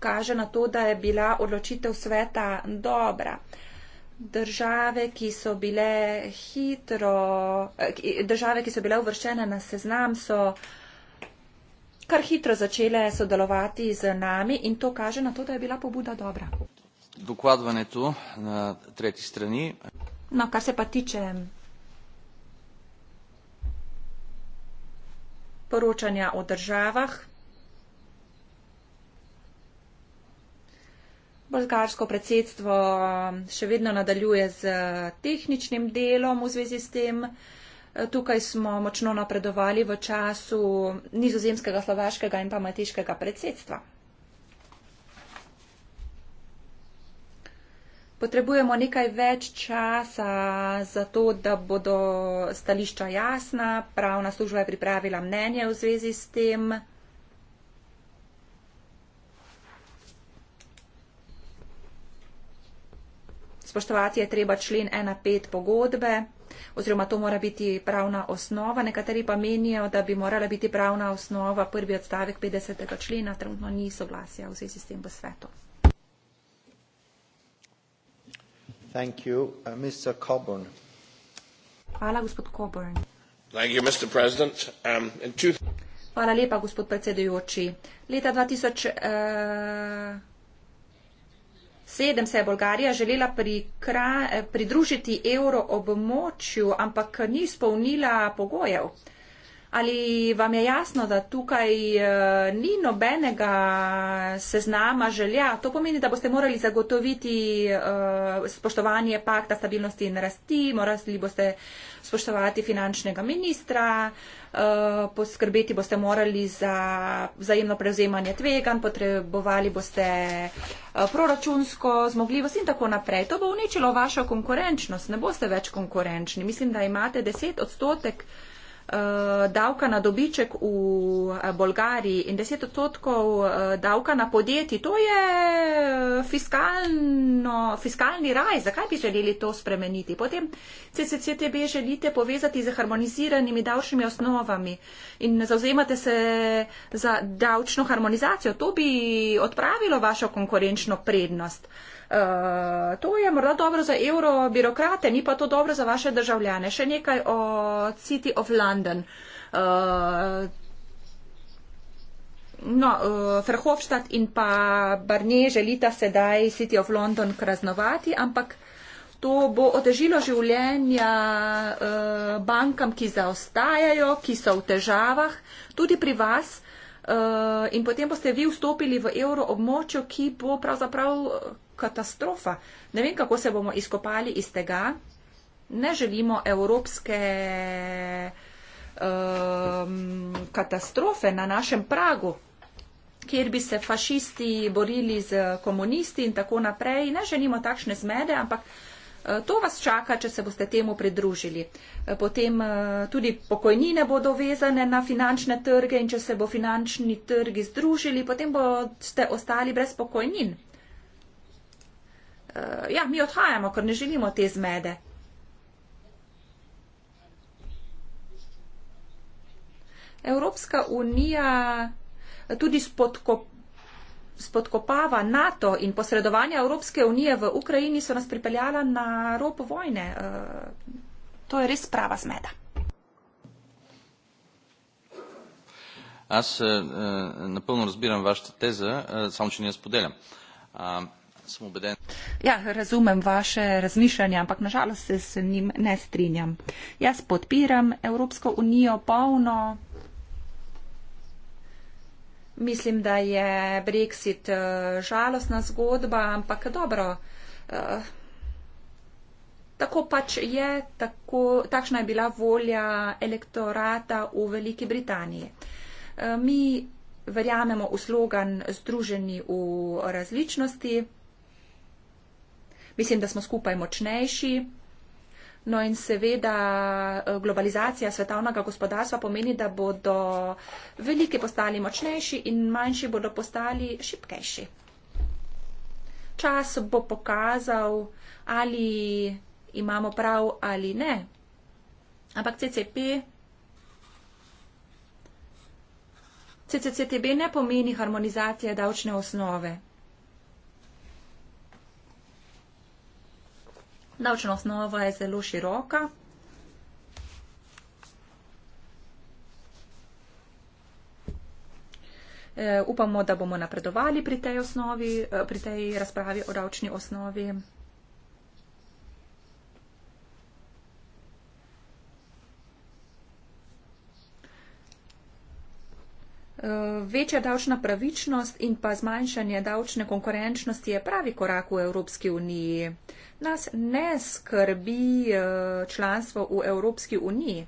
kaže na to, da je bila odločitev sveta dobra države, ki so bile hitro, eh, države, ki so bile uvrščene na seznam, so kar hitro začele sodelovati z nami in to kaže na to, da je bila pobuda dobra. Dokladvane tu na tretji strani. No, kar se pa tiče poročanja o državah, Bolgarsko predsedstvo um, še vedno nadaljuje z uh, tehničnim delom v zvezi s tem. Uh, tukaj smo močno napredovali v času nizozemskega, slovaškega in pa matiškega predsedstva. Potrebujemo nekaj več časa za to, da bodo stališča jasna. Pravna služba je pripravila mnenje v zvezi s tem. spoštovati je treba člen 1.5 pogodbe oziroma to mora biti pravna osnova. Nekateri pa menijo, da bi morala biti pravna osnova prvi odstavek 50. člena, trenutno ni soglasja vsi s tem v svetu. Thank you, uh, Mr. Coburn. Hvala, gospod Coburn. Thank you, Mr. President. Um, in two... Hvala lepa, gospod predsedujoči. Leta 2000, uh, sedem se je Bolgarija želela prikra, eh, pridružiti evro območju, ampak ni izpolnila pogojev. Ali vam je jasno, da tukaj eh, ni nobenega seznama želja? To pomeni, da boste morali zagotoviti eh, spoštovanje pakta stabilnosti in rasti, morali boste spoštovati finančnega ministra, eh, poskrbeti boste morali za vzajemno prevzemanje tvegan, potrebovali boste proračunsko zmogljivost in tako naprej. To bo uničilo vašo konkurenčnost, ne boste več konkurenčni. Mislim, da imate 10 odstotek Eh, davka na dobiček v eh, Bolgariji in 10 odstotkov eh, davka na podjetji. To je fiskalno, fiskalni raj. Zakaj bi želeli to spremeniti? Potem CCCTB želite povezati z harmoniziranimi davčnimi osnovami in zauzemate se za davčno harmonizacijo. To bi odpravilo vašo konkurenčno prednost. Uh, Eh, to je morda dobro za eurobirokrate, ni pa to dobro za vaše državljane. Še nekaj o City of London. Uh, no, uh, Verhofstadt in pa Barnier želita sedaj City of London kraznovati, ampak to bo otežilo življenja uh, bankam, ki zaostajajo, ki so v težavah, tudi pri vas. Uh, in potem boste vi vstopili v evroobmočjo, ki bo pravzaprav. Uh, katastrofa. Ne vem, kako se bomo izkopali iz tega. Ne želimo evropske um, katastrofe na našem pragu, kjer bi se fašisti borili z komunisti in tako naprej. Ne želimo takšne zmede, ampak. E, to vas čaka, če se boste temu pridružili. E, potem e, tudi pokojnine bodo vezane na finančne trge in če se bo finančni trgi združili, potem boste ostali brez pokojnin uh, ja, mi odhajamo, ker ne želimo te zmede. Evropska unija tudi spodko, spodkopava NATO in posredovanja Evropske unije v Ukrajini so nas pripeljala na rob vojne. Uh, to je res prava zmeda. Jaz eh, napolno razbiram vaš tezo, eh, samo če ne jaz podeljam. Eh, sem ubeden. Ja, razumem vaše razmišljanje, ampak nažalost se s njim ne strinjam. Jaz podpiram Evropsko unijo polno. Mislim, da je Brexit eh, žalostna zgodba, ampak dobro. Eh, tako pač je, tako, takšna je bila volja elektorata v Veliki Britaniji. Eh, mi verjamemo v slogan združeni v različnosti mislim, da smo skupaj močnejši. No in seveda eh, globalizacija svetovnega gospodarstva pomeni, da bodo veliki postali močnejši in manjši bodo postali šipkejši. Čas bo pokazal, ali imamo prav ali ne. Ampak CCP, CCCTB ne pomeni harmonizacije davčne osnove. Davčna osnova je zelo široka. E, upamo, da bomo napredovali pri tej, osnovi, e, pri tej razpravi o davčni osnovi. Eh, večja davčna pravičnost in pa zmanjšanje davčne konkurenčnosti je pravi korak v Evropski uniji. Nas ne skrbi eh, članstvo v Evropski uniji.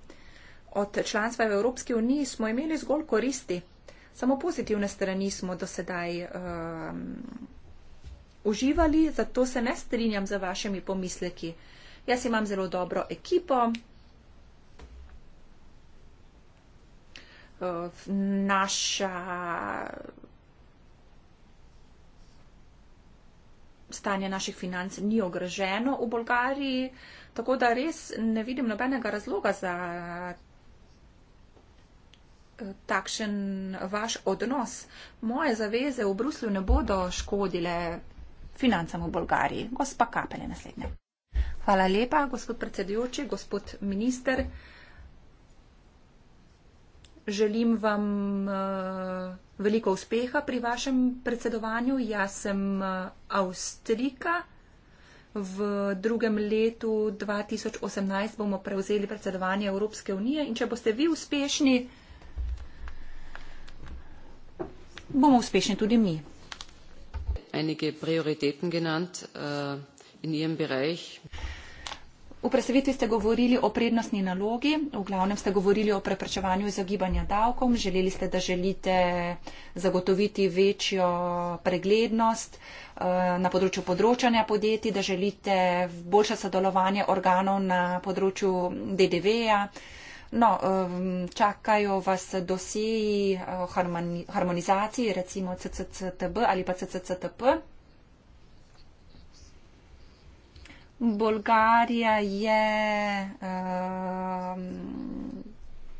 Od članstva v Evropski uniji smo imeli zgolj koristi. Samo pozitivne strani smo do sedaj um, uživali, zato se ne strinjam z vašimi pomisleki. Jaz imam zelo dobro ekipo, naša stanje naših financ ni ogroženo v Bolgariji, tako da res ne vidim nobenega razloga za eh, takšen vaš odnos. Moje zaveze v Bruslju ne bodo škodile financam v Bolgariji. Gospa Kapel je naslednja. Hvala lepa, gospod predsedujoči, gospod minister želim vam eh, veliko uspeha pri vašem predsedovanju. Jaz sem eh, Avstrika. V drugem letu 2018 bomo prevzeli predsedovanje Evropske unije in če boste vi uspešni, bomo uspešni tudi mi. Einige Prioritäten genannt äh, in Ihrem Bereich. V predstavitvi ste govorili o prednostni nalogi, v glavnem ste govorili o preprečevanju izogibanja davkom, želeli ste, da želite zagotoviti večjo preglednost eh, na področju področanja podjetij, da želite boljše sodelovanje organov na področju DDV-ja. No, čakajo vas doseji eh, harmonizaciji, recimo CCCTB ali pa CCCTP. Bolgarija je uh,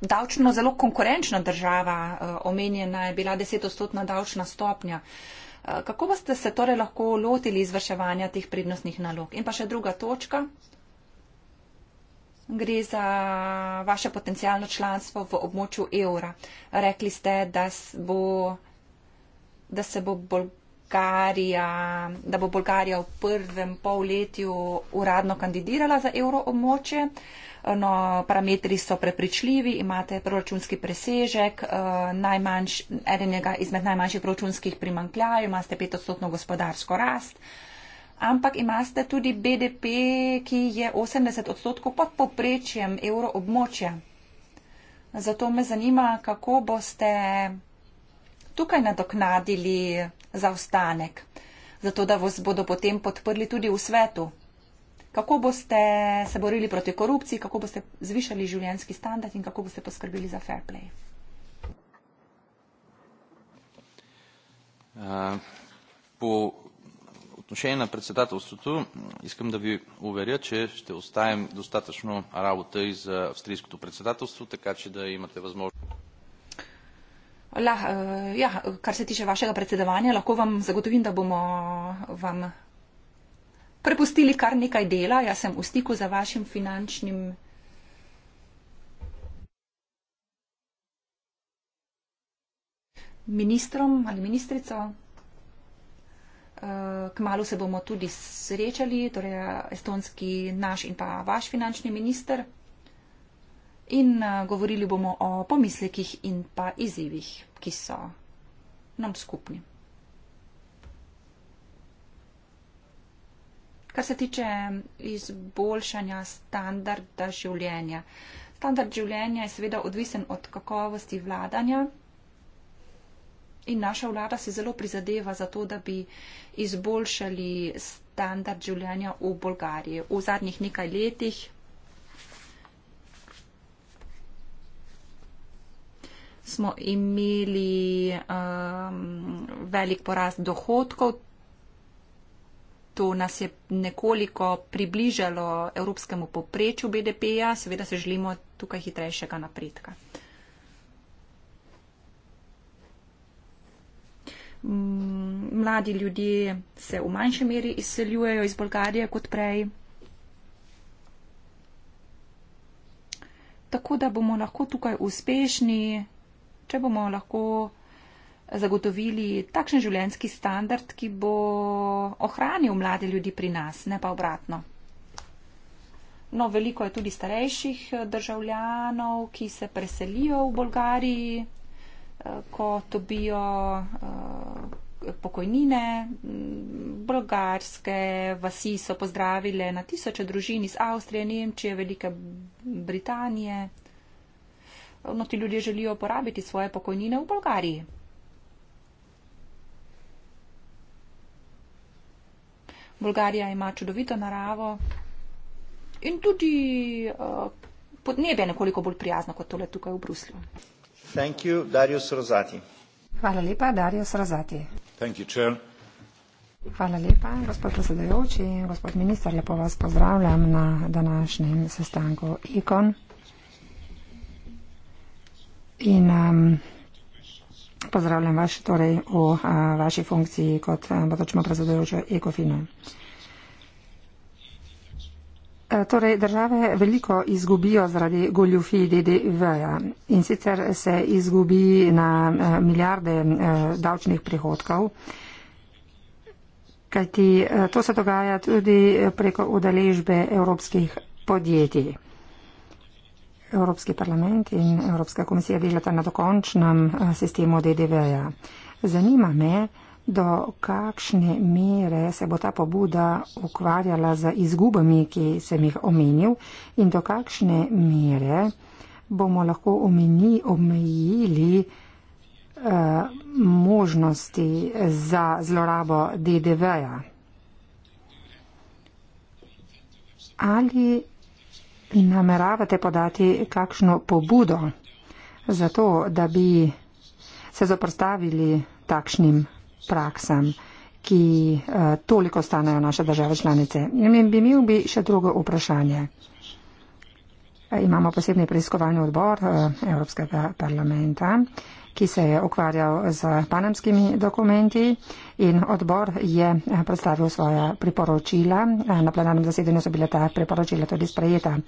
davčno zelo konkurenčna država, uh, omenjena je bila desetostotna davčna stopnja. Uh, kako boste se torej lahko lotili izvrševanja teh prednostnih nalog? In pa še druga točka. Gre za vaše potencijalno članstvo v območju evra. Rekli ste, da, bo, da se bo Bolgarija. Bolgarija, da bo Bolgarija v prvem polletju uradno kandidirala za euroomoče. No, parametri so prepričljivi, imate proračunski presežek, eh, najmanjš, enega izmed najmanjših proračunskih primankljajev, imate petodstotno gospodarsko rast, ampak imate tudi BDP, ki je 80 odstotkov pod poprečjem euroobmočja. Zato me zanima, kako boste tukaj nadoknadili zaostanek. Zato, da vas bodo potem podprli tudi v svetu. Kako boste se borili proti korupciji, kako boste zvišali življenski standard in kako boste poskrbeli za fair play? Uh, po odnošenju na predsedatelstvu tu, iskam, da bi uverja, če ste ostajem dostatečno ravno tudi za avstrijsko predsedatelstvo, tako da imate možnost. La, uh, ja, kar se tiče vašega predsedovanja, lahko vam zagotovim, da bomo vam prepustili kar nekaj dela. Jaz sem v stiku za vašim finančnim. ministrom ali ministrico. Eh, kmalo se bomo tudi srečali, torej estonski naš in pa vaš finančni minister in eh, govorili bomo o pomislekih in pa izzivih, ki so nam skupni. Kar se tiče izboljšanja standarda življenja. Standard življenja je seveda odvisen od kakovosti vladanja in naša vlada si zelo prizadeva za to, da bi izboljšali standard življenja v Bolgariji. V zadnjih nekaj letih smo imeli um, velik porast dohodkov. To nas je nekoliko približalo evropskemu poprečju BDP-ja. Seveda se želimo tukaj hitrejšega napredka. Mladi ljudje se v manjši meri izseljujejo iz Bolgarije kot prej. Tako da bomo lahko tukaj uspešni, če bomo lahko zagotovili takšen življenski standard, ki bo ohranil mlade ljudi pri nas, ne pa obratno. No, veliko je tudi starejših eh, državljanov, ki se preselijo v Bolgariji, eh, ko dobijo eh, pokojnine. Mm, Bolgarske vasi so pozdravile na tisoče družin iz Avstrije, Nemčije, Velike Britanije no, ti ljudje želijo porabiti svoje pokojnine v Bolgariji. Bolgarija ima čudovito naravo in tudi uh, podnebje nekoliko bolj prijazno kot tole tukaj v Bruslju. Thank you, Dario Srozati. Hvala lepa, Dario Srozati. Thank you, Chair. Hvala lepa, gospod predsedajoči, gospod minister, lepo vas pozdravljam na današnjem sestanku ICON. In um, pozdravljam vas torej v uh, vaši funkciji kot uh, bodočno predsedujočo ECOFIN-u. E, torej, države veliko izgubijo zaradi goljufi DDV-ja in sicer se izgubi na e, milijarde e, davčnih prihodkov, kajti to se dogaja tudi preko udeležbe evropskih podjetij. Evropski parlament in Evropska komisija delata na dokončnem eh, sistemu DDV-ja. Zanima me, do kakšne mere se bo ta pobuda ukvarjala z izgubami, ki sem jih omenil in do kakšne mere bomo lahko omeni, omejili eh, možnosti za zlorabo DDV-ja. Ali In nameravate podati kakšno pobudo za to, da bi se zoprstavili takšnim praksam, ki uh, toliko stanejo naše države članice? In bi imel bi še drugo vprašanje. Eh, imamo posebni preiskovalni odbor uh, Evropskega parlamenta, uh, ki se je ukvarjal z panamskimi dokumenti in odbor je predstavil svoja priporočila. Na plenarnem zasedanju so bile ta priporočila tudi sprejeta.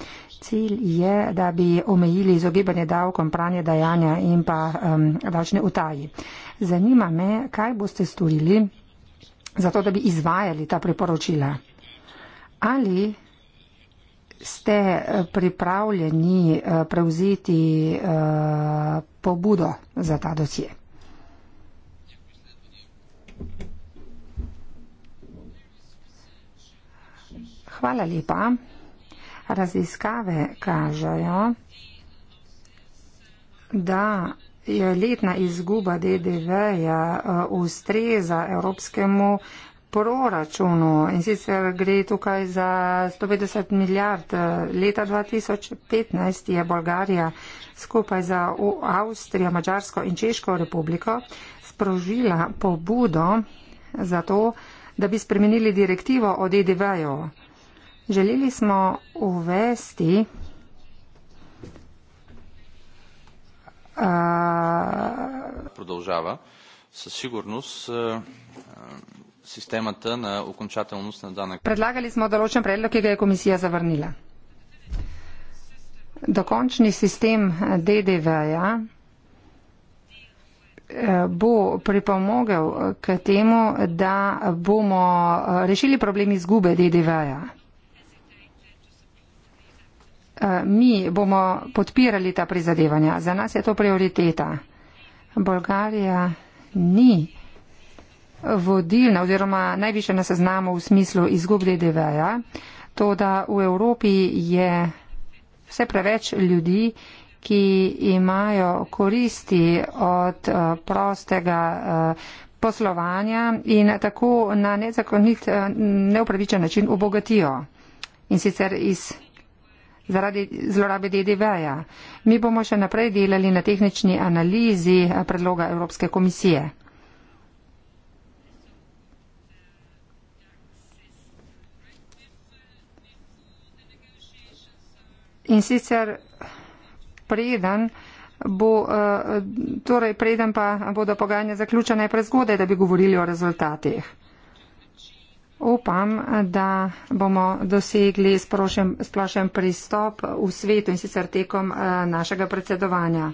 Cilj je, da bi omejili izogibanje davkom, pranje dajanja in pa um, davčne utaji. Zanima me, kaj boste storili za to, da bi izvajali ta priporočila. Ali ste eh, pripravljeni eh, prevzeti uh, pobudo za ta dosje. Hvala lepa. Raziskave kažejo, da je letna izguba DDV-ja eh, ustreza evropskemu proračunu in sicer gre tukaj za 150 milijard. Leta 2015 je Bolgarija skupaj za Avstrijo, Mačarsko in Češko republiko sprožila pobudo za to, da bi spremenili direktivo o DDV-ju. Želeli smo uvesti Uh, Prodolžava, sa sigurnost, uh, sistema T na okončateljno ustno danek. Predlagali smo določen predlog, ki ga je komisija zavrnila. Dokončni sistem DDV-ja eh, bo pripomogel k temu, da bomo eh, rešili problem izgube DDV-ja. Eh, mi bomo podpirali ta prizadevanja. Za nas je to prioriteta. Bolgarija ni vodilna oziroma najviše na seznamu v smislu izgub DDV-ja, to da v Evropi je vse preveč ljudi, ki imajo koristi od eh, prostega eh, poslovanja in tako na nezakonit, eh, neupravičen način obogatijo. In sicer iz zaradi zlorabe DDV-ja. Mi bomo še naprej delali na tehnični analizi predloga Evropske komisije. In sicer preden, bo, eh, torej preden pa bodo pogajanja zaključena, je prezgodaj, da bi govorili o rezultatih. Upam, da bomo dosegli splošen pristop v svetu in sicer tekom eh, našega predsedovanja.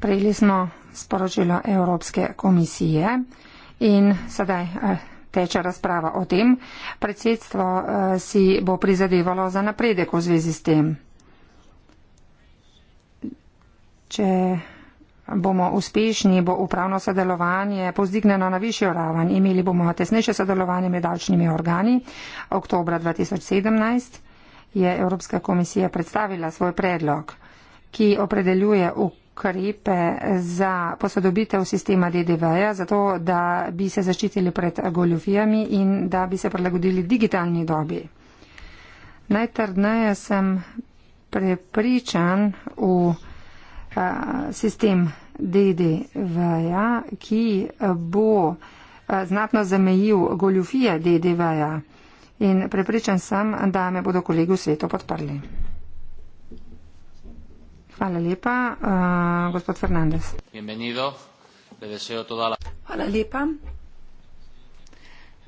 Prejeli smo sporočilo Evropske komisije in sedaj eh, teče razprava o tem. Predsedstvo eh, si bo prizadevalo za napredek v zvezi s tem. Če bomo uspešni, bo upravno sodelovanje pozdignjeno na višjo raven. Imeli bomo tesnejše sodelovanje med davčnimi organi. Oktobra 2017 je Evropska komisija predstavila svoj predlog, ki opredeljuje ukrepe ukrepe za posodobitev sistema DDV-ja, zato da bi se zaščitili pred goljofijami in da bi se prilagodili digitalni dobi. Najtrdneje sem prepričan v a, sistem DDV-ja, ki bo a, znatno zamejil goljofije DDV-ja. In prepričan sem, da me bodo kolegi v svetu podprli. Hvala lepa. Uh, gospod Fernandez. Hvala lepa.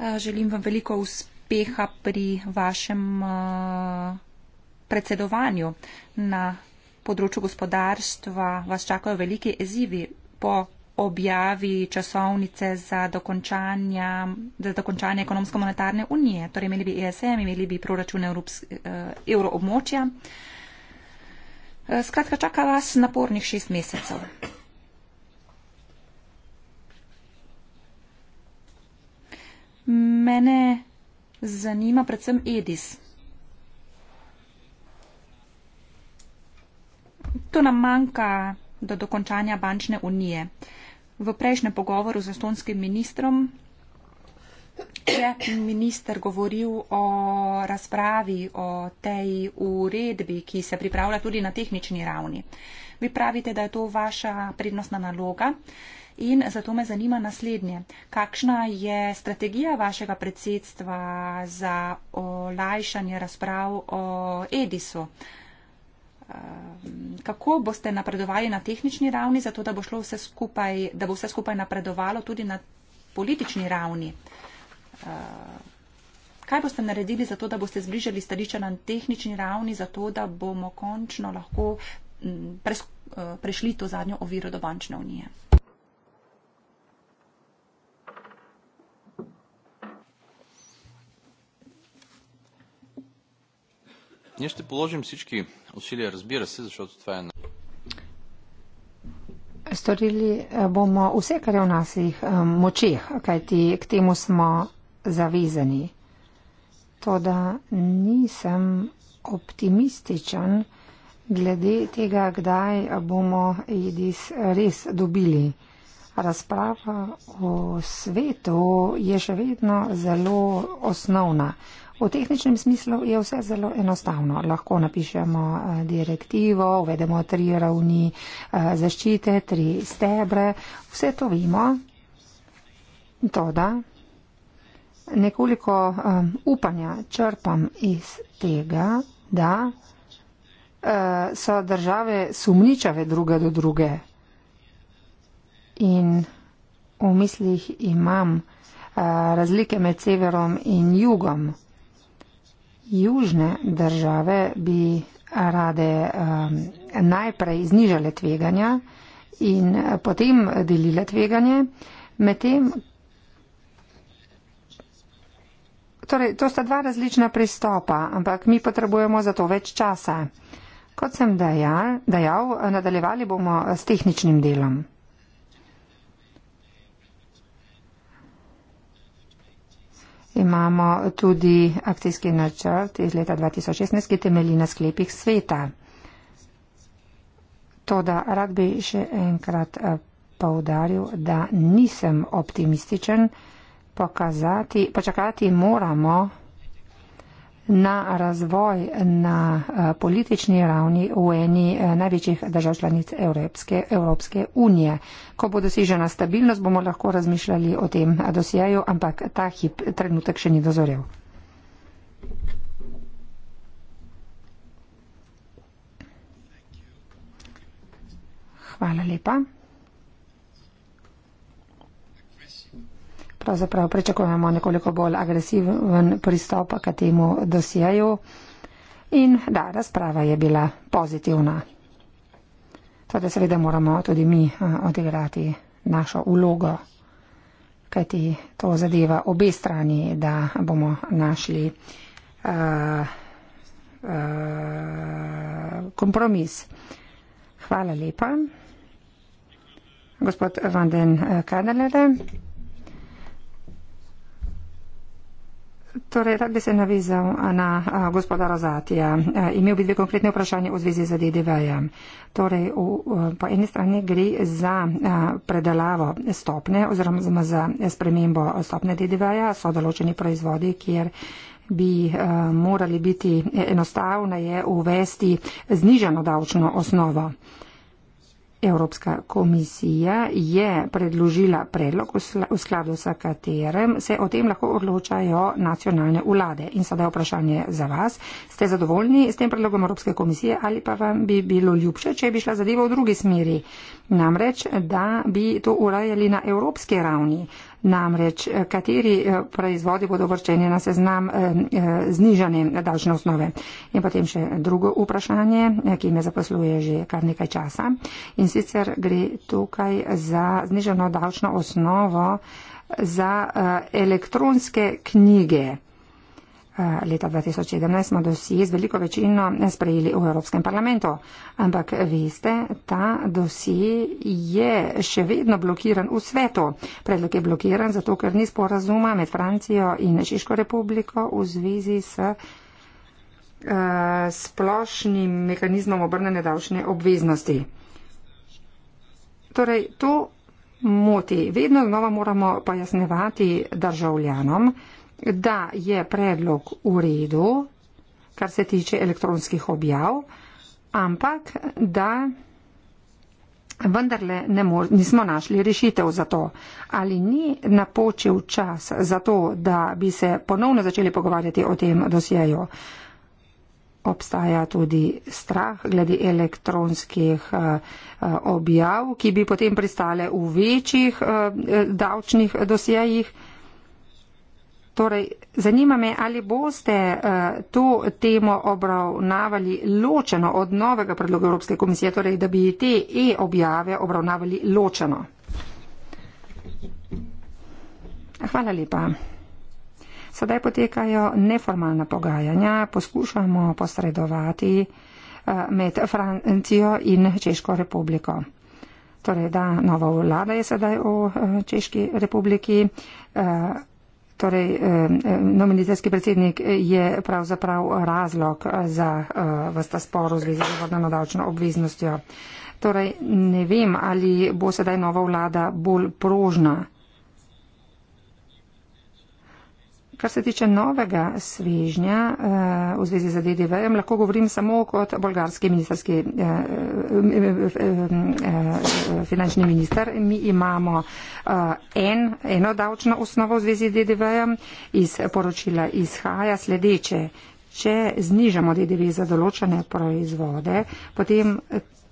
Uh, želim vam veliko uspeha pri vašem uh, predsedovanju na področju gospodarstva. Vas čakajo veliki izzivi po objavi časovnice za dokončanje, za dokončanje ekonomsko-monetarne unije. Torej imeli bi ESM, imeli bi proračun uh, evroobmočja. Uh, Eh, skratka, čaka vas napornih šest mesecev. Mene zanima predvsem Edis. To nam manjka do dokončanja bančne unije. V prejšnjem pogovoru z estonskim ministrom Je minister govoril o razpravi o tej uredbi, ki se pripravlja tudi na tehnični ravni. Vi pravite, da je to vaša prednostna naloga in zato me zanima naslednje. Kakšna je strategija vašega predsedstva za olajšanje razprav o Edisu? Ehm, kako boste napredovali na tehnični ravni, zato da bo, skupaj, da bo vse skupaj napredovalo tudi na politični ravni? Eh, kaj boste naredili za to, da boste zbližali stališča na tehnični ravni, za to, da bomo končno lahko mm, pres, eh, prešli to zadnjo oviro do bančne unije? Jaz ste položim vsi usilje, razbira se, zašto to je ena. Storili eh, bomo vse, kar je v naših močeh, kajti k temu smo zavezani. Toda nisem optimističen glede tega, kdaj bomo Edis res dobili. Razprava o svetu je še vedno zelo osnovna. V tehničnem smislu je vse zelo enostavno. Lahko napišemo eh, direktivo, uvedemo tri ravni eh, zaščite, tri stebre. Vse to vemo. Toda nekoliko um, upanja črpam iz tega, da uh, so države sumničave druga do druge. In v mislih imam uh, razlike med severom in jugom. Južne države bi rade um, najprej znižale tveganja in uh, potem delile tveganje, medtem Torej, to sta dva različna pristopa, ampak mi potrebujemo za to več časa. Kot sem dejal, dejal nadaljevali bomo s tehničnim delom. Imamo tudi akcijski načrt iz leta 2016, ki temelji na sklepih sveta. Toda rad bi še enkrat eh, povdaril, da nisem optimističen pokazati, počakati moramo na razvoj na eh, politični ravni v eni eh, največjih držav članic Evropske, Evropske unije. Ko bo dosežena stabilnost, bomo lahko razmišljali o tem eh, dosjeju, ampak ta hip trenutek še ni dozorel. Hvala lepa. pravzaprav pričakujemo nekoliko bolj agresiven pristop k temu dosijaju. In da, razprava je bila pozitivna. Tudi torej, seveda moramo tudi mi odigrati našo ulogo, kajti to zadeva obe strani, da bomo našli uh, uh, kompromis. Hvala lepa. Gospod Vanden eh, Kadelere. Torej, rad bi se navezal na a, gospoda Razatija. A, imel bi dve konkretne vprašanje v zvezi z DDV-jem. Torej, v, po eni strani gre za a, predelavo stopne oziroma za spremembo stopne DDV-ja, so določeni proizvodi, kjer bi a, morali biti enostavno je uvesti znižano davčno osnovo. A, Evropska komisija je predložila predlog v skladu s katerem se o tem lahko odločajo nacionalne vlade. In sedaj vprašanje za vas. Ste zadovoljni s tem predlogom Evropske komisije ali pa vam bi bilo ljubše, če bi šla zadeva v drugi smeri? Namreč, da bi to urajali na evropske ravni namreč eh, kateri eh, proizvodi bodo vrčeni na seznam eh, znižane davčne osnove. In potem še drugo vprašanje, ki me zaposluje že kar nekaj časa. In sicer gre tukaj za zniženo davčno osnovo za elektronske knjige. Eh, leta 2017 smo dosije z veliko večino sprejeli v Evropskem parlamentu. Ampak veste, ta dosije je še vedno blokiran v svetu. Predlog je blokiran zato, ker ni sporazuma med Francijo in Češko republiko v zvezi s eh, splošnim mehanizmom obrnene davčne obveznosti. Torej, to moti. Vedno znova moramo pojasnevati državljanom, da je predlog v redu, kar se tiče elektronskih objav, ampak da vendarle nismo našli rešitev za to. Ali ni napočil čas za to, da bi se ponovno začeli pogovarjati o tem dosjeju? Obstaja tudi strah glede elektronskih eh, eh, objav, ki bi potem pristale v večjih eh, davčnih dosjejih. Torej, zanima me, ali boste uh, to temo obravnavali ločeno od novega predloga Evropske komisije, torej, da bi te e-objave obravnavali ločeno. Hvala lepa. Sedaj potekajo neformalna pogajanja, poskušamo posredovati eh, med Francijo in Češko republiko. Torej, da, nova vlada je sedaj v eh, Češki republiki. Uh, Torej, nominizacijski predsednik je pravzaprav razlog za eh, vsta sporo z vezi z vodno davčno obveznostjo. Torej, ne vem, ali bo sedaj nova vlada bolj prožna Kar se tiče novega svežnja eh, v zvezi z DDV, lahko govorim samo kot bolgarski ministerski eh, eh, finančni minister. Mi imamo en, eno davčno osnovo v zvezi z DDV. Iz poročila izhaja sledeče. Če znižamo DDV za določene proizvode, potem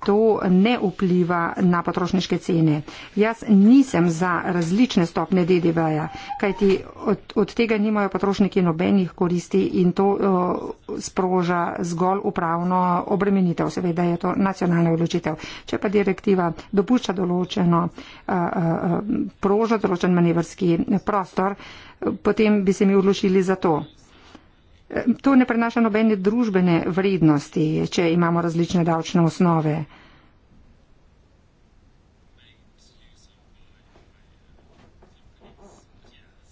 to ne vpliva na potrošniške cene. Jaz nisem za različne stopne DDV-ja, kajti od, od tega nimajo potrošniki nobenih koristi in to uh, sproža zgolj upravno obremenitev. Seveda je to nacionalna odločitev. Če pa direktiva dopušča določeno, uh, uh, proža določen manevrski prostor, potem bi se mi odločili za to. To ne prenaša nobene družbene vrednosti, če imamo različne davčne osnove.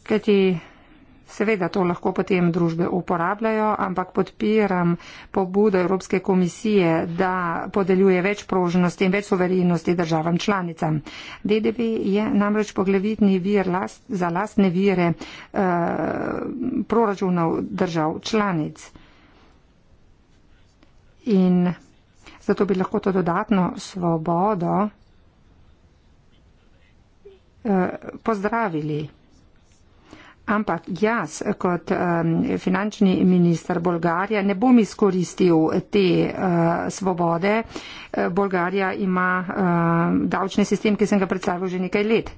Kajti Seveda to lahko potem družbe uporabljajo, ampak podpiram pobudo Evropske komisije, da podeljuje več prožnosti in več soverenosti državam članicam. DDV je namreč poglavitni vir last, za lastne vire eh, proračunov držav članic. In zato bi lahko to dodatno svobodo eh, pozdravili. Ampak jaz, kot um, finančni minister Bolgarije, ne bom izkoristil te uh, svobode. Eh, Bolgarija ima uh, davčni sistem, ki sem ga predstavil že nekaj let.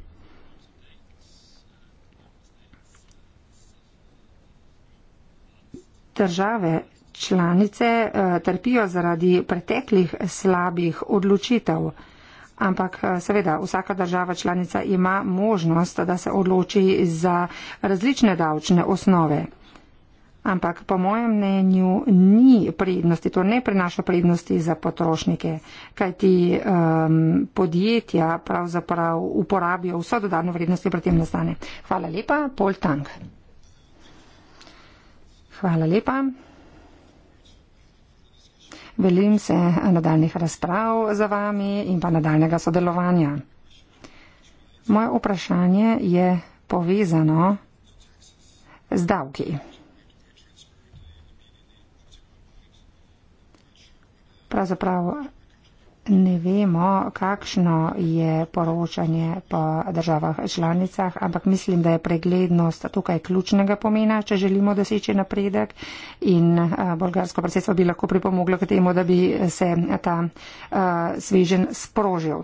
Države članice uh, trpijo zaradi preteklih slabih odločitev. Ampak eh, seveda vsaka država članica ima možnost, da se odloči za različne davčne osnove. Ampak po mojem mnenju ni prednosti, to ne prinaša prednosti za potrošnike, kajti um, podjetja pravzaprav uporabijo vso dodano vrednost, ki pri tem nastane. Hvala lepa, Pol Tang. Hvala lepa. Veselim se nadaljnih razprav za vami in pa nadaljnega sodelovanja. Moje vprašanje je povezano z davki. Pravzaprav ne vemo, kakšno je poročanje po državah članicah, ampak mislim, da je preglednost tukaj ključnega pomena, če želimo doseči napredek in bolgarsko predsedstvo bi lahko pripomoglo k temu, da bi se ta svežen sprožil.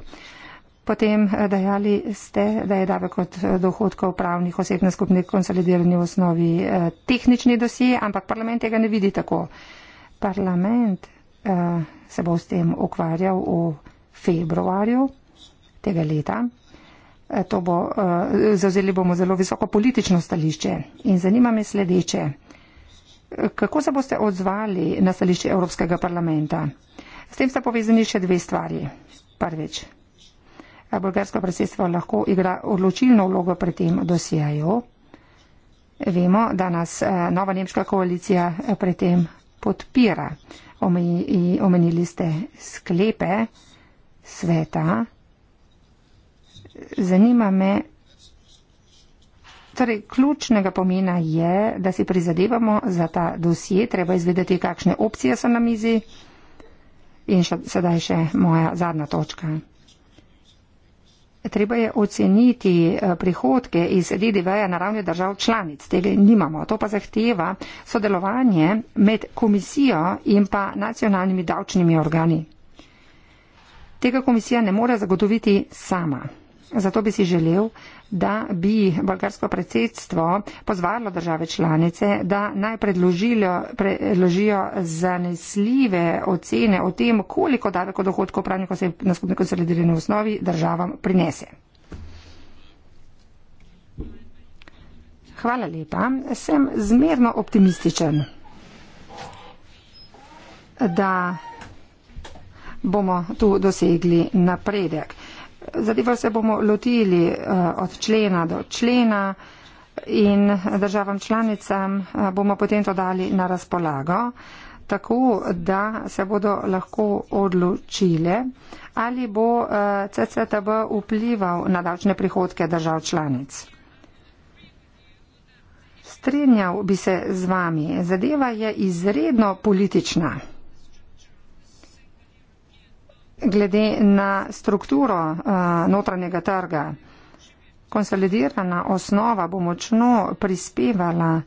Potem dajali ste, da je davek od dohodkov pravnih oseb na skupni konsolidirani osnovi tehnični dosje, ampak parlament tega ne vidi tako. Parlament. Uh, se bo s tem ukvarjal v februarju tega leta. E, to bo, e, zazeli bomo zelo visoko politično stališče in zanima me sledeče. E, kako se boste odzvali na stališče Evropskega parlamenta? S tem sta povezani še dve stvari. Prvič, bolgarsko predsedstvo lahko igra odločilno vlogo pri tem dosijaju. Vemo, da nas nova nemška koalicija pri tem podpira omenili ste sklepe sveta. Zanima me, torej ključnega pomena je, da si prizadevamo za ta dosje, treba izvedeti, kakšne opcije so na mizi. In še, sedaj še moja zadnja točka. Treba je oceniti eh, prihodke iz DDV-ja na ravni držav članic. Tega nimamo. To pa zahteva sodelovanje med komisijo in pa nacionalnimi davčnimi organi. Tega komisija ne more zagotoviti sama. Zato bi si želel, da bi bolgarsko predsedstvo pozvalo države članice, da naj predložijo zanesljive ocene o tem, koliko davek od dohodkov pravnih oseb na skupni konsolidirani osnovi državam prinese. Hvala lepa. Sem zmerno optimističen, da bomo tu dosegli napredek. Zadeva se bomo lotili eh, od člena do člena in državam članicam eh, bomo potem to dali na razpolago, tako da se bodo lahko odločile, ali bo eh, CCTB vplival na davčne prihodke držav članic. Strenjal bi se z vami, zadeva je izredno politična glede na strukturo eh, notranjega trga. Konsolidirana osnova bo močno prispevala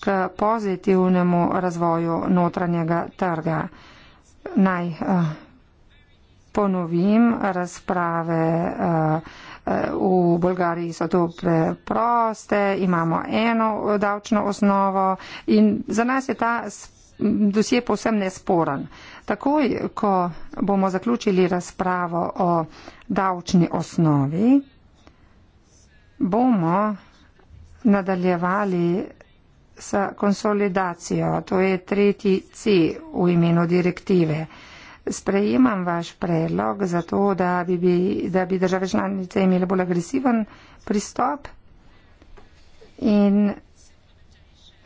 k pozitivnemu razvoju notranjega trga. Naj eh, ponovim razprave. Eh, v Bolgariji so to preproste, imamo eno davčno osnovo in za nas je ta sprava dosje posem nesporan. Takoj, ko bomo zaključili razpravo o davčni osnovi, bomo nadaljevali s konsolidacijo. To je tretji C v imenu direktive. Sprejemam vaš predlog za to, da bi, bi, da bi države članice imele bolj agresiven pristop in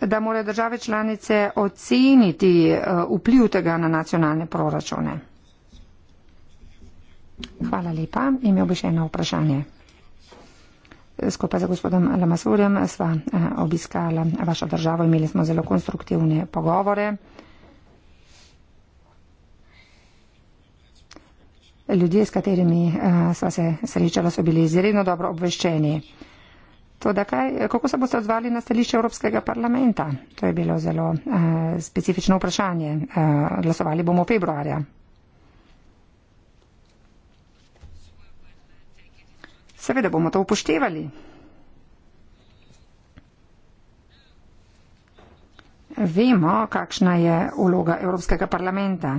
da morajo države članice oceniti eh, vpliv tega na nacionalne proračune. Hvala lepa. Imel bi še eno vprašanje. Skupaj z gospodom Lamasurjem sva eh, obiskala vašo državo, imeli smo zelo konstruktivne pogovore. Ljudje, s katerimi eh, sva se srečala, so bili izredno dobro obveščeni. To, da kaj, kako se boste odzvali na stališče Evropskega parlamenta? To je bilo zelo uh, specifično vprašanje. Uh, glasovali bomo v februarja. Seveda bomo to upoštevali. Vemo, kakšna je uloga Evropskega parlamenta.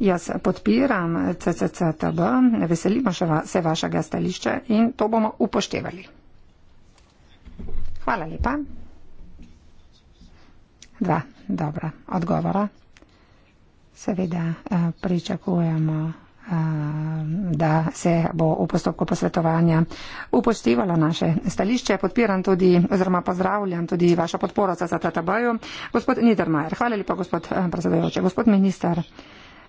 Jaz podpiram CCCTB, veselimo va, se vašega stališča in to bomo upoštevali. Hvala lepa. Dva dobra odgovora. Seveda eh, pričakujemo, eh, da se bo v postopku posvetovanja upoštevalo naše stališče. Podpiram tudi oziroma pozdravljam tudi vašo podporo za CCTB-ju. Gospod Niedermayer, hvala lepa, gospod eh, predsedujoče. Gospod minister.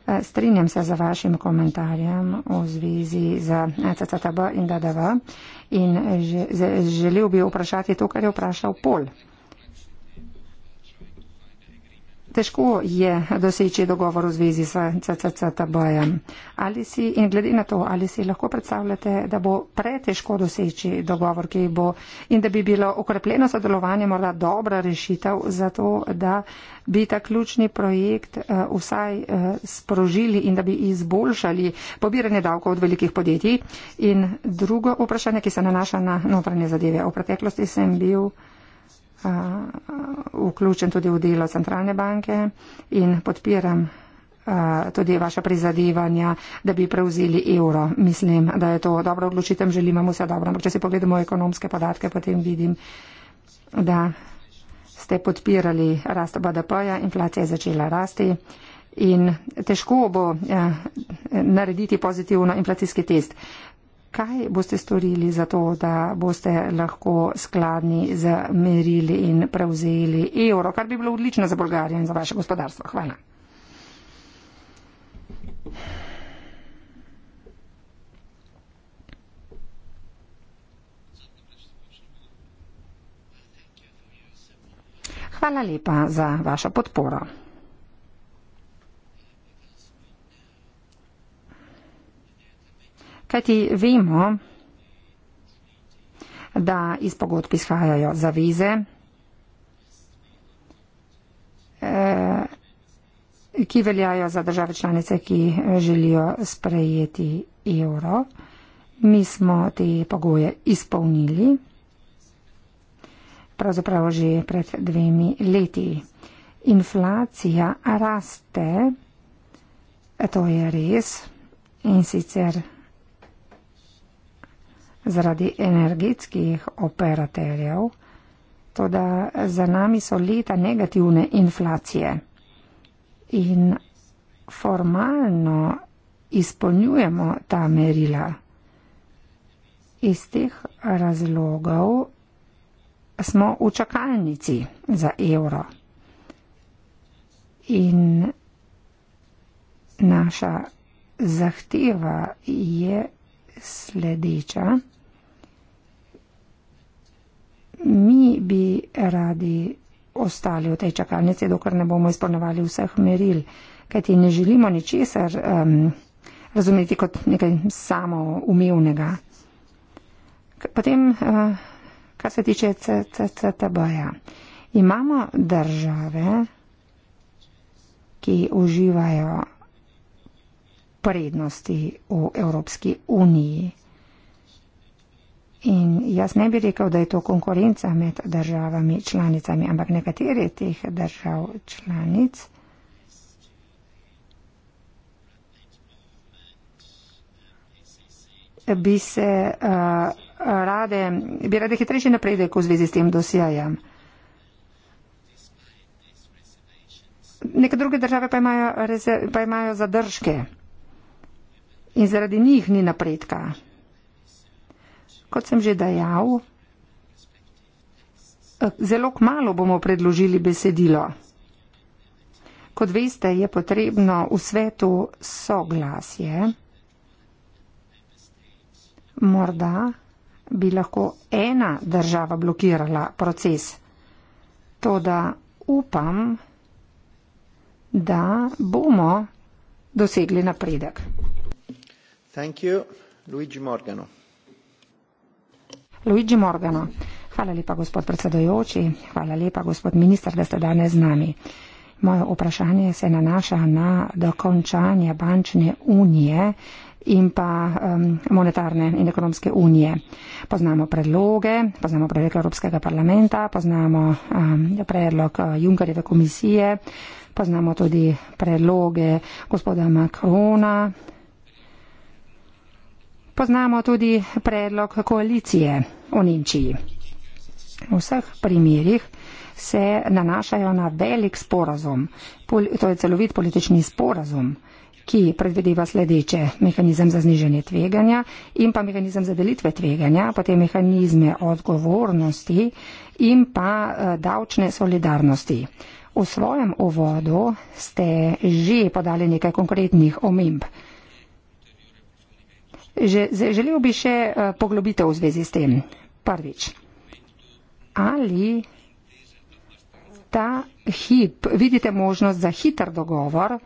Eh, strinjam se z vašim komentarjem v zvezi z eh, CCTB in DDV in želel bi vprašati to, kar je vprašal Pol. Težko je doseči dogovor v zvezi s CCCTB-jem. Ali si, in glede na to, ali si lahko predstavljate, da bo pretežko doseči dogovor, ki bo in da bi bilo okrepljeno sodelovanje morda dobra rešitev za to, da bi ta ključni projekt uh, vsaj uh, sprožili in da bi izboljšali pobiranje davkov od velikih podjetij. In drugo vprašanje, ki se nanaša na notranje zadeve. V preteklosti sem bil. Eh, vključen tudi v delo centralne banke in podpiram eh, tudi vaše prizadevanja, da bi prevzeli evro. Mislim, da je to dobro odločitev, želim vam vse dobro. Ampak, če si pogledamo ekonomske podatke, potem vidim, da ste podpirali rast BDP-ja, inflacija je začela rasti in težko bo ja, narediti pozitivno inflacijski test. Kaj boste storili za to, da boste lahko skladni zamerili in prevzeli evro, kar bi bilo odlično za Bolgarijo in za vaše gospodarstvo? Hvala. Hvala lepa za vašo podporo. Kajti vemo, da iz pogodb izhajajo zaveze, eh, ki veljajo za države članice, ki želijo sprejeti evro. Mi smo te pogoje izpolnili, pravzaprav že pred dvemi leti. Inflacija raste, to je res, in sicer zaradi energetskih operaterjev, tudi za nami so leta negativne inflacije in formalno izpolnjujemo ta merila. Iz teh razlogov smo v čakalnici za evro in naša zahteva je sledeča mi bi radi ostali v tej čakalnici, dokler ne bomo izpolnjevali vseh meril, kajti ne želimo ničesar um, razumeti kot nekaj samoumevnega. Potem, uh, kar se tiče CCTB-ja, imamo države, ki uživajo prednosti v Evropski uniji. In jaz ne bi rekel, da je to konkurenca med državami članicami, ampak nekateri teh držav članic bi se uh, rade, bi rade hitrejši napredek v zvezi s tem dosjajem. Neke druge države pa imajo, pa imajo zadržke in zaradi njih ni napredka. Kot sem že dejal, eh, zelo kmalo bomo predložili besedilo. Kot veste, je potrebno v svetu soglasje. Morda bi lahko ena država blokirala proces. Toda upam, da bomo dosegli napredek. Thank you, Luigi Morgano. Luigi Morgano. Hvala lepa, gospod predsedojoči, hvala lepa, gospod minister, da ste danes z nami. Moje vprašanje se nanaša na dokončanje bančne unije in pa um, monetarne in ekonomske unije. Poznamo predloge, poznamo predlog Evropskega parlamenta, poznamo um, predlog uh, Junkarjeve komisije, poznamo tudi predloge gospoda Makrona. Poznamo tudi predlog koalicije v Nemčiji. V vseh primerjih se nanašajo na velik sporazum, to je celovit politični sporazum, ki predvideva sledeče mehanizem za zniženje tveganja in pa mehanizem za delitve tveganja, potem mehanizme odgovornosti in pa eh, davčne solidarnosti. V svojem uvodu ste že podali nekaj konkretnih omemb. Že, želel bi še eh, poglobitev v zvezi s tem. Prvič, ali ta hip vidite možnost za hiter dogovor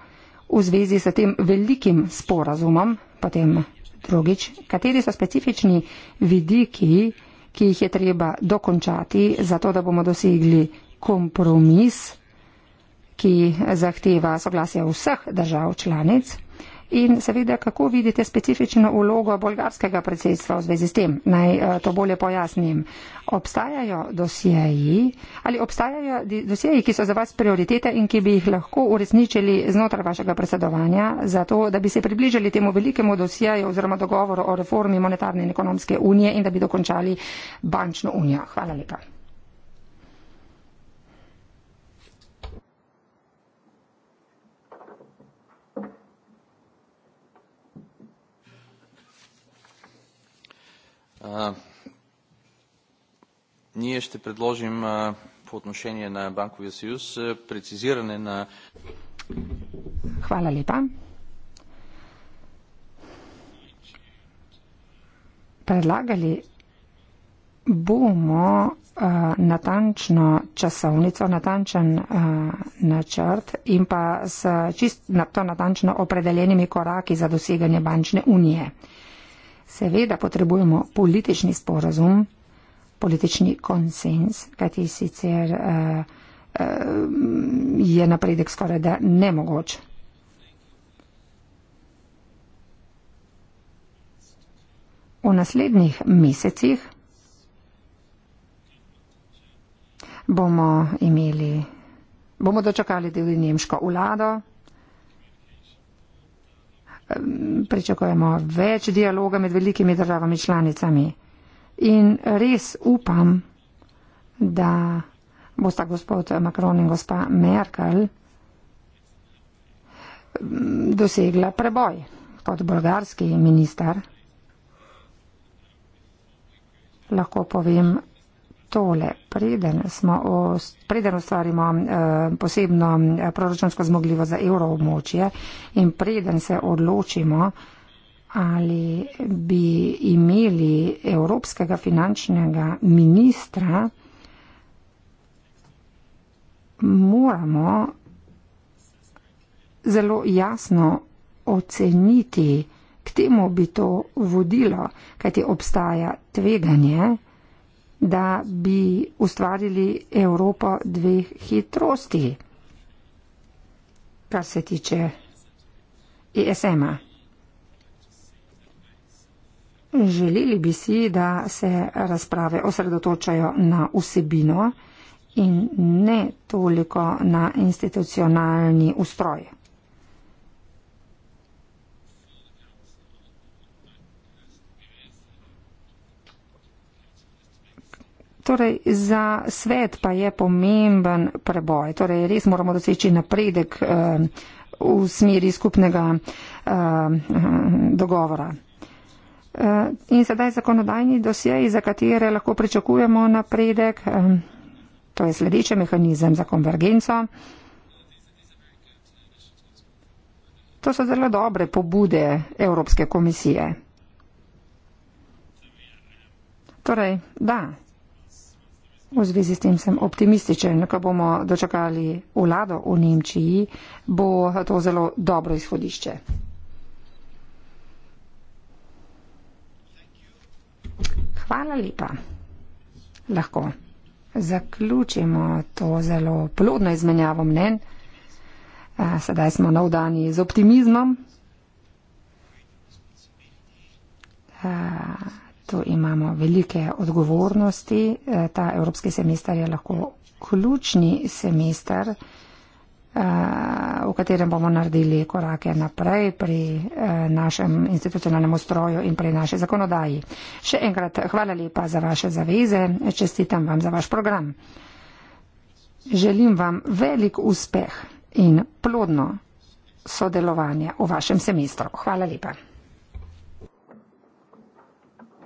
v zvezi s tem velikim sporazumom, potem drugič, kateri so specifični vidiki, ki jih je treba dokončati, zato da bomo dosegli kompromis, ki zahteva soglasje vseh držav članic in seveda, kako vidite specifično ulogo bolgarskega predsedstva v zvezi s tem. Naj eh, to bolje pojasnim. Obstajajo dosjeji, ali obstajajo dosjeji, ki so za vas prioritete in ki bi jih lahko uresničili znotraj vašega predsedovanja, zato da bi se približali temu velikemu dosjeju oziroma dogovoru o reformi monetarne in ekonomske unije in da bi dokončali bančno unijo. Hvala lepa. Ние ще предложим по отношение на Банковия съюз прецизиране на. Хвала лепа. Predlagali bomo uh, natančno časovnico, natančen uh, načrt in pa s čist na to natančno opredeljenimi koraki za doseganje bančne unije. Seveda potrebujemo politični sporazum, politični konsens, kajti sicer uh, uh, je napredek skoraj da nemogoč. V naslednjih mesecih bomo imeli, bomo dočakali tudi nemško vlado pričakujemo več dialoga med velikimi državami članicami. In res upam, da bosta gospod Macron in gospa Merkel mm, dosegla preboj kot bolgarski minister. Lahko povem, tole, preden, smo, o, preden ustvarimo e, posebno eh, proračunsko zmogljivo za evroobmočje in preden se odločimo, ali bi imeli evropskega finančnega ministra, moramo zelo jasno oceniti, k temu bi to vodilo, kajti obstaja tveganje, da bi ustvarili Evropo dveh hitrosti, kar se tiče ESM-a. Želeli bi si, da se razprave osredotočajo na vsebino in ne toliko na institucionalni ustroj. Torej, za svet pa je pomemben preboj. Torej, res moramo doseči napredek uh, v smeri skupnega uh, dogovora. Eh, in sedaj zakonodajni dosjeji, za katere lahko pričakujemo napredek, to je sledeče mehanizem za konvergenco. To so zelo dobre pobude Evropske komisije. Torej, da, V zvezi s tem sem optimističen, ko bomo dočakali vlado v Nemčiji, bo to zelo dobro izhodišče. Hvala lepa. Lahko zaključimo to zelo plodno izmenjavo mnen. Sedaj smo navdani z optimizmom. Uh... Tu imamo velike odgovornosti. Eh, ta evropski semester je lahko ključni semester, eh, v katerem bomo naredili korake naprej pri eh, našem institucionalnem ustroju in pri naši zakonodaji. Še enkrat hvala lepa za vaše zaveze, čestitam vam za vaš program. Želim vam velik uspeh in plodno sodelovanje v vašem semestru. Hvala lepa.